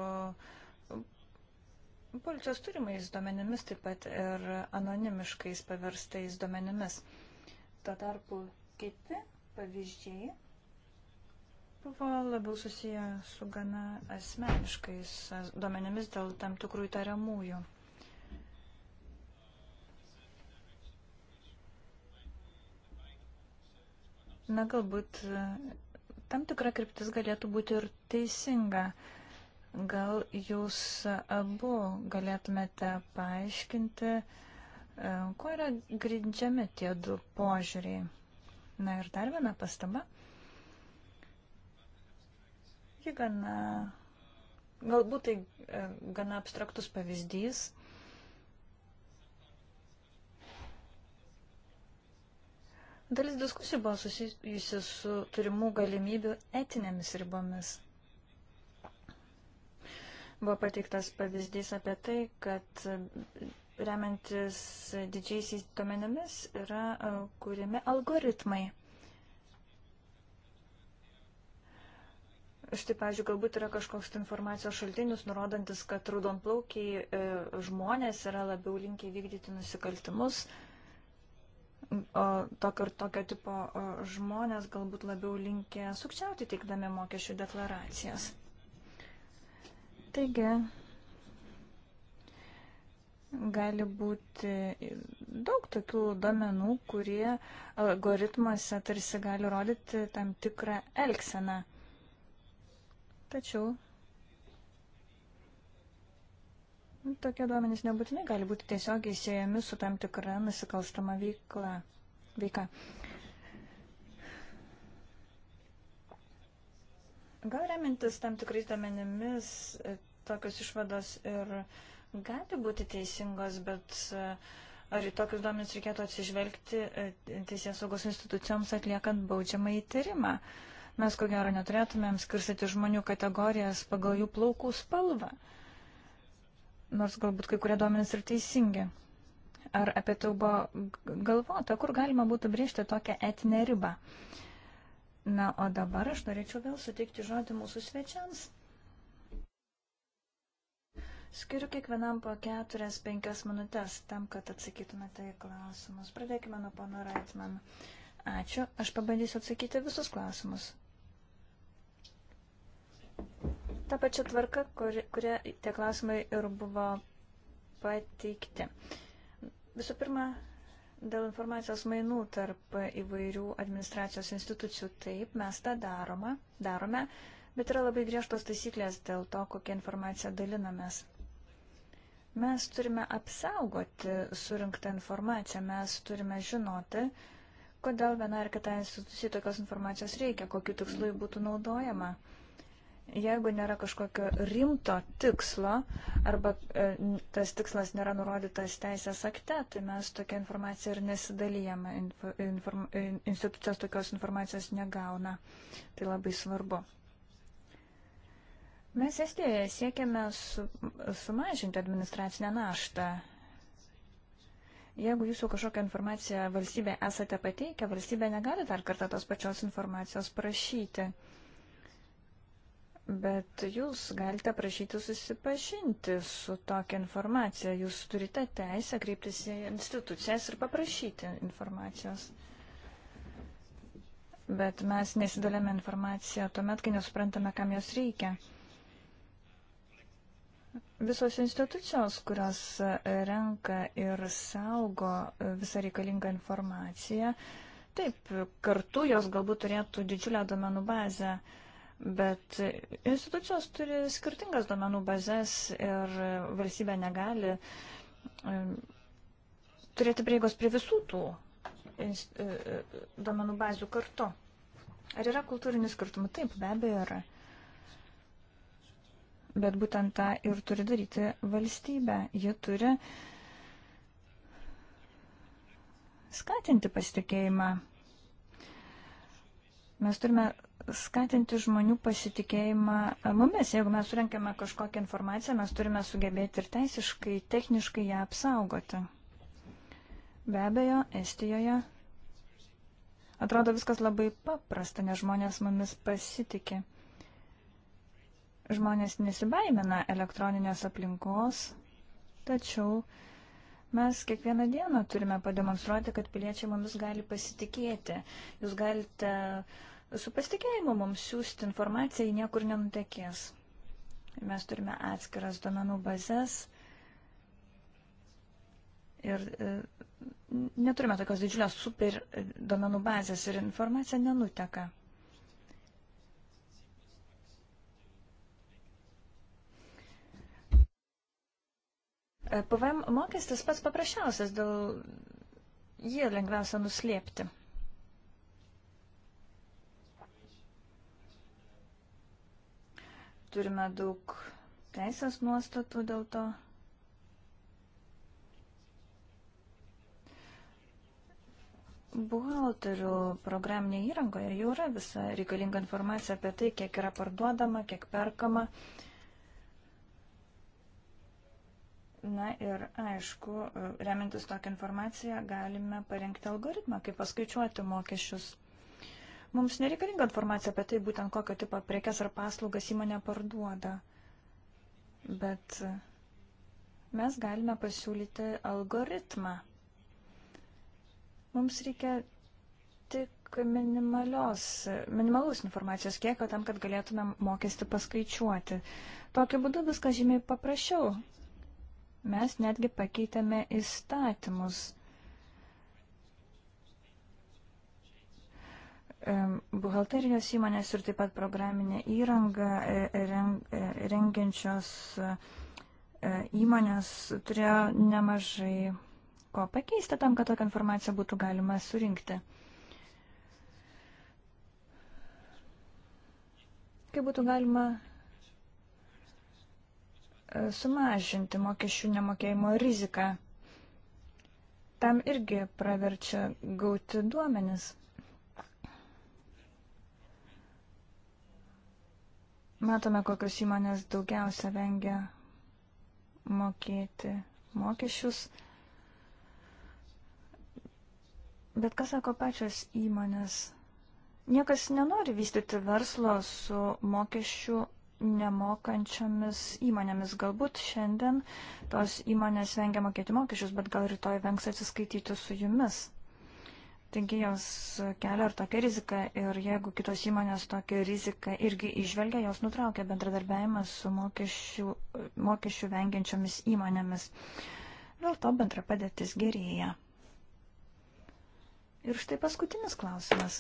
Speaker 3: policijos turimais duomenimis, taip pat ir anonimiškais paverstais duomenimis. Tuo tarpu kiti pavyzdžiai buvo labiau susiję su gana asmeniškais duomenimis dėl tam tikrų įtariamųjų. Na, galbūt e, tam tikra kryptis galėtų būti ir teisinga. Gal jūs abu galėtumėte paaiškinti, e, kuo yra grindžiami tie du požiūriai. Na ir dar viena pastaba. Ji gana, galbūt tai e, gana abstraktus pavyzdys. Dalis diskusijų buvo susijusi su turimų galimybių etinėmis ribomis. Buvo pateiktas pavyzdys apie tai, kad remiantis didžiaisiais duomenimis yra e, kūrimi algoritmai. Štai, pavyzdžiui, galbūt yra kažkoks tai informacijos šaltinis, nurodantis, kad raudonplaukiai e, žmonės yra labiau linkiai vykdyti nusikaltimus, o tokio ir tokio tipo o, žmonės galbūt labiau linkia sukčiauti teikdami mokesčių deklaracijas. Taigi, gali būti daug tokių domenų, kurie algoritmuose tarsi gali rodyti tam tikrą elkseną. Tačiau nu, tokie duomenys nebūtinai gali būti tiesiogiai siejami su tam tikra nusikalstama veikla. veika. Gal remintis tam tikrais duomenimis tokios išvados ir gali būti teisingos, bet e, ar į tokius duomenis reikėtų atsižvelgti e, teisės saugos institucijoms atliekant baudžiamą įtyrimą? Uh, Mes ko gero neturėtumėm skirstyti žmonių kategorijas pagal jų plaukų spalvą. Nors galbūt kai kurie duomenys ir teisingi. Ar apie tai buvo galvota, kur galima būtų brėžti tokią etinę ribą? Na, o dabar aš norėčiau vėl suteikti žodį mūsų svečiams. Skiriu kiekvienam po keturias, penkias minutės tam, kad atsakytumėte į klausimus. Pradėkime nuo pono Raitman. Ačiū. Aš pabandysiu atsakyti visus klausimus. Ta pačia tvarka, kur, kurie tie klausimai ir buvo pateikti. Visų pirma, dėl informacijos mainų tarp įvairių administracijos institucijų, taip, mes tą daroma, darome, bet yra labai griežtos taisyklės dėl to, kokią informaciją dalinamės. Mes turime apsaugoti surinktą informaciją, mes turime žinoti, kodėl viena ar kita institucija tokios informacijos reikia, kokiu tikslu būtų naudojama. Mm Jeigu nėra kažkokio rimto tikslo arba e, tas tikslas nėra nurodytas teisės akte, tai mes tokią informaciją ir nesidalyjame, inform, e, institucijos tokios informacijos negauna. Tai labai svarbu. Mes Estijoje siekiame su, sumažinti administracinę naštą jeigu jūs jau kažkokią informaciją valstybė esate pateikę, valstybė negali dar kartą tos pačios informacijos prašyti. Bet jūs galite prašyti susipažinti su tokia informacija. Jūs turite teisę kreiptis į institucijas ir paprašyti informacijos. Bet mes nesidalėme informaciją tuomet, kai nesuprantame, kam jos reikia. Visos institucijos, kurios renka ir saugo visą reikalingą informaciją, taip, kartu jos galbūt turėtų didžiulę domenų bazę Bet institucijos turi skirtingas duomenų bazės ir valstybė negali turėti prieigos prie visų tų e, e, duomenų bazių kartu. Ar yra kultūrinių skirtumų? Taip, be abejo yra. Bet būtent tą ir turi daryti valstybė. Ji turi skatinti pasitikėjimą. Mes turime skatinti žmonių pasitikėjimą e, mumis. Jeigu mes surenkame kažkokią informaciją, mes turime sugebėti ir teisiškai, techniškai ją apsaugoti. Be abejo, Estijoje atrodo viskas labai paprasta, nes žmonės mumis pasitikė. Žmonės nesibaimina elektroninės aplinkos, tačiau mes kiekvieną dieną turime pademonstruoti, kad piliečiai mumis gali pasitikėti. Jūs galite uh, Su pasitikėjimu mums siūsti informaciją į niekur nenutekės. Mes turime atskiras domenų bazės ir e, neturime tokios didžiulės super domenų bazės ir informacija nenuteka. E, PVM mokestis pats paprasčiausias, dėl jį lengviausia nuslėpti. turime daug teisės nuostatų dėl to. Buhalterių programinė įrangoje jau yra visa reikalinga informacija apie tai, kiek yra parduodama, kiek perkama. Na ir aišku, remintis tokią informaciją galime parengti algoritmą, kaip paskaičiuoti mokesčius. Mums nereikalinga informacija apie tai, būtent kokio tipo prekes ar paslaugas įmonė parduoda. Bet mes galime pasiūlyti algoritmą. Mums reikia tik minimalios, minimalus informacijos kiekio tam, kad galėtume mokestį paskaičiuoti. Tokiu būdu viskas žymiai paprasčiau. Mes netgi pakeitėme įstatymus. buhalterijos įmonės ir taip pat programinė įranga e, e, rengiančios e, įmonės turėjo nemažai ko pakeisti tam, kad tokią informaciją būtų galima surinkti. Kaip būtų galima sumažinti mokesčių nemokėjimo riziką? Tam irgi praverčia gauti duomenis. Matome, kokios įmonės daugiausia vengia mokėti mokesčius. Bet kas sako pačios įmonės? Niekas nenori vystyti verslo su mokesčių nemokančiomis įmonėmis. Galbūt šiandien tos įmonės vengia mokėti mokesčius, bet gal rytoj vengs atsiskaityti su jumis. Taigi jos kelia ir tokią riziką ir jeigu kitos įmonės tokią riziką irgi išvelgia, jos nutraukia bendradarbiavimą su mokesčių, mokesčių vengiančiomis įmonėmis. Dėl to bendra padėtis gerėja. Ir štai paskutinis klausimas.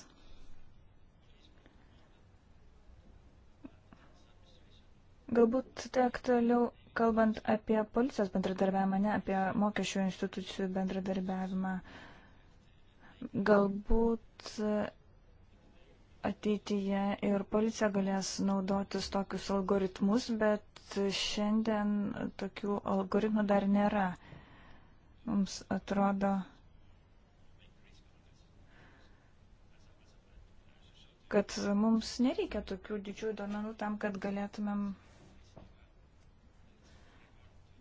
Speaker 3: Galbūt tai aktualiau kalbant apie policijos bendradarbiavimą, ne apie mokesčių institucijų bendradarbiavimą. Uh, Galbūt e, ateityje ir policija galės naudotis tokius algoritmus, bet šiandien tokių algoritmų dar nėra. Mums atrodo, kad mums nereikia tokių didžiųjų duomenų tam, kad galėtumėm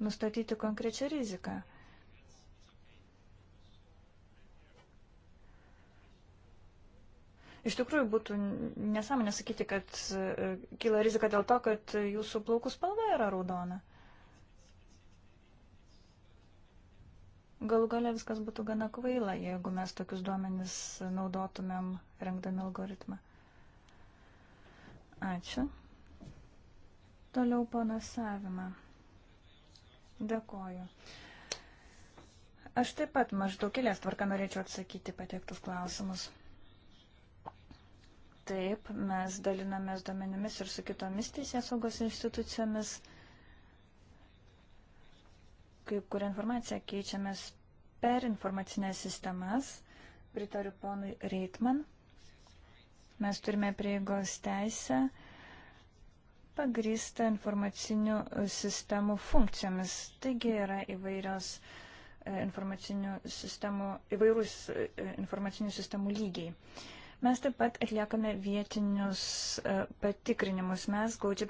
Speaker 3: nustatyti konkrečią riziką. Iš tikrųjų būtų nesąmonė sakyti, kad e, kyla rizika dėl to, kad jūsų plaukų spalva yra raudona. Galų gale viskas būtų gana kvaila, jeigu mes tokius duomenis naudotumėm rengdami algoritmą. Ačiū. Toliau panasavimą. Dėkoju. Aš taip pat maždaug kilės tvarka norėčiau atsakyti pateiktus klausimus. Taip, mes dalinamės duomenimis ir su kitomis teisės saugos institucijomis. Kaip kur informacija keičiamės per informacinės sistemas, pritariu ponui Reitman. Mes turime prieigos teisę pagrįsta informacinių sistemų funkcijomis. Taigi yra įvairios e, informacinių sistemų, įvairūs e, informacinių sistemų lygiai. Mes taip pat atliekame vietinius e, patikrinimus. Mes gaudžiai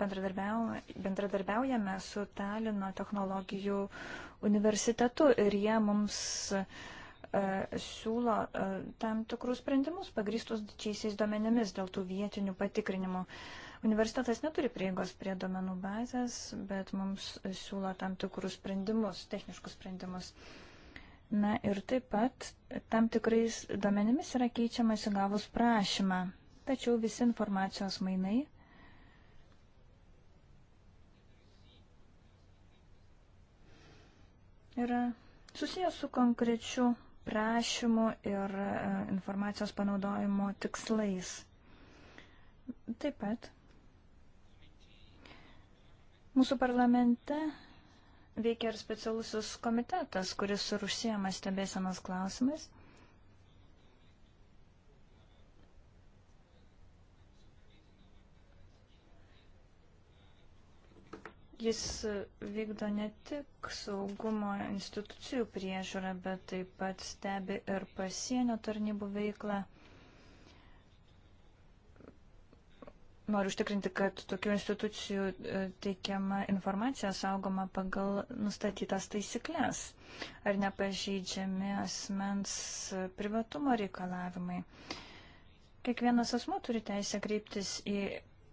Speaker 3: bendradarbiaujame su Talino technologijų universitetu ir jie mums e, siūlo e, tam tikrus sprendimus pagrįstus didžiaisiais duomenimis dėl tų vietinių patikrinimų. Universitetas neturi prieigos prie duomenų bazės, bet mums siūlo tam tikrus sprendimus, techniškus sprendimus. Uh, Na ir taip pat tam tikrais duomenimis yra keičiamas įgavus prašymą, tačiau visi informacijos mainai. Yra susijęs su konkrečiu prašymu ir e, informacijos panaudojimo tikslais. Taip pat mūsų parlamente veikia ir specialusis komitetas, kuris ir užsijama stebėsenos klausimais. Jis vykdo ne tik saugumo institucijų priežiūrą, bet taip pat stebi ir pasienio tarnybų veiklą. noriu užtikrinti, kad tokių institucijų e, teikiama informacija saugoma pagal nustatytas taisyklės. Ar nepažeidžiami asmens privatumo reikalavimai. Kiekvienas asmo turi teisę kreiptis į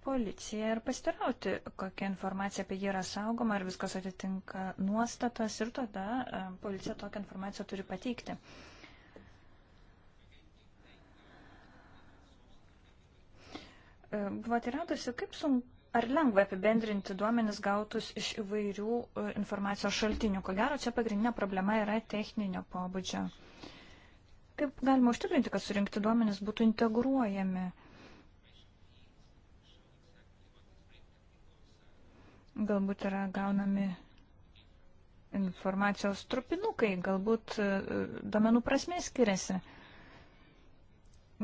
Speaker 3: policiją ir pastirauti, kokia informacija apie jį yra saugoma, ar viskas atitinka nuostatas ir tada e, policija tokią informaciją turi pateikti. E, buvo teirautasi, kaip sunku. Ar lengva apibendrinti duomenis gautus iš įvairių e, informacijos šaltinių? Ko gero, čia pagrindinė problema yra techninio pobūdžio. Kaip galima užtikrinti, kad surinkti duomenis būtų integruojami? Galbūt yra gaunami informacijos trupinukai, galbūt e, domenų prasmė skiriasi.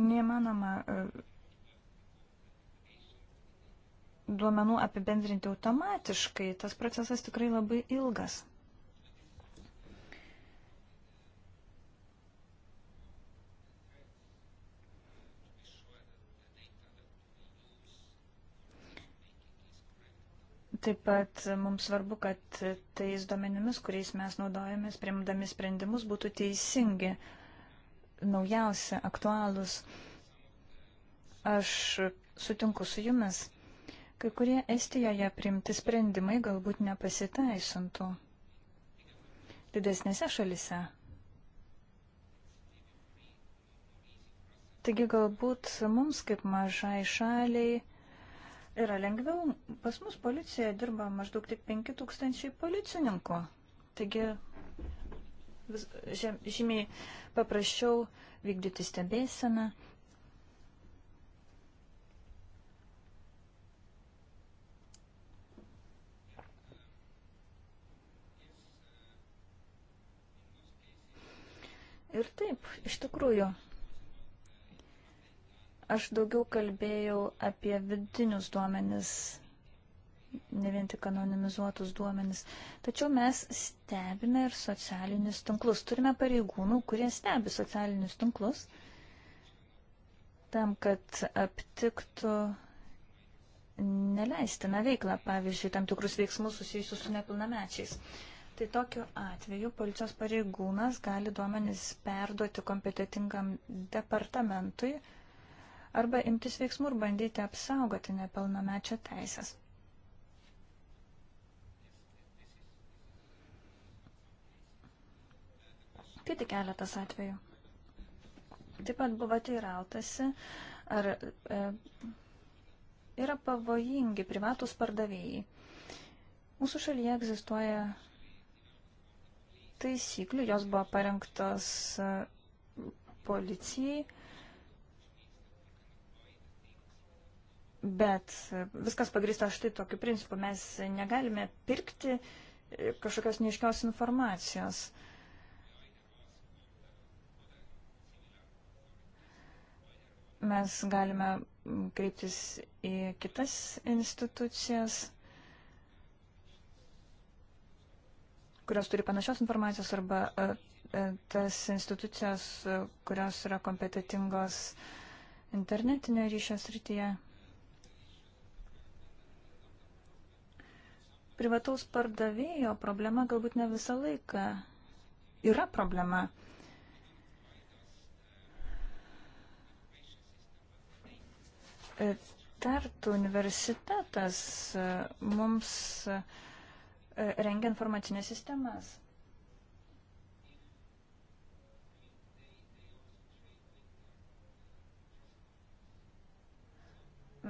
Speaker 3: Neįmanoma duomenų apibendrinti automatiškai, tas procesas tikrai labai ilgas. Taip pat mums svarbu, kad tais duomenimis, kuriais mes naudojamės, priimdami sprendimus, būtų teisingi, naujausi, aktualūs. Aš sutinku su jumis. Kai kurie Estijoje priimti sprendimai galbūt nepasiteisintų didesnėse šalise. Taigi galbūt mums kaip mažai šaliai yra lengviau. Pas mus policijoje dirba maždaug tik 5000 policininkų. Taigi vis, žem, žymiai paprasčiau vykdyti stebėseną, Ir taip, iš tikrųjų, aš daugiau kalbėjau apie vidinius duomenis, ne vien tik anonimizuotus duomenis. Tačiau mes stebime ir socialinius tinklus. Turime pareigūnų, kurie stebi socialinius tinklus tam, kad aptiktų neleistiną veiklą, pavyzdžiui, tam tikrus veiksmus susijusius su nepilnamečiais. Uh, tai tokiu atveju policijos pareigūnas gali duomenis perduoti kompetitingam departamentui arba imtis veiksmų ir bandyti apsaugoti nepilnamečio teisės. Tai tik keletas atvejų. Taip pat buvo teirautasi, ar e, yra pavojingi privatus pardavėjai. Mūsų šalyje egzistuoja taisyklių, jos buvo parengtos e, policijai, bet e, viskas pagrįsta štai tokiu principu. Mes negalime pirkti e, kažkokios neiškios informacijos. Mes galime kreiptis į kitas institucijas. kurios turi panašios informacijos arba e, e, tas institucijos, e, kurios yra kompetitingos internetinio ryšio srityje. Privataus pardavėjo problema galbūt ne visą laiką yra problema. Tartu universitetas mums uh, E, rengia informacinės sistemas.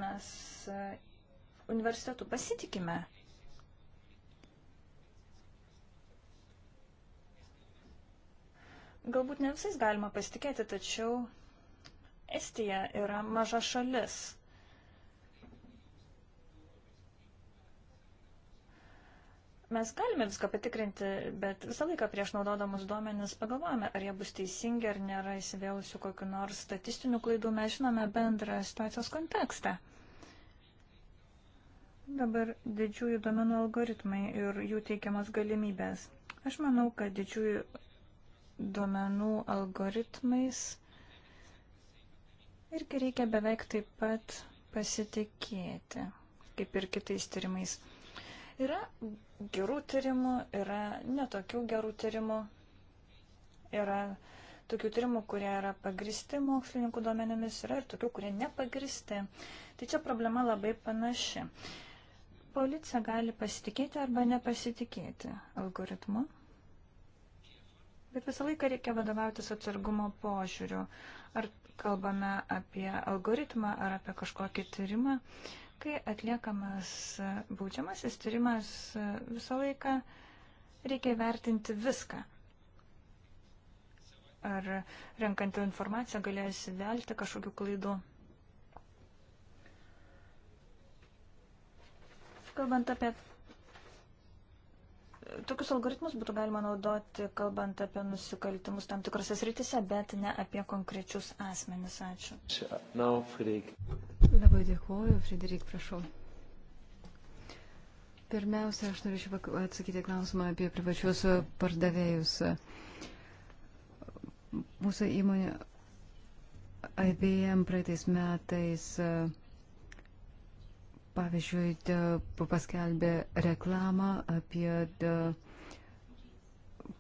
Speaker 3: Mes e, universitetų pasitikime. Galbūt ne visais galima pasitikėti, tačiau Estija yra maža šalis. Mes galime viską patikrinti, bet visą laiką prieš naudodamus duomenis pagalvojame, ar jie bus teisingi, ar nėra įsivėlusių kokiu nors statistiniu klaidų. Mes žinome bendrą situacijos kontekstą. Dabar didžiųjų domenų algoritmai ir jų teikiamas galimybės. Aš manau, kad didžiųjų duomenų algoritmais irgi reikia beveik taip pat pasitikėti, kaip ir kitais tyrimais. Yra gerų tyrimų, yra netokių gerų tyrimų, yra tokių tyrimų, kurie yra pagristi mokslininkų duomenimis, yra ir tokių, kurie nepagristi. Tai čia problema labai panaši. Policija gali pasitikėti arba nepasitikėti algoritmu, bet visą laiką reikia vadovautis atsargumo požiūriu. Ar kalbame apie algoritmą, ar apie kažkokį tyrimą. Uh, Kai atliekamas baudžiamasis tyrimas, visą laiką reikia vertinti viską. Ar renkant informaciją galėsi velti kažkokių klaidų? Kalbant apie Tokius algoritmus būtų galima naudoti, kalbant apie nusikaltimus tam tikrose sritise, bet ne apie konkrečius asmenis. Ačiū. Now, Friedrich. Labai dėkuoju, Frederik,
Speaker 2: prašau. Pirmiausia, aš norėčiau atsakyti klausimą apie privačius pardavėjus. Mūsų įmonė IBM praeitais metais. Uh, pavyzdžiui, de, paskelbė reklamą apie de,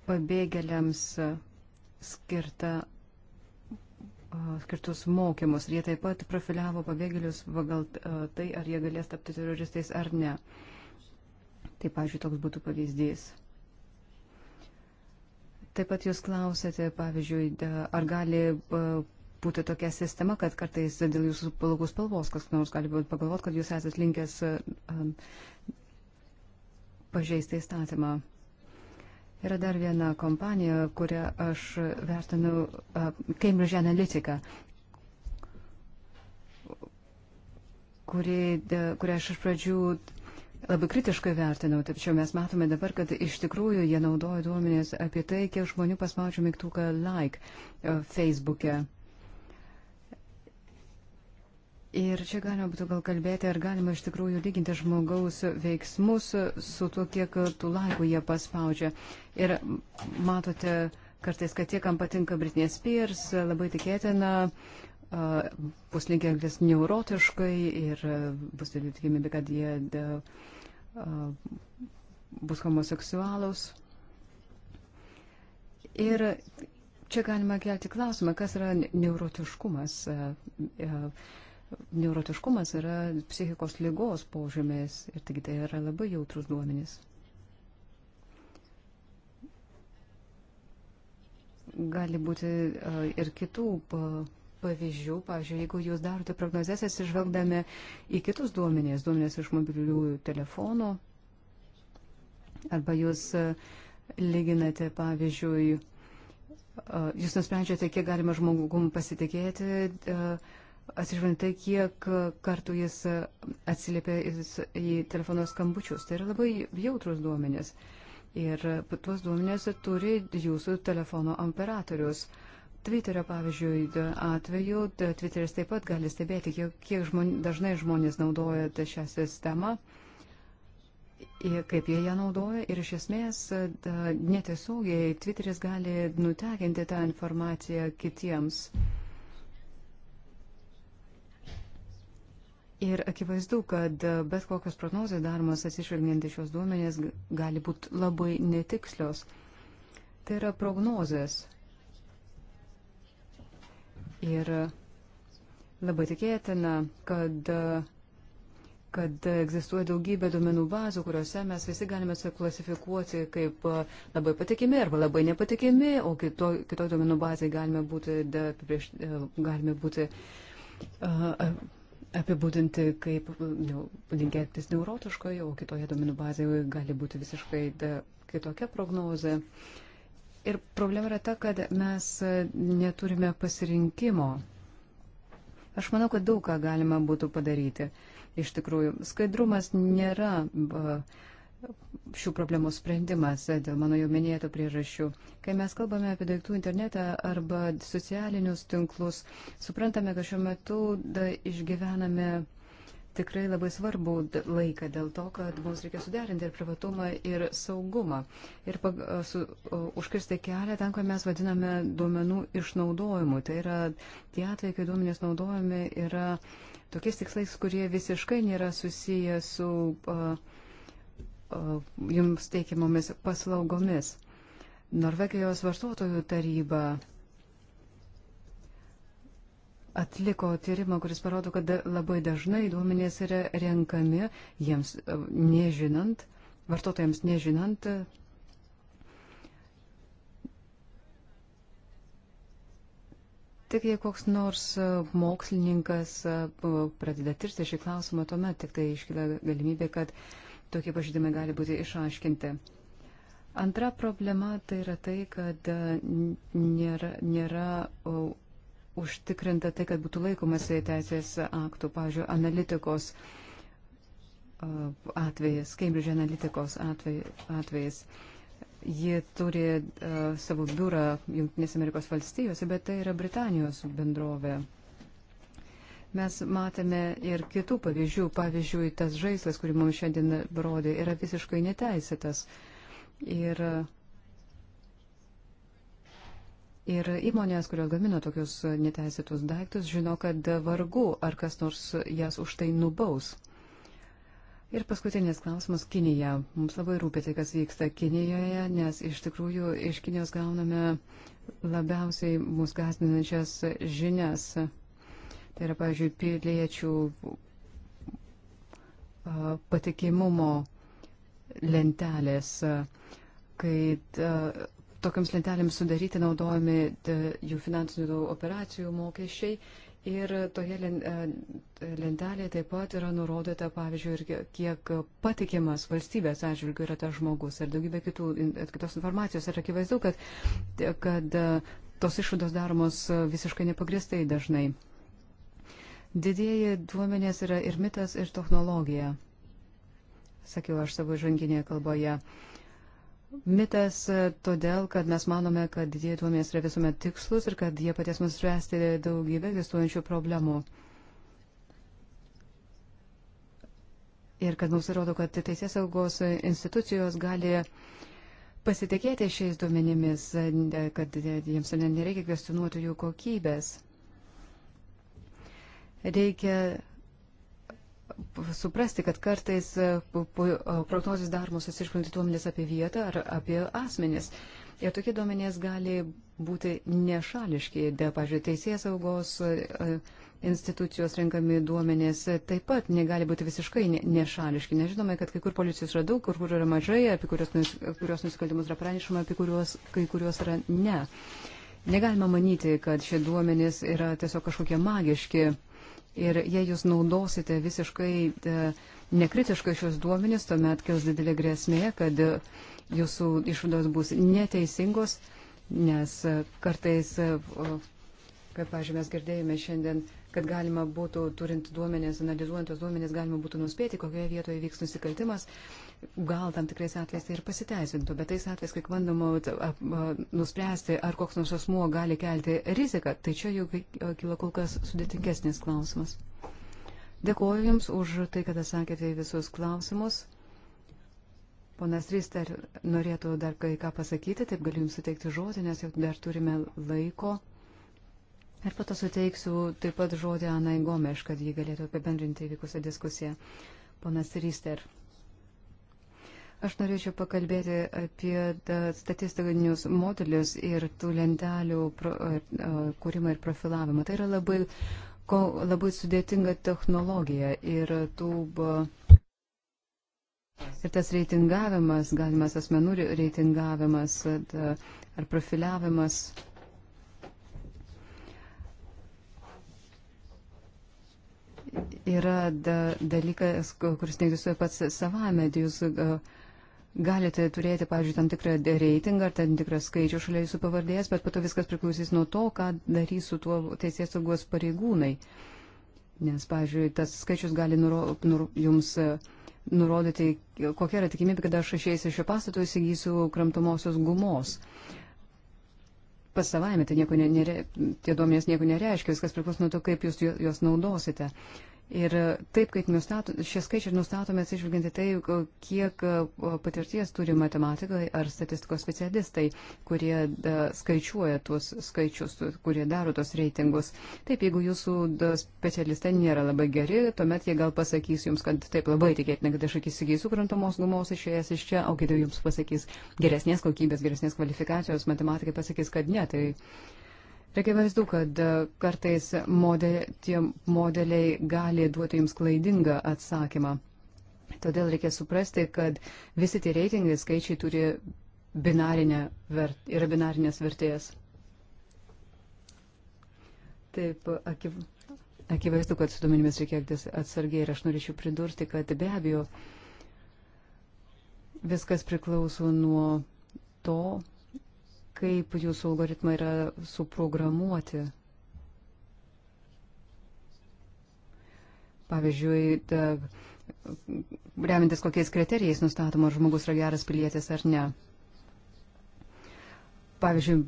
Speaker 2: pabėgėliams skirtą, skirtus mokymus. Jie taip pat profiliavo pabėgėlius pagal tai, ar jie galės tapti teroristais ar ne. Tai, pavyzdžiui, toks būtų pavyzdys. Taip pat jūs klausėte, pavyzdžiui, ar gali būti tokia sistema, kad kartais dėl jūsų palūkų spalvos kas nors gali pagalvoti, kad jūs esat linkęs um, pažeisti įstatymą. Yra dar viena kompanija, kurią aš vertinu uh, Cambridge Analytica, kuri, kurią aš iš pradžių labai kritiškai vertinau, tačiau mes matome dabar, kad iš tikrųjų jie naudoja duomenės apie tai, kiek žmonių paspaudžia mygtuką like uh, Facebook'e. Ir čia galima būtų gal kalbėti, ar galima iš tikrųjų lyginti žmogaus veiksmus su tuo, kiek tų laikų jie paspaudžia. Ir matote kartais, kad tie, kam patinka Britney Spears, labai tikėtina, bus linkę elgtis neurotiškai ir bus didelė tikimybė, kad jie de, bus homoseksualus. Ir čia galima kelti klausimą, kas yra neurotiškumas. Uh, uh, neurotiškumas yra psichikos lygos požymės ir taigi tai yra labai jautrus duomenys. Gali būti ir kitų pavyzdžių, pavyzdžiui, jeigu jūs darote prognozes, atsižvelgdami į kitus duomenys, duomenys iš mobiliųjų telefonų, arba jūs lyginate, pavyzdžiui, jūs nusprendžiate, kiek galima žmogum pasitikėti, uh, atsižvelgiant tai, kiek kartų jis atsiliepia į telefono skambučius. Tai yra labai jautrus duomenės. Ir tuos duomenės turi jūsų telefono operatorius. Twitterio, pavyzdžiui, atveju, Twitteris taip pat gali stebėti, kiek, kiek žmon, dažnai žmonės naudoja šią sistemą, kaip jie ją naudoja ir iš esmės netiesiogiai Twitteris gali nutekinti tą informaciją kitiems. Mm. Ir akivaizdu, kad bet kokios prognozijos daromas atsižvelgiant į šios duomenės gali būti labai netikslios. Tai yra prognozijas. Ir labai tikėtina, kad, kad egzistuoja daugybė duomenų bazų, kuriuose mes visi galime klasifikuoti kaip labai patikimi arba labai nepatikimi, o kito, kito duomenų bazai galime būti, da, prieš, galime būti uh, apibūdinti kaip, nu, linkėtis neurotiškai, o kitoje domenų bazėje gali būti visiškai da, kitokia prognozė. Ir problema yra ta, kad mes e, neturime pasirinkimo. Aš manau, kad daug ką galima būtų padaryti. Iš tikrųjų, skaidrumas nėra. Uh, šių problemų sprendimas dėl mano jau minėtų priežasčių. Kai mes kalbame apie daiktų internetą arba socialinius tinklus, suprantame, kad šiuo metu da, išgyvename tikrai labai svarbu laiką dėl to, kad mums reikia suderinti ir privatumą, ir saugumą. Ir pag, su, užkirsti kelią tam, ką mes vadiname duomenų išnaudojimu. Tai yra tie atvejai, kai duomenys naudojami yra tokiais tikslais, kurie visiškai nėra susiję su uh, jums teikiamomis paslaugomis. Norvegijos vartotojų taryba atliko tyrimą, kuris parodo, kad labai dažnai duomenės yra renkami jiems e, nežinant, vartotojams nežinant. Tik jei koks nors e, mokslininkas e, pradeda tirti šį klausimą, tuomet tik tai iškyla galimybė, kad uh, tokie pažydimai gali būti išaiškinti. Antra problema tai yra tai, kad e, nėra, nėra užtikrinta tai, kad būtų laikomasi teisės aktų, pavyzdžiui, analitikos e, atvejas, Cambridge analitikos atvejas. Ji turi uh, savo biurą Junktinės Amerikos valstijose, bet tai yra Britanijos bendrovė. Mes matėme ir kitų pavyzdžių. Pavyzdžiui, tas žaislas, kurį mums šiandien rodė, yra visiškai neteisėtas. Ir, ir įmonės, kurios gamino tokius neteisėtus daiktus, žino, kad vargu, ar kas nors jas už tai nubaus. Ir paskutinis klausimas - Kinija. Mums labai rūpi tai, kas vyksta Kinijoje, nes iš tikrųjų iš Kinijos gauname labiausiai mus gazdinančias žinias. Tai yra, pavyzdžiui, piliečių patikimumo lentelės, kai tokiams lentelėms sudaryti naudojami jų finansinių operacijų mokesčiai. Ir toje lentelėje taip pat yra nurodyta, pavyzdžiui, ir kiek patikimas valstybės atžvilgių yra tas žmogus ir daugybė kitų, kitos informacijos. Ir akivaizdu, kad, kad tos išvados daromos visiškai nepagristai dažnai. Didieji duomenės yra ir mitas, ir technologija. Sakiau aš savo žanginėje kalboje. Mitas e, todėl, kad mes manome, kad didieji duomenės yra visuomet tikslus ir kad jie paties mus spręsti daugybę egzistuojančių problemų. Ir kad mums įrodo, kad teisės saugos institucijos gali pasitikėti šiais duomenimis, e, kad jiems nereikia kvestionuoti jų kokybės. Reikia suprasti, kad kartais e, e, prognozijos daromos atsižvelgiant duomenys apie vietą ar apie asmenis. Ir tokie duomenys gali būti nešališki, de, pažiūrėjau, teisės saugos e, institucijos renkami duomenys taip pat negali būti visiškai nešališki. Nežinome, kad kai kur policijos yra daug, kur, kur yra mažai, apie kurios, kurios nusikaltimus yra pranešama, apie kurios, kai kurios yra ne. Negalima manyti, kad šie duomenys yra tiesiog kažkokie magiški Ir jei jūs naudosite visiškai e, nekritiškai šios duomenys, tuomet kils didelė grėsmė, kad e, jūsų išvados bus neteisingos, nes e, kartais, kaip pažiūrėjau, mes girdėjome šiandien, kad galima būtų, turint duomenės, analizuojant tos duomenės, galima būtų nuspėti, kokioje vietoje vyks nusikaltimas gal tam tikrais atvejais tai ir pasiteisintų, bet tais atvejais, kai bandoma nuspręsti, ar koks nors asmuo gali kelti riziką, tai čia jau kyla kol kas sudėtingesnis klausimas. Dėkuoju Jums už tai, kad atsakėte į visus klausimus. Ponas Rister norėtų dar kai ką pasakyti, taip galiu Jums suteikti žodį, nes jau dar turime laiko. Ir po to suteiksiu taip pat žodį Anai Gomeš, kad jį galėtų apibendrinti įvykusią diskusiją. Ponas Rister. Aš norėčiau pakalbėti apie statistinius modelius ir tų lentelių kūrimą ir profilavimą. Tai yra labai, ko, labai sudėtinga technologija ir tų. Ir tas reitingavimas, galimas asmenų reitingavimas ar profiliavimas yra da, dalykas, kuris neegzistuoja pats savame, jūs uh, galite turėti, pavyzdžiui, tam tikrą reitingą ar tam tikrą skaičių šalia jūsų pavardės, bet pato viskas priklausys nuo to, ką darys su tuo teisės saugos pareigūnai. Nes, pavyzdžiui, tas skaičius gali nuro, nur, jums e, nurodyti, kokia yra tikimybė, kad aš išėjęs iš šio pastato įsigysiu kramtomosios gumos pas savaime tai nieko nere, tie duomenys nieko nereiškia, viskas priklauso nuo to, kaip jūs juos naudosite. Ir taip, kaip nustato, šie skaičiai nustatome atsižvelgiant į tai, kiek e, patirties turi matematikai ar statistikos specialistai, kurie da, e, skaičiuoja tuos skaičius, kurie daro tuos reitingus. Taip, jeigu jūsų da, specialistai nėra labai geri, tuomet jie gal pasakys jums, kad taip labai tikėtina, kad aš įsigysiu krantamos gumos išėjęs iš čia, o kiti jums pasakys geresnės kokybės, geresnės kvalifikacijos, matematikai pasakys, kad ne. Tai, Reikia vaizdu, kad e, kartais model, tie modeliai gali duoti jums klaidingą atsakymą. Todėl reikia suprasti, kad visi tie reitingai skaičiai turi binarinę vert, yra binarinės vertės. Taip, akiv, akivaizdu, kad su duomenimis reikia elgtis atsargiai ir aš norėčiau pridurti, kad be abejo viskas priklauso nuo to, kaip jūsų algoritmai yra suprogramuoti. Pavyzdžiui, da, remintis kokiais kriterijais nustatoma, ar žmogus yra geras pilietis ar ne. Pavyzdžiui,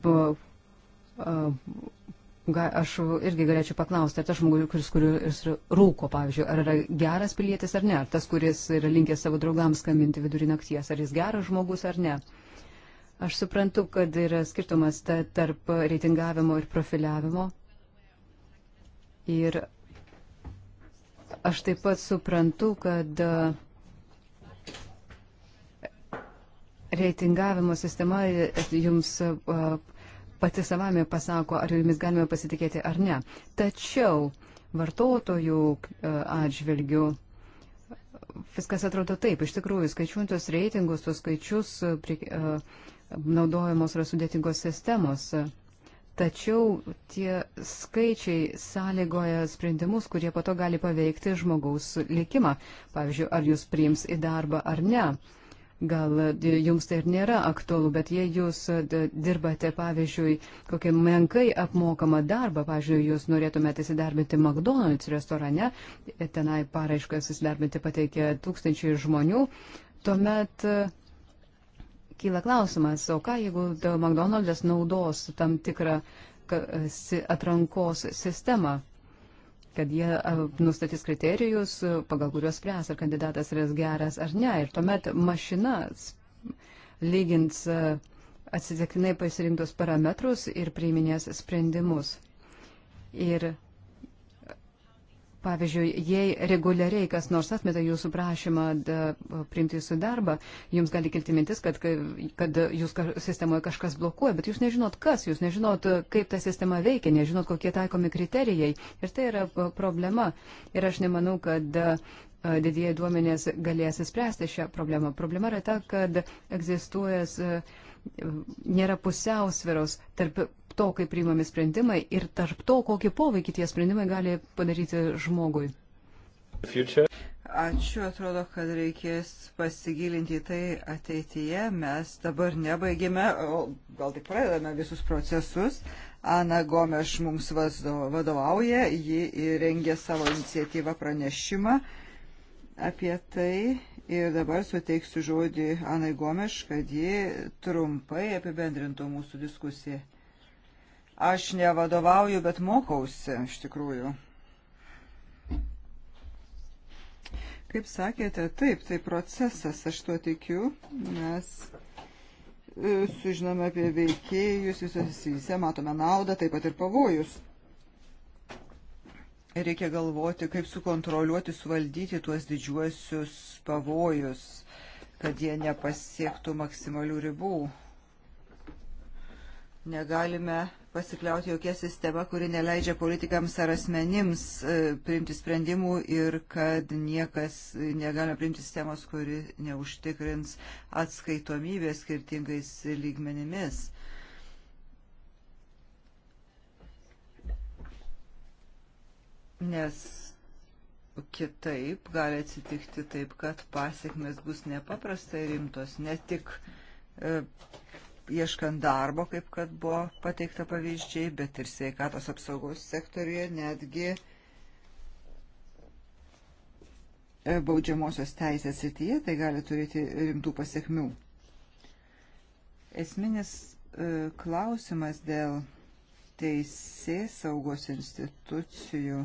Speaker 2: aš irgi galėčiau paklausti, ar tas žmogus, kuris, kuris rūko, pavyzdžiui, ar yra geras pilietis ar ne, ar tas, kuris yra linkęs savo draugams skambinti vidurį nakties, ar jis geras žmogus ar ne. Uh, Aš suprantu, kad yra skirtumas tarp reitingavimo ir profiliavimo. Ir aš taip pat suprantu, kad e, reitingavimo sistema e, jums e, pati savame pasako, ar jumis galime pasitikėti ar ne. Tačiau vartotojų atžvilgių viskas atrodo taip. Iš tikrųjų, skaičiuojant tos reitingus, tos skaičius, naudojamos yra sudėtingos sistemos. Tačiau tie skaičiai sąlygoja sprendimus, kurie po to gali paveikti žmogaus likimą. Pavyzdžiui, ar jūs priims į darbą ar ne. Gal e, jums tai ir nėra aktualu, bet jei jūs e, dirbate, pavyzdžiui, kokią menkai apmokamą darbą, pavyzdžiui, jūs norėtumėte įsidarbinti McDonald's restorane, tenai paraiškas įsidarbinti pateikė tūkstančiai žmonių, tuomet e, kyla klausimas, o ką jeigu McDonald's naudos tam tikrą atrankos sistemą, kad jie nustatys kriterijus, pagal kuriuos spręs, ar kandidatas yra geras ar ne. Ir tuomet mašinas lygins atsitiktinai pasirinktus parametrus ir priiminės sprendimus. Ir Pavyzdžiui, jei reguliariai kas nors atmeta jūsų prašymą da, priimti jūsų darbą, jums gali kilti mintis, kad, kad jūs sistemoje kažkas blokuoja, bet jūs nežinot kas, jūs nežinot, kaip ta sistema veikia, nežinot, kokie taikomi kriterijai. Ir tai yra problema. Ir aš nemanau, kad didieji duomenės galės įspręsti šią problemą. Problema yra ta, kad egzistuoja, nėra pusiausviros tarp tarp to, kaip priimami sprendimai ir tarp to, kokį poveikį tie sprendimai gali padaryti žmogui.
Speaker 1: Future. Ačiū, atrodo, kad reikės pasigilinti į tai ateityje. Mes dabar nebaigėme, o gal tik pradedame visus procesus. Ana Gomeš mums vadovauja, ji įrengė savo iniciatyvą pranešimą apie tai. Ir dabar suteiksiu žodį Anai Gomeš, kad ji trumpai apibendrintų mūsų diskusiją. Aš nevadovauju, bet mokausi iš tikrųjų. Kaip sakėte, taip, tai procesas, aš tuo tikiu, mes e, sužinome apie veikėjus, visose srityse matome naudą, taip pat ir pavojus. Reikia galvoti, kaip sukontroliuoti, suvaldyti tuos didžiuosius pavojus, kad jie nepasiektų maksimalių ribų. Negalime pasikliauti jokia sistema, kuri neleidžia politikams ar asmenims e, priimti sprendimų ir kad niekas negali priimti sistemos, kuri neužtikrins atskaitomybės skirtingais lygmenimis. Nes kitaip gali atsitikti taip, kad pasiekmes bus nepaprastai rimtos, ne tik e, ieškant darbo, kaip kad buvo pateikta pavyzdžiai, bet ir sveikatos apsaugos sektoriuje netgi e, baudžiamosios teisės srityje tai gali turėti rimtų pasiekmių. Esminis e, klausimas dėl teisės saugos institucijų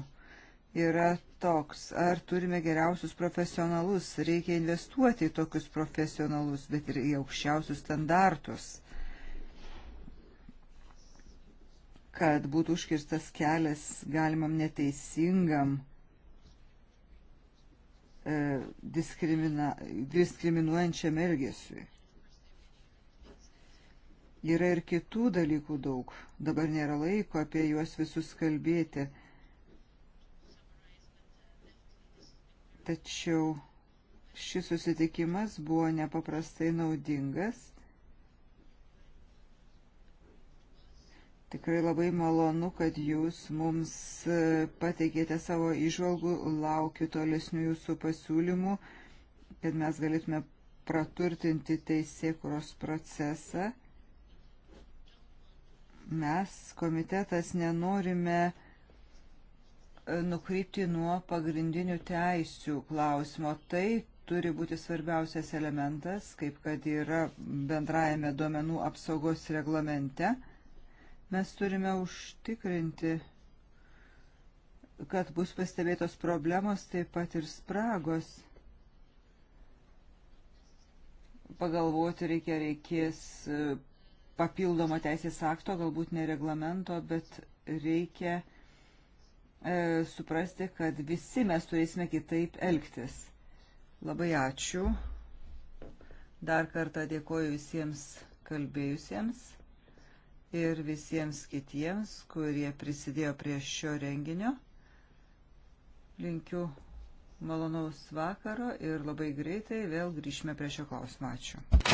Speaker 1: yra toks, ar turime geriausius profesionalus, reikia investuoti į tokius profesionalus, bet ir į aukščiausius standartus. kad būtų užkirstas kelias galimam neteisingam e, diskriminuojančiam elgesiui. Yra ir kitų dalykų daug. Dabar nėra laiko apie juos visus kalbėti. Tačiau šis susitikimas buvo nepaprastai naudingas Tikrai labai malonu, kad jūs mums e, pateikėte savo išvalgų, laukiu tolesnių jūsų pasiūlymų, kad mes galėtume praturtinti teisėkuros procesą. Mes, komitetas, nenorime e, nukrypti nuo pagrindinių teisių klausimo. Tai turi būti svarbiausias elementas, kaip kad yra bendrajame duomenų apsaugos reglamente – Mes turime užtikrinti, kad bus pastebėtos problemos, taip pat ir spragos. Pagalvoti reikia reikės e, papildomo teisės akto, galbūt ne reglamento, bet reikia e, suprasti, kad visi mes turėsime kitaip elgtis. Labai ačiū. Dar kartą dėkoju visiems kalbėjusiems ir visiems kitiems, kurie prisidėjo prie šio renginio. Linkiu malonaus vakaro ir labai greitai vėl grįšime prie šio klausimo. Ačiū.